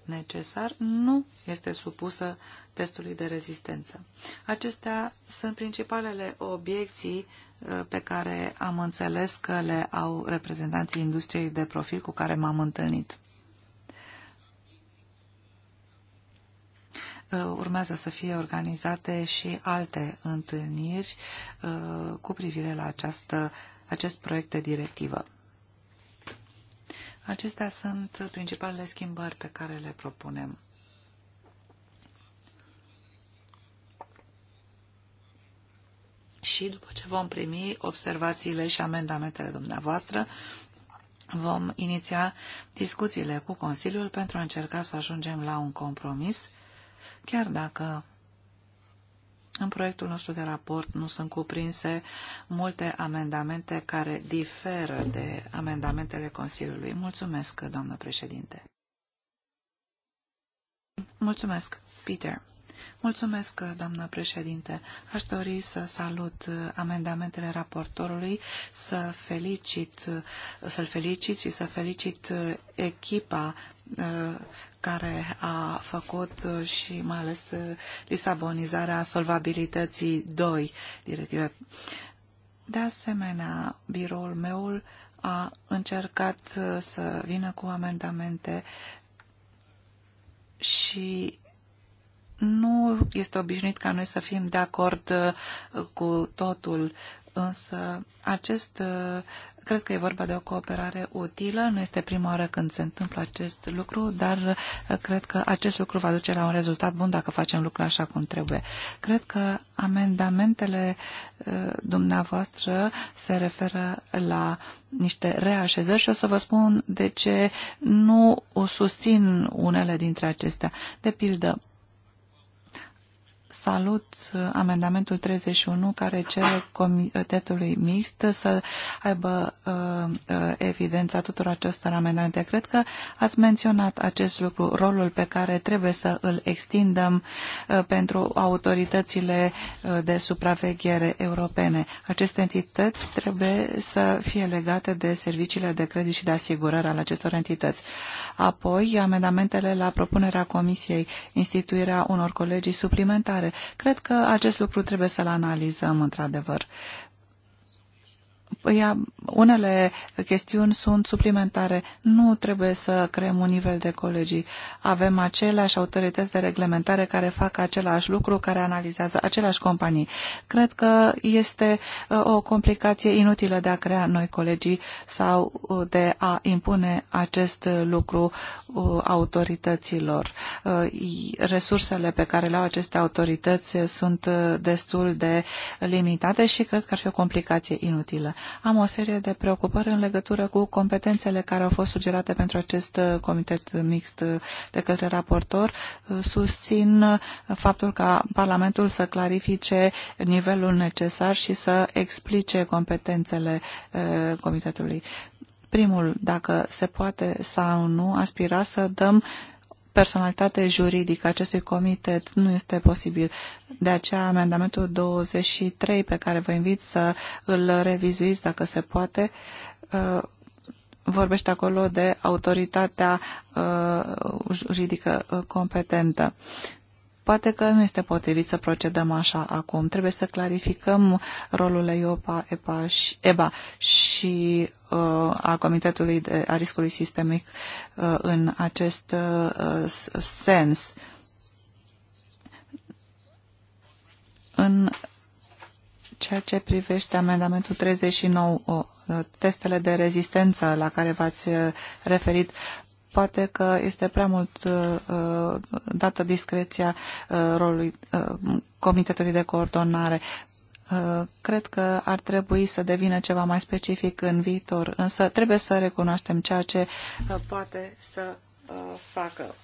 necesar, nu este supusă testului de rezistență. Acestea sunt principalele obiecții uh, pe care am înțeles că le au reprezentanții industriei de profil cu care m-am întâlnit. urmează să fie organizate și alte întâlniri uh, cu privire la această, acest proiect de directivă. Acestea sunt principalele schimbări pe care le propunem. Și după ce vom primi observațiile și amendamentele dumneavoastră, vom iniția discuțiile cu Consiliul pentru a încerca să ajungem la un compromis Chiar dacă în proiectul nostru de raport nu sunt cuprinse multe amendamente care diferă de amendamentele Consiliului. Mulțumesc, doamnă președinte. Mulțumesc, Peter. Mulțumesc, doamnă președinte. Aș dori să salut amendamentele raportorului, să felicit, să-l felicit și să felicit echipa care a făcut uh, și mai ales uh, lisabonizarea solvabilității 2 directive. De asemenea, biroul meu a încercat uh, să vină cu amendamente și nu este obișnuit ca noi să fim de acord cu totul, însă acest Cred că e vorba de o cooperare utilă, nu este prima oară când se întâmplă acest lucru, dar uh, cred că acest lucru va duce la un rezultat bun dacă facem lucrul așa cum trebuie. Cred că amendamentele uh, dumneavoastră se referă la niște reașezări și o să vă spun de ce nu susțin unele dintre acestea. De pildă, salut uh, amendamentul 31 care cere Comitetului Mixt să aibă uh, uh, evidența tuturor acestor amendamente. Cred că ați menționat acest lucru, rolul pe care trebuie să îl extindem uh, pentru autoritățile uh, de supraveghere europene. Aceste entități trebuie să fie legate de serviciile de credit și de asigurare ale acestor entități. Apoi, amendamentele la propunerea Comisiei, instituirea unor colegii suplimentare Cred că acest lucru trebuie să-l analizăm într-adevăr unele chestiuni sunt suplimentare. Nu trebuie să creăm un nivel de colegii. Avem aceleași autorități de reglementare care fac același lucru, care analizează aceleași companii. Cred că este uh, o complicație inutilă de a crea noi colegii sau uh, de a impune acest lucru uh, autorităților. Resursele pe care le au aceste autorități sunt destul de limitate și cred că ar fi o complicație inutilă. Am o serie de preocupări în legătură cu competențele care au fost sugerate pentru acest uh, comitet mixt de către raportor. Uh, susțin uh, faptul ca Parlamentul să clarifice nivelul necesar și să explice competențele comitetului primul, dacă se poate sau nu, aspira să dăm personalitate juridică acestui comitet nu este posibil. De aceea, amendamentul 23, pe care vă invit să îl revizuiți, dacă se poate, uh, vorbește acolo de autoritatea uh, juridică uh, competentă. Poate că nu este potrivit să procedăm așa acum. Trebuie să clarificăm rolul EOPA, EPA și EBA și Uh, al Comitetului de, a Riscului Sistemic uh, în acest uh, sens. În ceea ce privește amendamentul 39, testele de rezistență la care v-ați referit, poate că este prea mult uh, dată discreția uh, rolului uh, Comitetului de Coordonare. Uh, cred că ar trebui să devină ceva mai specific în viitor, însă trebuie să recunoaștem ceea ce uh, poate să uh, facă.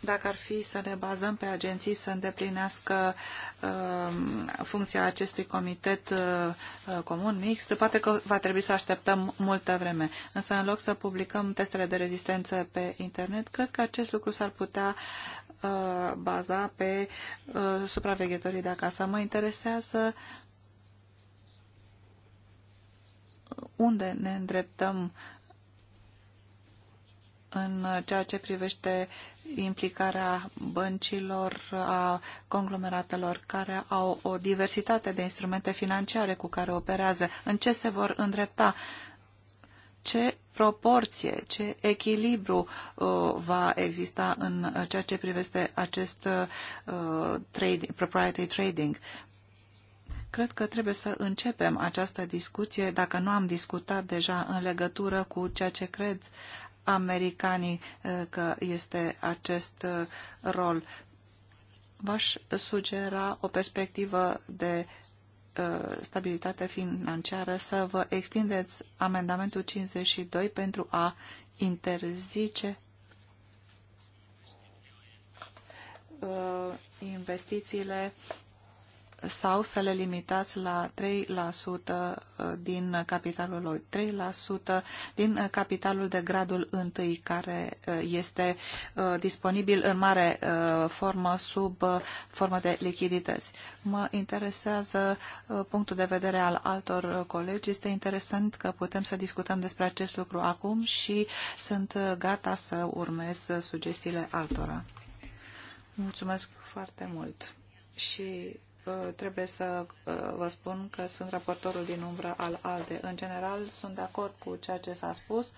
Dacă ar fi să ne bazăm pe agenții să îndeplinească um, funcția acestui comitet comun mixt, poate că va trebui să așteptăm multă vreme. Însă, în loc să publicăm testele de rezistență pe internet, cred că acest lucru s-ar putea uh, baza pe uh, supraveghetorii de acasă. Mă interesează unde ne îndreptăm în ceea ce privește implicarea băncilor, a conglomeratelor care au o diversitate de instrumente financiare cu care operează, în ce se vor îndrepta, ce proporție, ce echilibru uh, va exista în uh, ceea ce privește acest uh, trading, proprietary trading. Cred că trebuie să începem această discuție, dacă nu am discutat deja în legătură cu ceea ce cred americanii că este acest rol. V-aș sugera o perspectivă de Uh, stabilitate financiară să vă extindeți amendamentul 52 pentru a interzice uh, investițiile sau să le limitați la 3% uh, din capitalul lor, 3% din uh, capitalul de gradul 1 care uh, este disponibil în mare formă sub formă de lichidități. Mă interesează punctul de vedere al altor colegi. Este interesant că putem să discutăm despre acest lucru acum și sunt gata să urmez sugestiile altora. Mulțumesc foarte mult și Uh, trebuie să uh, vă spun că sunt raportorul din umbră al ALDE. În general, sunt de acord cu ceea ce s-a spus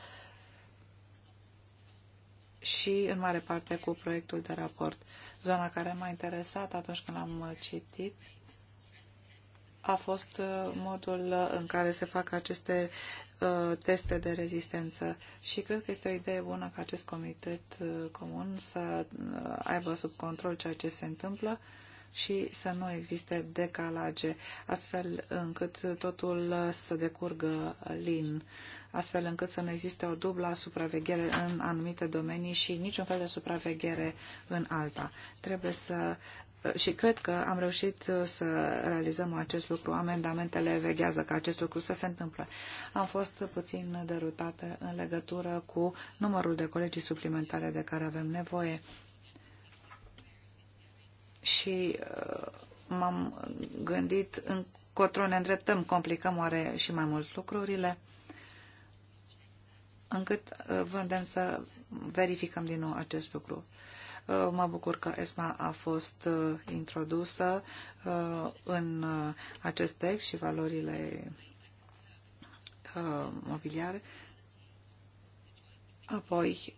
și în mare parte cu proiectul de raport. Zona care m-a interesat atunci când l-am citit a fost uh, modul în care se fac aceste teste de rezistență și cred că este o idee bună ca acest comitet comun să aibă sub control ceea ce se întâmplă și să nu existe decalaje, astfel încât totul să decurgă lin, astfel încât să nu existe o dublă supraveghere în anumite domenii și niciun fel de supraveghere în alta. Trebuie să și cred că am reușit să realizăm acest lucru. Amendamentele veghează ca acest lucru să se întâmple. Am fost puțin derutată în legătură cu numărul de colegii suplimentare de care avem nevoie și uh, m-am gândit încotro ne îndreptăm, complicăm oare și mai mult lucrurile, încât uh, vă îndemn să verificăm din nou acest lucru. Uh, mă bucur că ESMA a fost introdusă în acest text și valorile mobiliare. Apoi,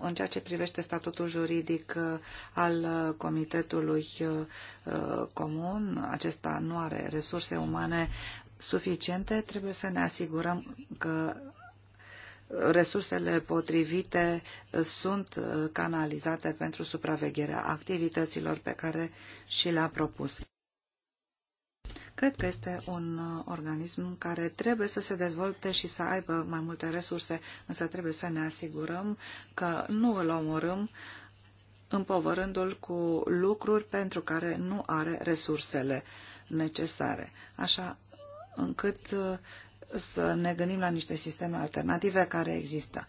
în ceea ce privește statutul juridic uh, al uh, Comitetului uh, Comun, acesta nu are resurse umane suficiente, trebuie să ne asigurăm că resursele potrivite sunt canalizate pentru supravegherea activităților pe care și le-a propus. Cred că este un uh, organism care trebuie să se dezvolte și să aibă mai multe resurse, însă trebuie să ne asigurăm că nu îl omorâm împovărându-l cu lucruri pentru care nu are resursele necesare. Așa încât uh, să ne gândim la niște sisteme alternative care există.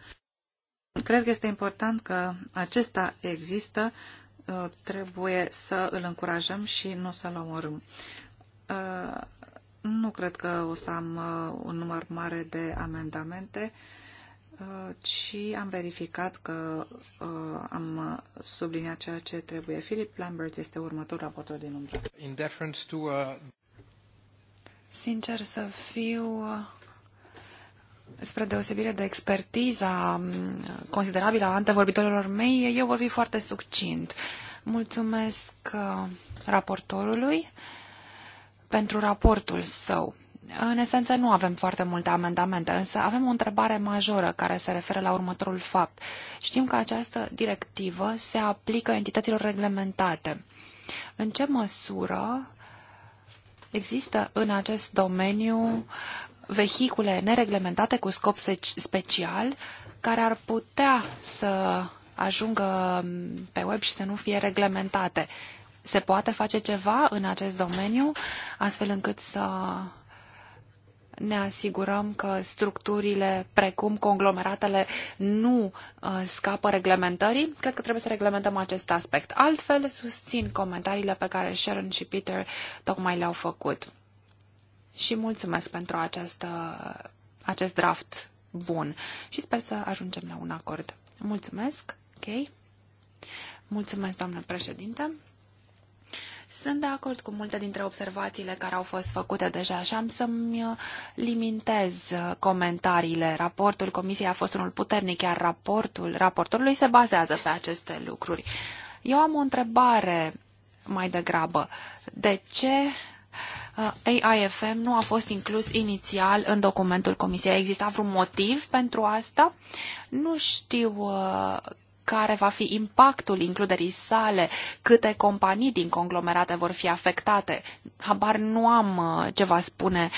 Cred că este important că acesta există, uh, trebuie să îl încurajăm și nu să-l omorâm. Uh, nu cred că o să am uh, un număr mare de amendamente, uh, ci am verificat că am subliniat ceea ce trebuie. Philip Lambert este următorul raportor din umbră. In deference to, uh... Sincer să fiu, spre deosebire de expertiza um, considerabilă a antevorbitorilor mei, eu vorbi foarte succint. Mulțumesc raportorului pentru raportul său. În esență, nu avem foarte multe amendamente, însă avem o întrebare majoră care se referă la următorul fapt. Știm că această directivă se aplică entităților reglementate. În ce măsură există în acest domeniu vehicule nereglementate cu scop special care ar putea să ajungă pe web și să nu fie reglementate? Se poate face ceva în acest domeniu, astfel încât să ne asigurăm că structurile precum conglomeratele nu uh, scapă reglementării. Cred că trebuie să reglementăm acest aspect. Altfel, susțin comentariile pe care Sharon și Peter tocmai le-au făcut. Și mulțumesc pentru această, acest draft bun și sper să ajungem la un acord. Mulțumesc, ok? Mulțumesc, doamnă președinte. Sunt de acord cu multe dintre observațiile care au fost făcute deja și am să-mi uh, limitez uh, comentariile. Raportul comisiei a fost unul puternic, iar raportul raportorului se bazează pe aceste lucruri. Eu am o întrebare mai degrabă. De ce uh, AIFM nu a fost inclus inițial în documentul comisiei. Exista vreun motiv pentru asta? Nu știu care va fi impactul includerii sale, câte companii din conglomerate vor fi afectate. Habar nu am uh, ce va spune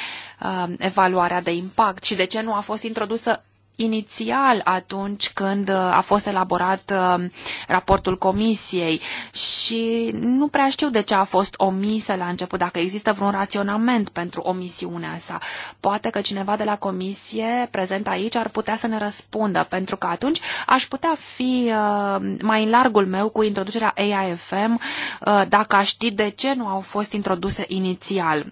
uh, evaluarea de impact și de ce nu a fost introdusă inițial atunci când uh, a fost elaborat uh, raportul comisiei și nu prea știu de ce a fost omisă la început, dacă există vreun raționament pentru omisiunea sa. Poate că cineva de la comisie prezent aici ar putea să ne răspundă, pentru că atunci aș putea fi uh, mai în largul meu cu introducerea AIFM dacă aș ști de ce nu au fost introduse inițial.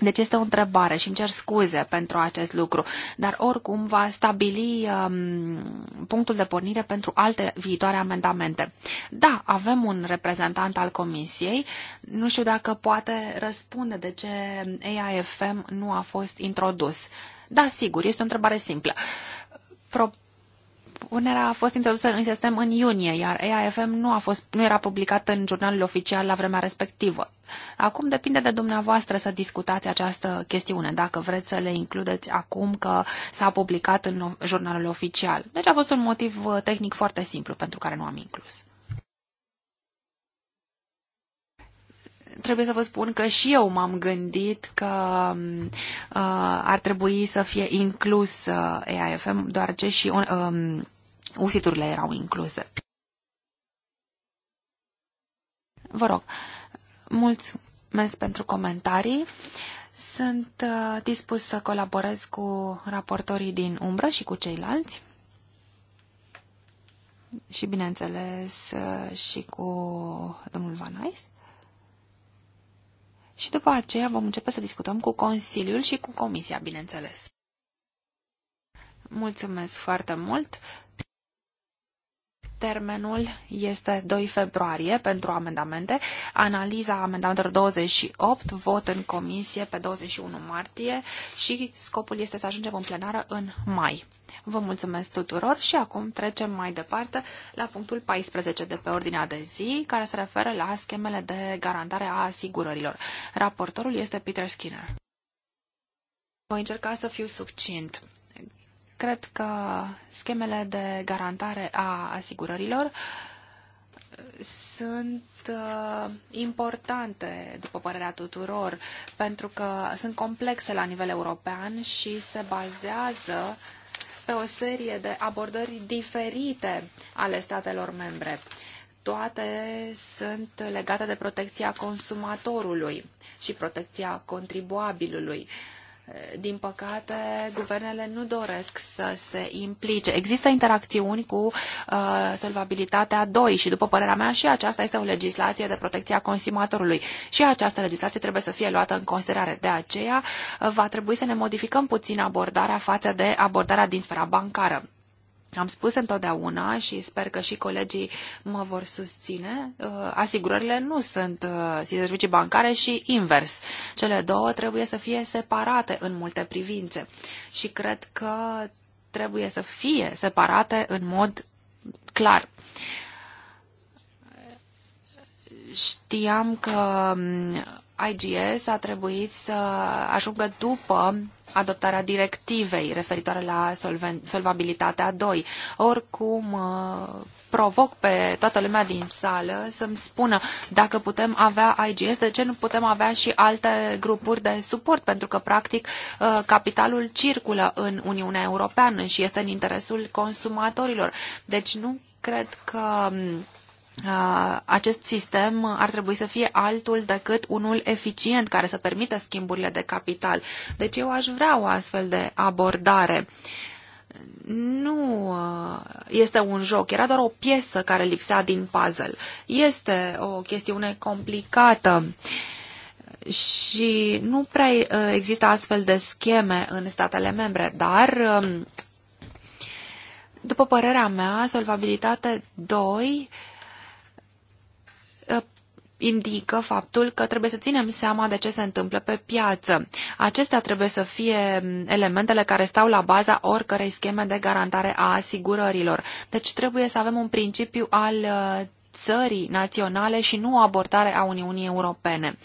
Deci este o întrebare și îmi cer scuze pentru acest lucru, dar oricum va stabili um, punctul de pornire pentru alte viitoare amendamente. Da, avem un reprezentant al comisiei, nu știu dacă poate răspunde de ce AIFM nu a fost introdus. Da, sigur, este o întrebare simplă. Pro- Propunerea a fost introdusă în sistem în iunie, iar EAFM nu, a fost, nu era publicată în jurnalul oficial la vremea respectivă. Acum depinde de dumneavoastră să discutați această chestiune, dacă vreți să le includeți acum că s-a publicat în jurnalul oficial. Deci a fost un motiv uh, tehnic foarte simplu pentru care nu am inclus. trebuie să vă spun că și eu m-am gândit că uh, ar trebui să fie inclus uh, EAFM, doar ce și uh, um, usiturile erau incluse. Vă rog, mulțumesc pentru comentarii. Sunt uh, dispus să colaborez cu raportorii din umbră și cu ceilalți și, bineînțeles, uh, și cu domnul Vanais și după aceea vom începe să discutăm cu Consiliul și cu Comisia, bineînțeles. Mulțumesc foarte mult! Termenul este 2 februarie pentru amendamente, analiza amendamentelor 28, vot în comisie pe 21 martie și scopul este să ajungem în plenară în mai. Vă mulțumesc tuturor și acum trecem mai departe la punctul 14 de pe ordinea de zi, care se referă la schemele de garantare a asigurărilor. Raportorul este Peter Skinner. Voi încerca să fiu succint. Cred că schemele de garantare a asigurărilor uh, sunt uh, importante, după părerea tuturor, pentru că sunt complexe la nivel european și se bazează pe o serie de abordări diferite ale statelor membre. Toate sunt legate de protecția consumatorului și protecția contribuabilului. Uh, din păcate, guvernele nu doresc să se implice. Există interacțiuni cu uh, solvabilitatea 2 și, după părerea mea, și aceasta este o legislație de protecție a consumatorului. Și această legislație trebuie să fie luată în considerare. De aceea, uh, va trebui să ne modificăm puțin abordarea față de abordarea din sfera bancară. Am spus întotdeauna și sper că și colegii mă vor susține, uh, asigurările nu uh, sunt servicii bancare și invers. Cele două trebuie să fie separate în multe privințe și cred că trebuie să fie separate în mod clar știam că mm, IGS a trebuit să ajungă după adoptarea directivei referitoare la solvabilitatea 2. Oricum, uh, provoc pe toată lumea din sală să-mi spună dacă putem avea IGS, de ce nu putem avea și alte grupuri de suport, pentru că, practic, uh, capitalul circulă în Uniunea Europeană și este în interesul consumatorilor. Deci nu cred că um, Uh, acest sistem ar trebui să fie altul decât unul eficient care să permită schimburile de capital. Deci eu aș vrea o astfel de abordare. Nu uh, este un joc, era doar o piesă care lipsea din puzzle. Este o chestiune complicată și nu prea uh, există astfel de scheme în statele membre, dar um, după părerea mea, solvabilitate 2 indică faptul că trebuie să ținem seama de ce se întâmplă pe piață. Acestea trebuie să fie elementele care stau la baza oricărei scheme de garantare a asigurărilor. Deci trebuie să avem un principiu al țării naționale și nu o abordare a Uniunii Europene.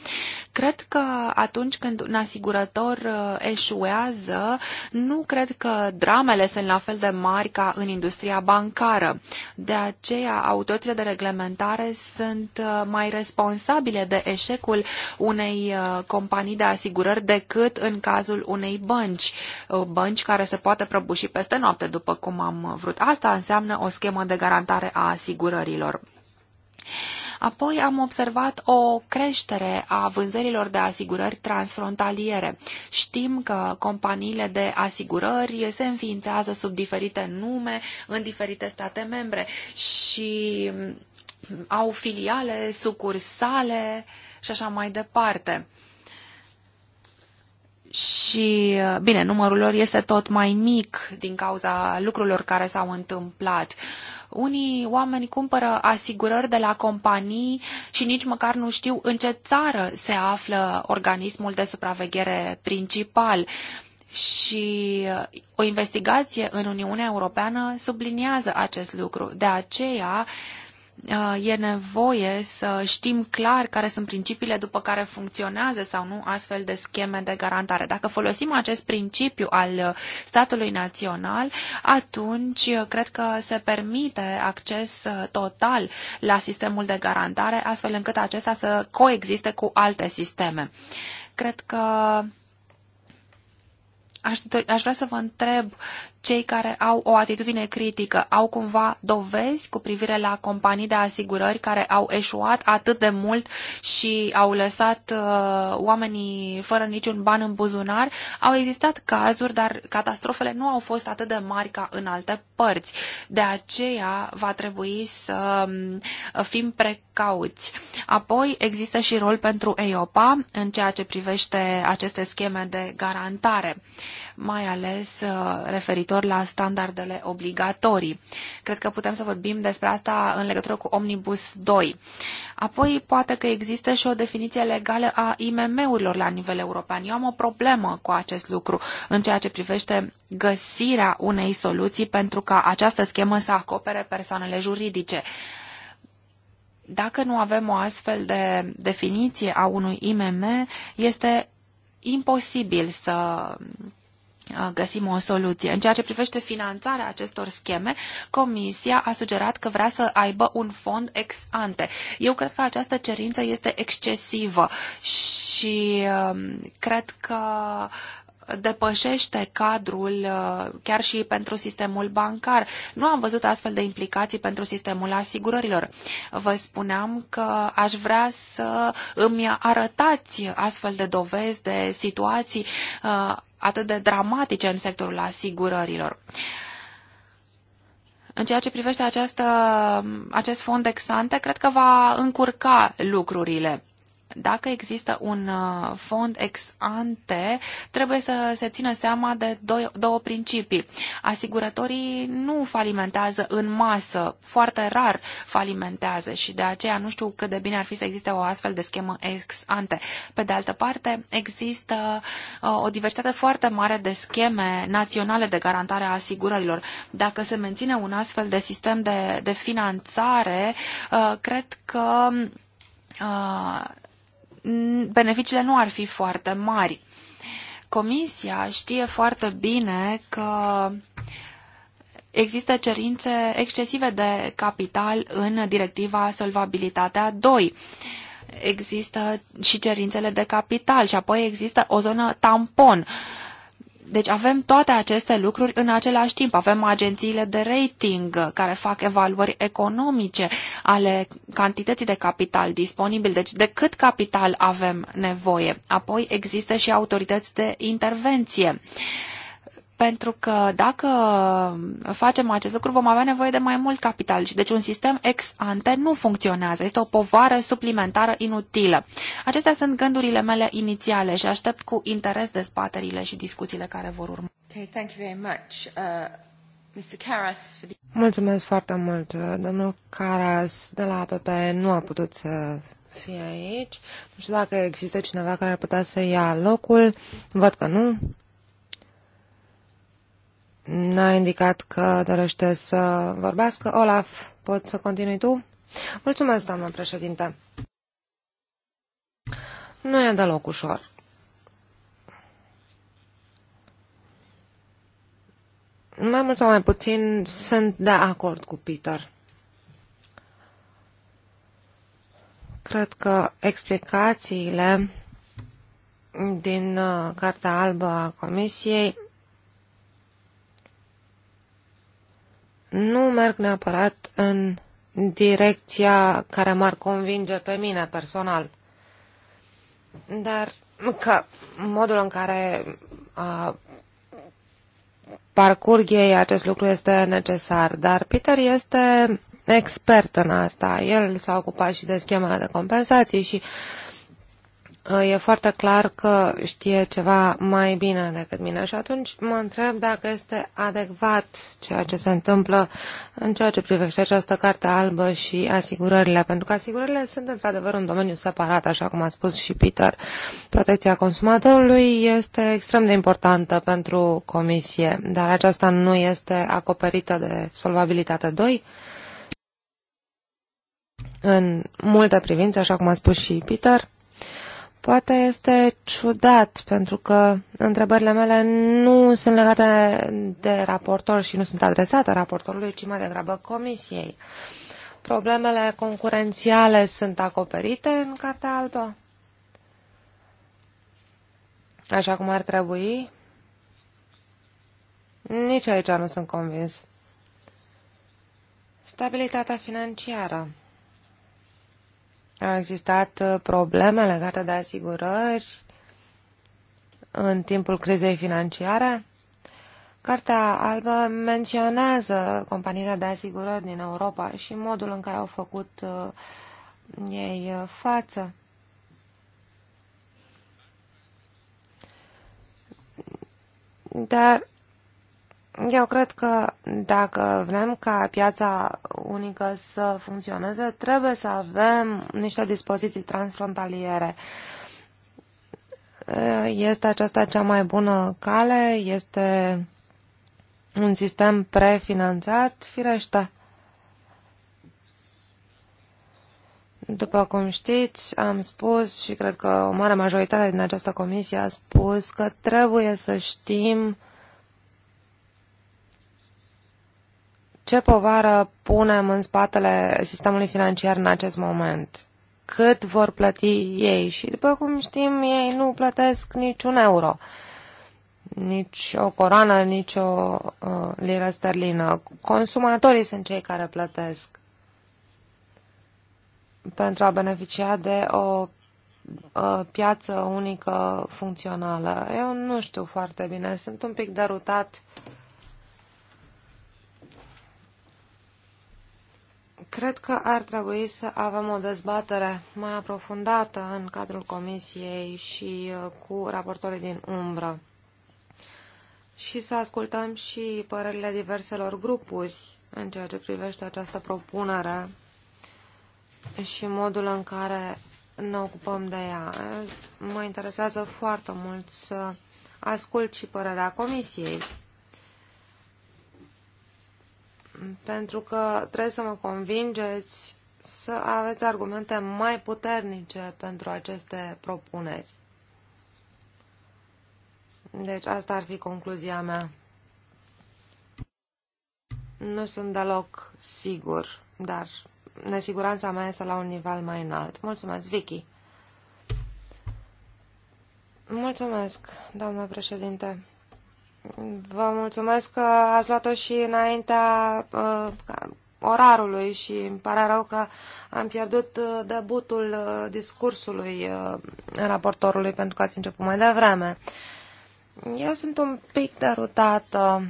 Cred că atunci când un asigurător uh, eșuează, nu cred că dramele sunt la fel de mari ca în industria bancară. De aceea, autoritățile de reglementare sunt uh, mai responsabile de eșecul unei uh, companii de asigurări decât în cazul unei bănci. Bănci care se poate prăbuși peste noapte, după cum am vrut. Asta înseamnă o schemă de garantare a asigurărilor. Apoi am observat o creștere a vânzărilor de asigurări transfrontaliere. Știm că companiile de asigurări se înființează sub diferite nume în diferite state membre și au filiale, sucursale și așa mai departe. Și, bine, numărul lor este tot mai mic din cauza lucrurilor care s-au întâmplat. Uh, unii oameni cumpără asigurări de la companii și nici măcar nu știu în ce țară se află organismul de supraveghere principal. Și uh, o investigație în Uniunea Europeană subliniază acest lucru. De aceea, Uh, e nevoie să știm clar care sunt principiile după care funcționează sau nu astfel de scheme de garantare. Dacă folosim acest principiu al uh, statului național, atunci uh, cred că se permite acces total la sistemul de garantare, astfel încât acesta să coexiste cu alte sisteme. Cred că aș, aș vrea să vă întreb cei care au o atitudine critică au cumva dovezi cu privire la companii de asigurări care au eșuat atât de mult și au lăsat uh, oamenii fără niciun ban în buzunar. Au existat cazuri, dar catastrofele nu au fost atât de mari ca în alte părți. De aceea va trebui să um, fim precauți. Apoi există și rol pentru EIOPA în ceea ce privește aceste scheme de garantare, mai ales uh, referitor referitor la standardele obligatorii. Cred că putem să vorbim despre asta în legătură cu Omnibus 2. Apoi, poate că există și o definiție legală a IMM-urilor la nivel european. Eu am o problemă cu acest lucru în ceea ce privește găsirea unei soluții pentru ca această schemă să acopere persoanele juridice dacă nu avem o astfel de definiție a unui IMM, este imposibil să găsim o soluție. În ceea ce privește finanțarea acestor scheme, Comisia a sugerat că vrea să aibă un fond ex ante. Eu cred că această cerință este excesivă și um, cred că uh, depășește cadrul uh, chiar și pentru sistemul bancar. Nu am văzut astfel de implicații pentru sistemul asigurărilor. Vă spuneam că aș vrea să îmi arătați astfel de dovezi de situații uh, atât de dramatice în sectorul asigurărilor. În ceea ce privește această, acest fond exante, cred că va încurca lucrurile dacă există un uh, fond ex ante, trebuie să se țină seama de două principii. Asigurătorii nu falimentează în masă, foarte rar falimentează și de aceea nu știu cât de bine ar fi să existe o astfel de schemă ex ante. Pe de altă parte, există uh, o diversitate foarte mare de scheme naționale de garantare a asigurărilor. Dacă se menține un astfel de sistem de, de finanțare, uh, cred că beneficiile nu ar fi foarte mari. Comisia știe foarte bine că există cerințe excesive de capital în directiva Solvabilitatea 2 există și cerințele de capital și apoi există o zonă tampon deci avem toate aceste lucruri în același timp. Avem agențiile de rating care fac evaluări economice ale cantității de capital disponibil. Deci de cât capital avem nevoie? Apoi există și autorități de intervenție. Uh, pentru că dacă facem acest lucru vom avea nevoie de mai mult capital și deci un sistem ex ante nu funcționează, este o povară suplimentară inutilă. Acestea sunt gândurile mele inițiale și aștept cu interes dezbaterile și discuțiile care vor urma. Okay, thank you very much. Uh... Mulțumesc foarte mult. Domnul Caras de la APP nu a putut să fie aici. Nu știu dacă există cineva care ar putea să ia locul. Văd că nu n-a indicat că dorește să vorbească. Olaf, poți să continui tu? Mulțumesc, doamnă președinte. Nu e deloc ușor. Mai mult sau mai puțin sunt de acord cu Peter. Cred că explicațiile din uh, Cartea Albă a Comisiei nu merg neapărat în direcția care m-ar convinge pe mine personal. Dar că modul în care a, parcurg ei acest lucru este necesar. Dar Peter este expert în asta. El s-a ocupat și de schemele de compensații și uh, Uh, e foarte clar că știe ceva mai bine decât mine și atunci mă întreb dacă este adecvat ceea ce se întâmplă în ceea ce privește această carte albă și asigurările, pentru că asigurările sunt într-adevăr un domeniu separat, așa cum a spus și Peter. Protecția consumatorului este extrem de importantă pentru comisie, dar aceasta nu este acoperită de solvabilitate 2 în multe privințe, așa cum a spus și Peter Poate este ciudat, pentru că întrebările mele nu sunt legate de raportor și nu sunt adresate raportorului, ci mai degrabă comisiei. Problemele concurențiale sunt acoperite în Cartea Albă? Așa cum ar trebui? Nici aici nu sunt convins. Stabilitatea financiară. Au existat uh, probleme legate de asigurări în timpul crizei financiare. Cartea albă menționează companiile de asigurări din Europa și modul în care au făcut uh, ei uh, față. Dar eu cred că dacă vrem ca piața unică să funcționeze, trebuie să avem niște dispoziții transfrontaliere. Este aceasta cea mai bună cale? Este un sistem prefinanțat? Firește. După cum știți, am spus și cred că o mare majoritate din această comisie a spus că trebuie să știm uh, ce povară punem în spatele sistemului financiar în acest moment? Cât vor plăti ei? Și după cum știm, ei nu plătesc niciun euro, nici o coroană, nici o uh, liră sterlină. Consumatorii sunt cei care plătesc pentru a beneficia de o piață unică funcțională. Eu nu știu foarte bine, sunt un pic derutat uh, Cred că ar trebui să avem o dezbatere mai aprofundată în cadrul comisiei și uh, cu raportorii din umbră și să ascultăm și părerile diverselor grupuri în ceea ce privește această propunere și modul în care ne ocupăm de ea. Mă interesează foarte mult să ascult și părerea comisiei pentru că trebuie să mă convingeți să aveți argumente mai puternice pentru aceste propuneri. Deci asta ar fi concluzia mea. Nu sunt deloc sigur, dar nesiguranța mea este la un nivel mai înalt. Mulțumesc, Vicky! Mulțumesc, doamna președinte! Vă mulțumesc că ați luat-o și înaintea uh, orarului și îmi pare rău că am pierdut uh, debutul uh, discursului uh, raportorului pentru că ați început mai devreme. Eu sunt un pic derutată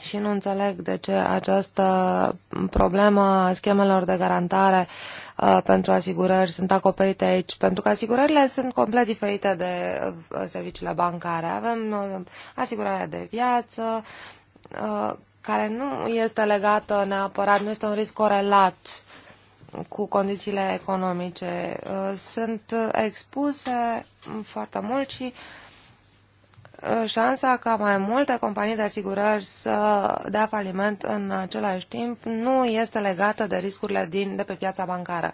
și nu înțeleg de ce această problemă a schemelor de garantare uh, pentru asigurări sunt acoperite aici, pentru că asigurările sunt complet diferite de uh, serviciile bancare. Avem uh, asigurarea de viață, uh, care nu este legată neapărat, nu este un risc corelat cu condițiile economice. Uh, sunt expuse foarte mult și uh, Uh, șansa ca mai multe companii de asigurări să dea faliment în același timp nu este legată de riscurile din, de pe piața bancară.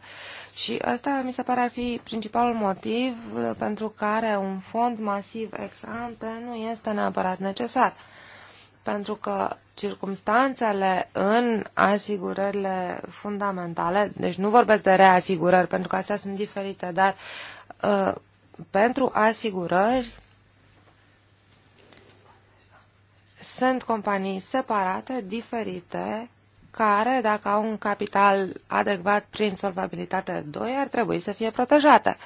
Și asta mi se pare ar fi principalul motiv uh, pentru care un fond masiv ex ante nu este neapărat necesar. Pentru că circumstanțele în asigurările fundamentale, deci nu vorbesc de reasigurări pentru că astea sunt diferite, dar uh, pentru asigurări sunt companii separate, diferite, care, dacă au un capital adecvat prin solvabilitate 2, ar trebui să fie protejate.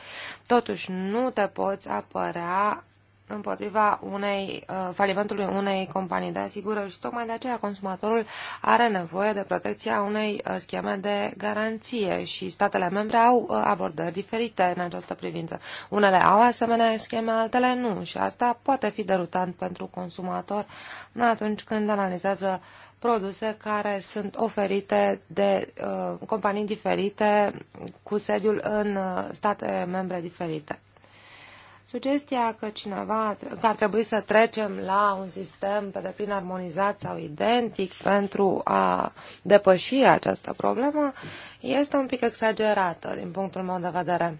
Totuși, nu te poți apărea împotriva unei, uh, falimentului unei companii de asigurări și tocmai de aceea consumatorul are nevoie de protecția unei uh, scheme de garanție și statele membre au uh, abordări diferite în această privință. Unele au asemenea scheme, altele nu și asta poate fi derutant pentru consumator atunci când analizează produse care sunt oferite de uh, companii diferite cu sediul în uh, state membre diferite. Sugestia că cineva că ar trebui să trecem la un sistem pe deplin armonizat sau identic pentru a depăși această problemă este un pic exagerată din punctul meu de vedere.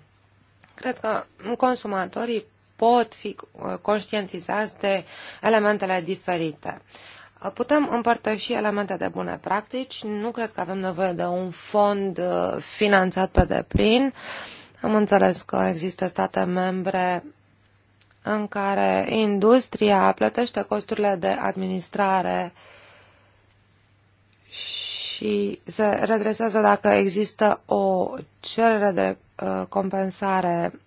Cred că consumatorii pot fi uh, conștientizați de elementele diferite. Putem împărtăși elemente de bune practici, nu cred că avem nevoie de un fond uh, finanțat pe deplin. Am înțeles că există state membre în care industria plătește costurile de administrare și se redresează dacă există o cerere de uh, compensare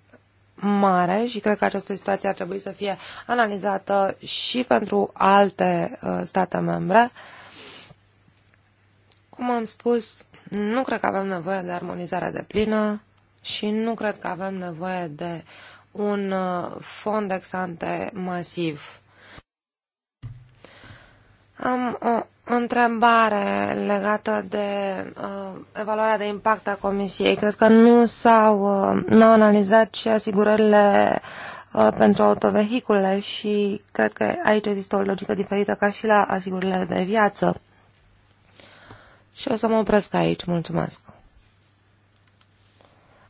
mare și cred că această situație ar trebui să fie analizată și pentru alte uh, state membre. Cum am spus, nu cred că avem nevoie de armonizare de plină și nu cred că avem nevoie de uh, un uh, fond exante masiv. Am o întrebare legată de uh, evaluarea de impact a Comisiei. Cred că nu s-au uh, analizat și asigurările uh, pentru autovehicule și cred că aici există o logică diferită ca și la asigurările de viață. Și o să mă opresc aici. Mulțumesc.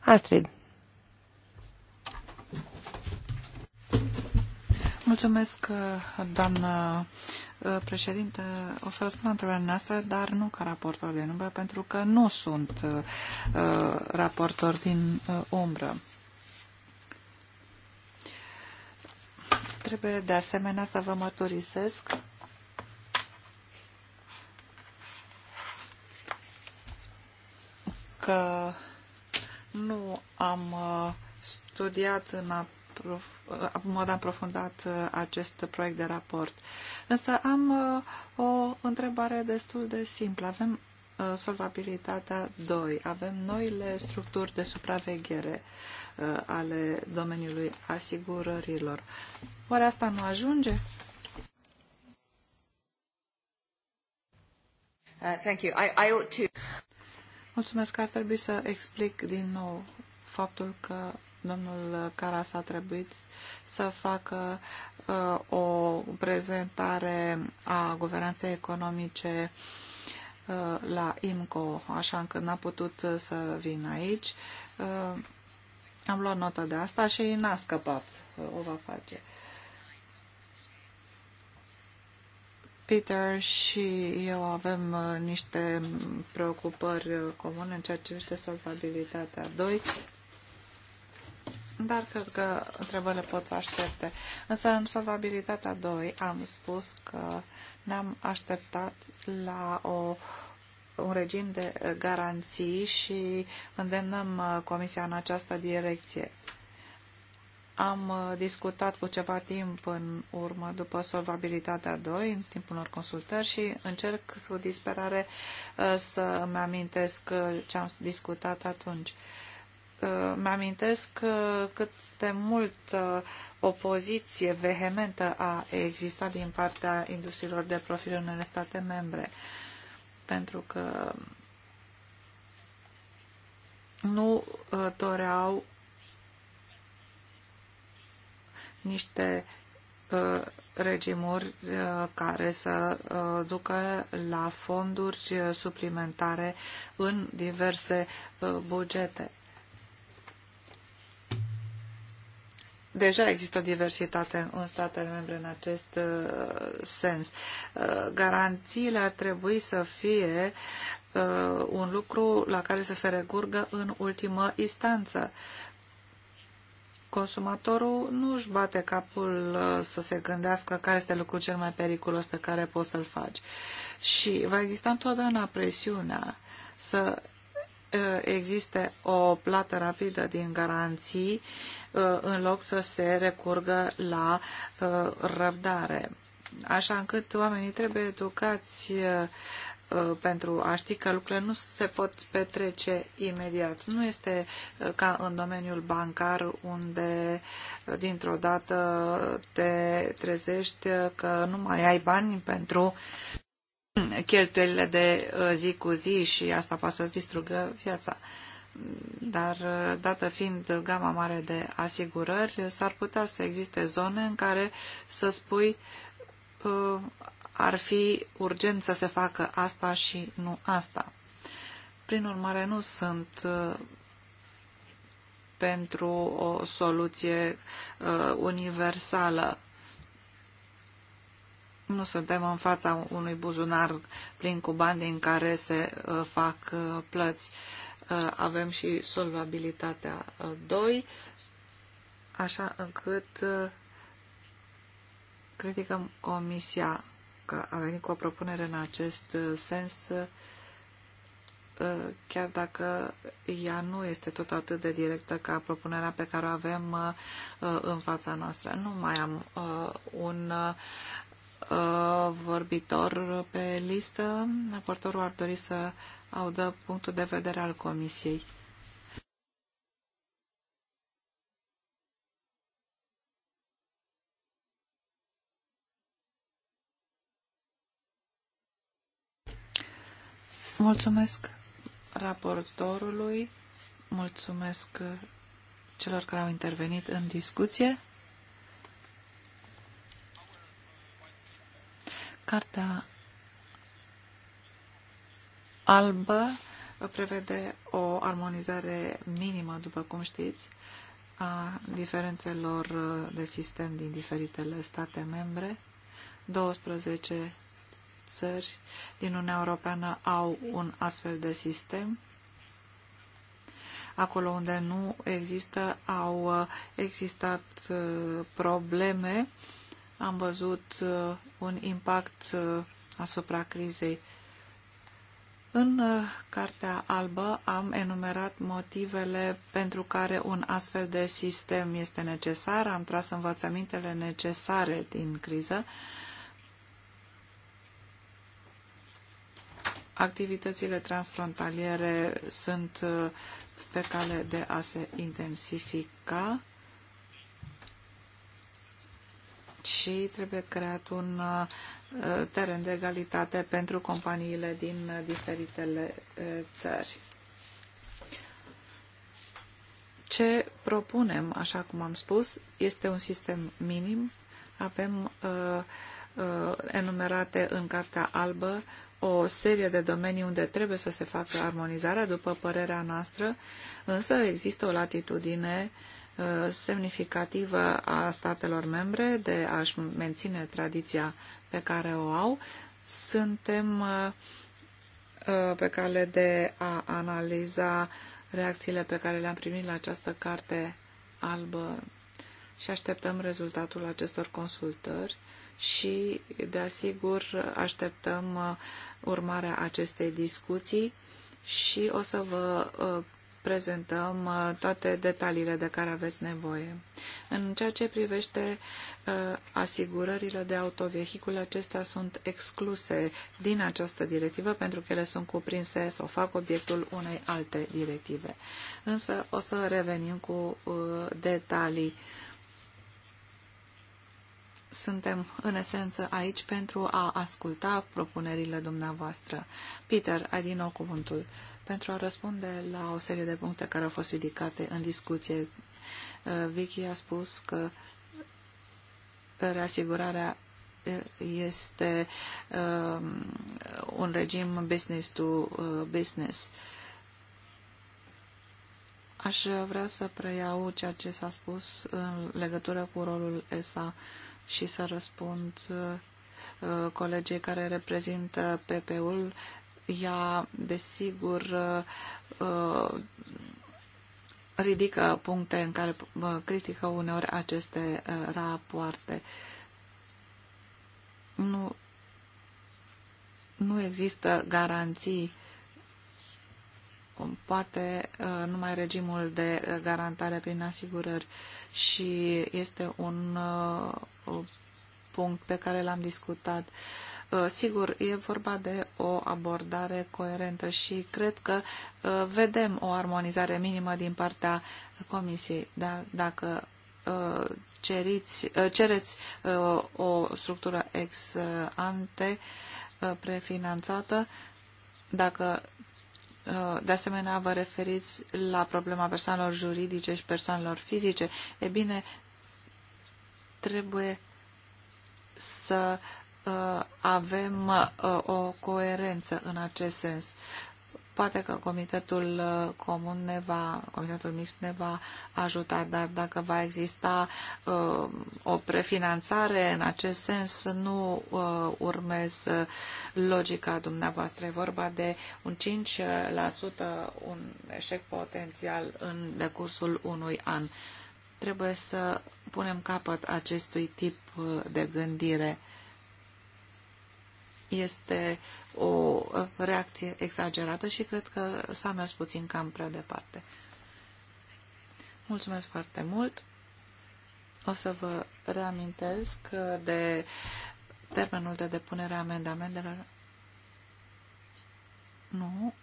Astrid. Mulțumesc, uh, doamnă uh, președinte. O să răspund la întrebarea noastră, dar nu ca raportor de număr, pentru că nu sunt uh, uh, raportor din uh, umbră. Trebuie de asemenea să vă mărturisesc că nu am studiat în aprof Uh, mod aprofundat uh, acest proiect de raport. Însă am uh, o întrebare destul de simplă. Avem solvabilitatea 2. Avem noile structuri de supraveghere ale domeniului asigurărilor. Oare asta nu ajunge? Uh, thank you. I, I ought to... Mulțumesc că ar trebui să explic din nou faptul că domnul Caras a trebuit să facă uh, o prezentare a guvernanței economice uh, la IMCO, așa încât n-a putut să vină aici. Uh, am luat notă de asta și n-a scăpat. Uh, o va face. Peter și eu avem uh, niște preocupări uh, comune în ceea ce privește solvabilitatea 2 dar cred că întrebările pot să aștepte. Însă în solvabilitatea 2 am spus că ne-am așteptat la o, un regim de garanții și îndemnăm uh, Comisia în această direcție. Am uh, discutat cu ceva timp în urmă după solvabilitatea 2, în timpul unor consultări și încerc cu disperare uh, să mi amintesc ce am discutat atunci mi-amintesc uh, cât de mult uh, opoziție vehementă a existat din partea industriilor de profil în unele state membre, pentru că nu uh, doreau niște regimuri care să ducă la fonduri suplimentare în diverse bugete. Deja există o diversitate în statele membre în acest uh, sens. Uh, garanțiile ar trebui să fie uh, un lucru la care să se recurgă în ultimă instanță. Consumatorul nu își bate capul uh, să se gândească care este lucrul cel mai periculos pe care poți să-l faci. Și va exista întotdeauna presiunea să existe o plată rapidă din garanții uh, în loc să se recurgă la uh, răbdare. Așa încât oamenii trebuie educați uh, pentru a ști că lucrurile nu se pot petrece imediat. Nu este ca în domeniul bancar unde dintr-o dată te trezești că nu mai ai bani pentru cheltuielile de uh, zi cu zi și asta poate să-ți distrugă viața. Dar, uh, dată fiind gama mare de asigurări, s-ar putea să existe zone în care să spui uh, ar fi urgent să se facă asta și nu asta. Prin urmare, nu sunt pentru o soluție universală nu suntem în fața unui buzunar plin cu bani din care se uh, fac uh, plăți. Uh, avem și solvabilitatea 2, așa încât criticăm Comisia că a venit cu o propunere în acest sens, chiar dacă ea nu este tot atât de directă ca propunerea pe care o avem în fața noastră. Nu mai am un Uh, vorbitor pe listă. Raportorul ar dori să audă punctul de vedere al Comisiei. Mulțumesc raportorului, mulțumesc celor care au intervenit în discuție. Cartea albă prevede o armonizare minimă, după cum știți, a diferențelor de sistem din diferitele state membre. 12 țări din Uniunea Europeană au un astfel de sistem. Acolo unde nu există, au existat uh, probleme uh, am văzut uh, un impact uh, asupra crizei. În uh, Cartea Albă am enumerat motivele pentru care un astfel de sistem este necesar, am tras învățămintele necesare din criză. Activitățile transfrontaliere sunt pe cale de a se intensifica. și trebuie creat un uh, teren de egalitate pentru companiile din uh, diferitele uh, țări. Ce propunem, așa cum am spus, este un sistem minim. Avem enumerate în Cartea Albă o serie de domenii unde trebuie să se facă armonizarea, după părerea noastră, însă există o latitudine uh, Uh, semnificativă a statelor membre de a-și menține tradiția pe care o au. Suntem uh, uh, pe cale de a analiza reacțiile pe care le-am primit la această carte albă și așteptăm rezultatul acestor consultări și, de asigur, așteptăm urmarea acestei discuții și o să vă prezentăm uh, toate detaliile de care aveți nevoie. În ceea ce privește uh, asigurările de autovehicule, acestea sunt excluse din această directivă pentru că ele sunt cuprinse sau fac obiectul unei alte directive. Însă o să revenim cu uh, detalii suntem în esență aici pentru a asculta propunerile dumneavoastră. Peter, ai din nou cuvântul. Pentru a răspunde la o serie de puncte care au fost ridicate în discuție, uh, Vicky a spus că uh, reasigurarea uh, este um, un regim business to business. Aș vrea să preiau ceea ce s-a spus în legătură cu rolul ESA și să răspund colegii care reprezintă PP-ul ea, desigur, uh, ridică puncte în care uh, critică uneori aceste uh, rapoarte. Nu, nu există garanții poate numai regimul de garantare prin asigurări și este un punct pe care l-am discutat Uh, sigur, e vorba de o abordare coerentă și cred că uh, vedem o armonizare minimă din partea Comisiei. Dar dacă uh, ceriți, cereți o structură ex ante prefinanțată, dacă de asemenea, vă referiți la problema persoanelor juridice și persoanelor fizice. E bine, trebuie să Uh, avem uh, o coerență în acest sens. Poate că Comitetul uh, Comun ne va, Comitetul Mixt ne va ajuta, dar dacă va exista uh, o prefinanțare în acest sens, nu uh, urmez logica dumneavoastră. E vorba de un 5%, un eșec potențial în decursul unui an. Trebuie să punem capăt acestui tip de gândire este o reacție exagerată și cred că s-a mers puțin cam prea departe. Mulțumesc foarte mult. O să vă reamintesc de termenul de depunere a amendamentelor. Nu,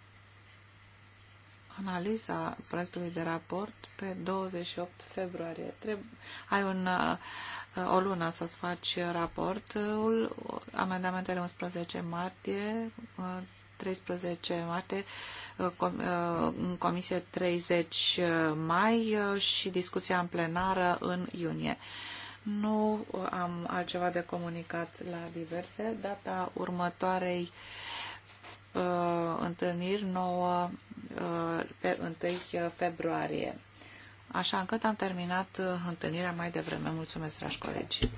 analiza proiectului de raport pe 28 februarie. Trebuie, ai un, uh, o lună să-ți faci raportul, amendamentele 11 martie, 13 uh, martie, uh, în comisie 30 mai și discuția în plenară în iunie. Nu am altceva de comunicat la diverse. Data următoarei uh, Uh, întâlniri nouă uh, pe 1 uh, februarie. Așa încât am terminat întâlnirea mai devreme. Mulțumesc, dragi colegi!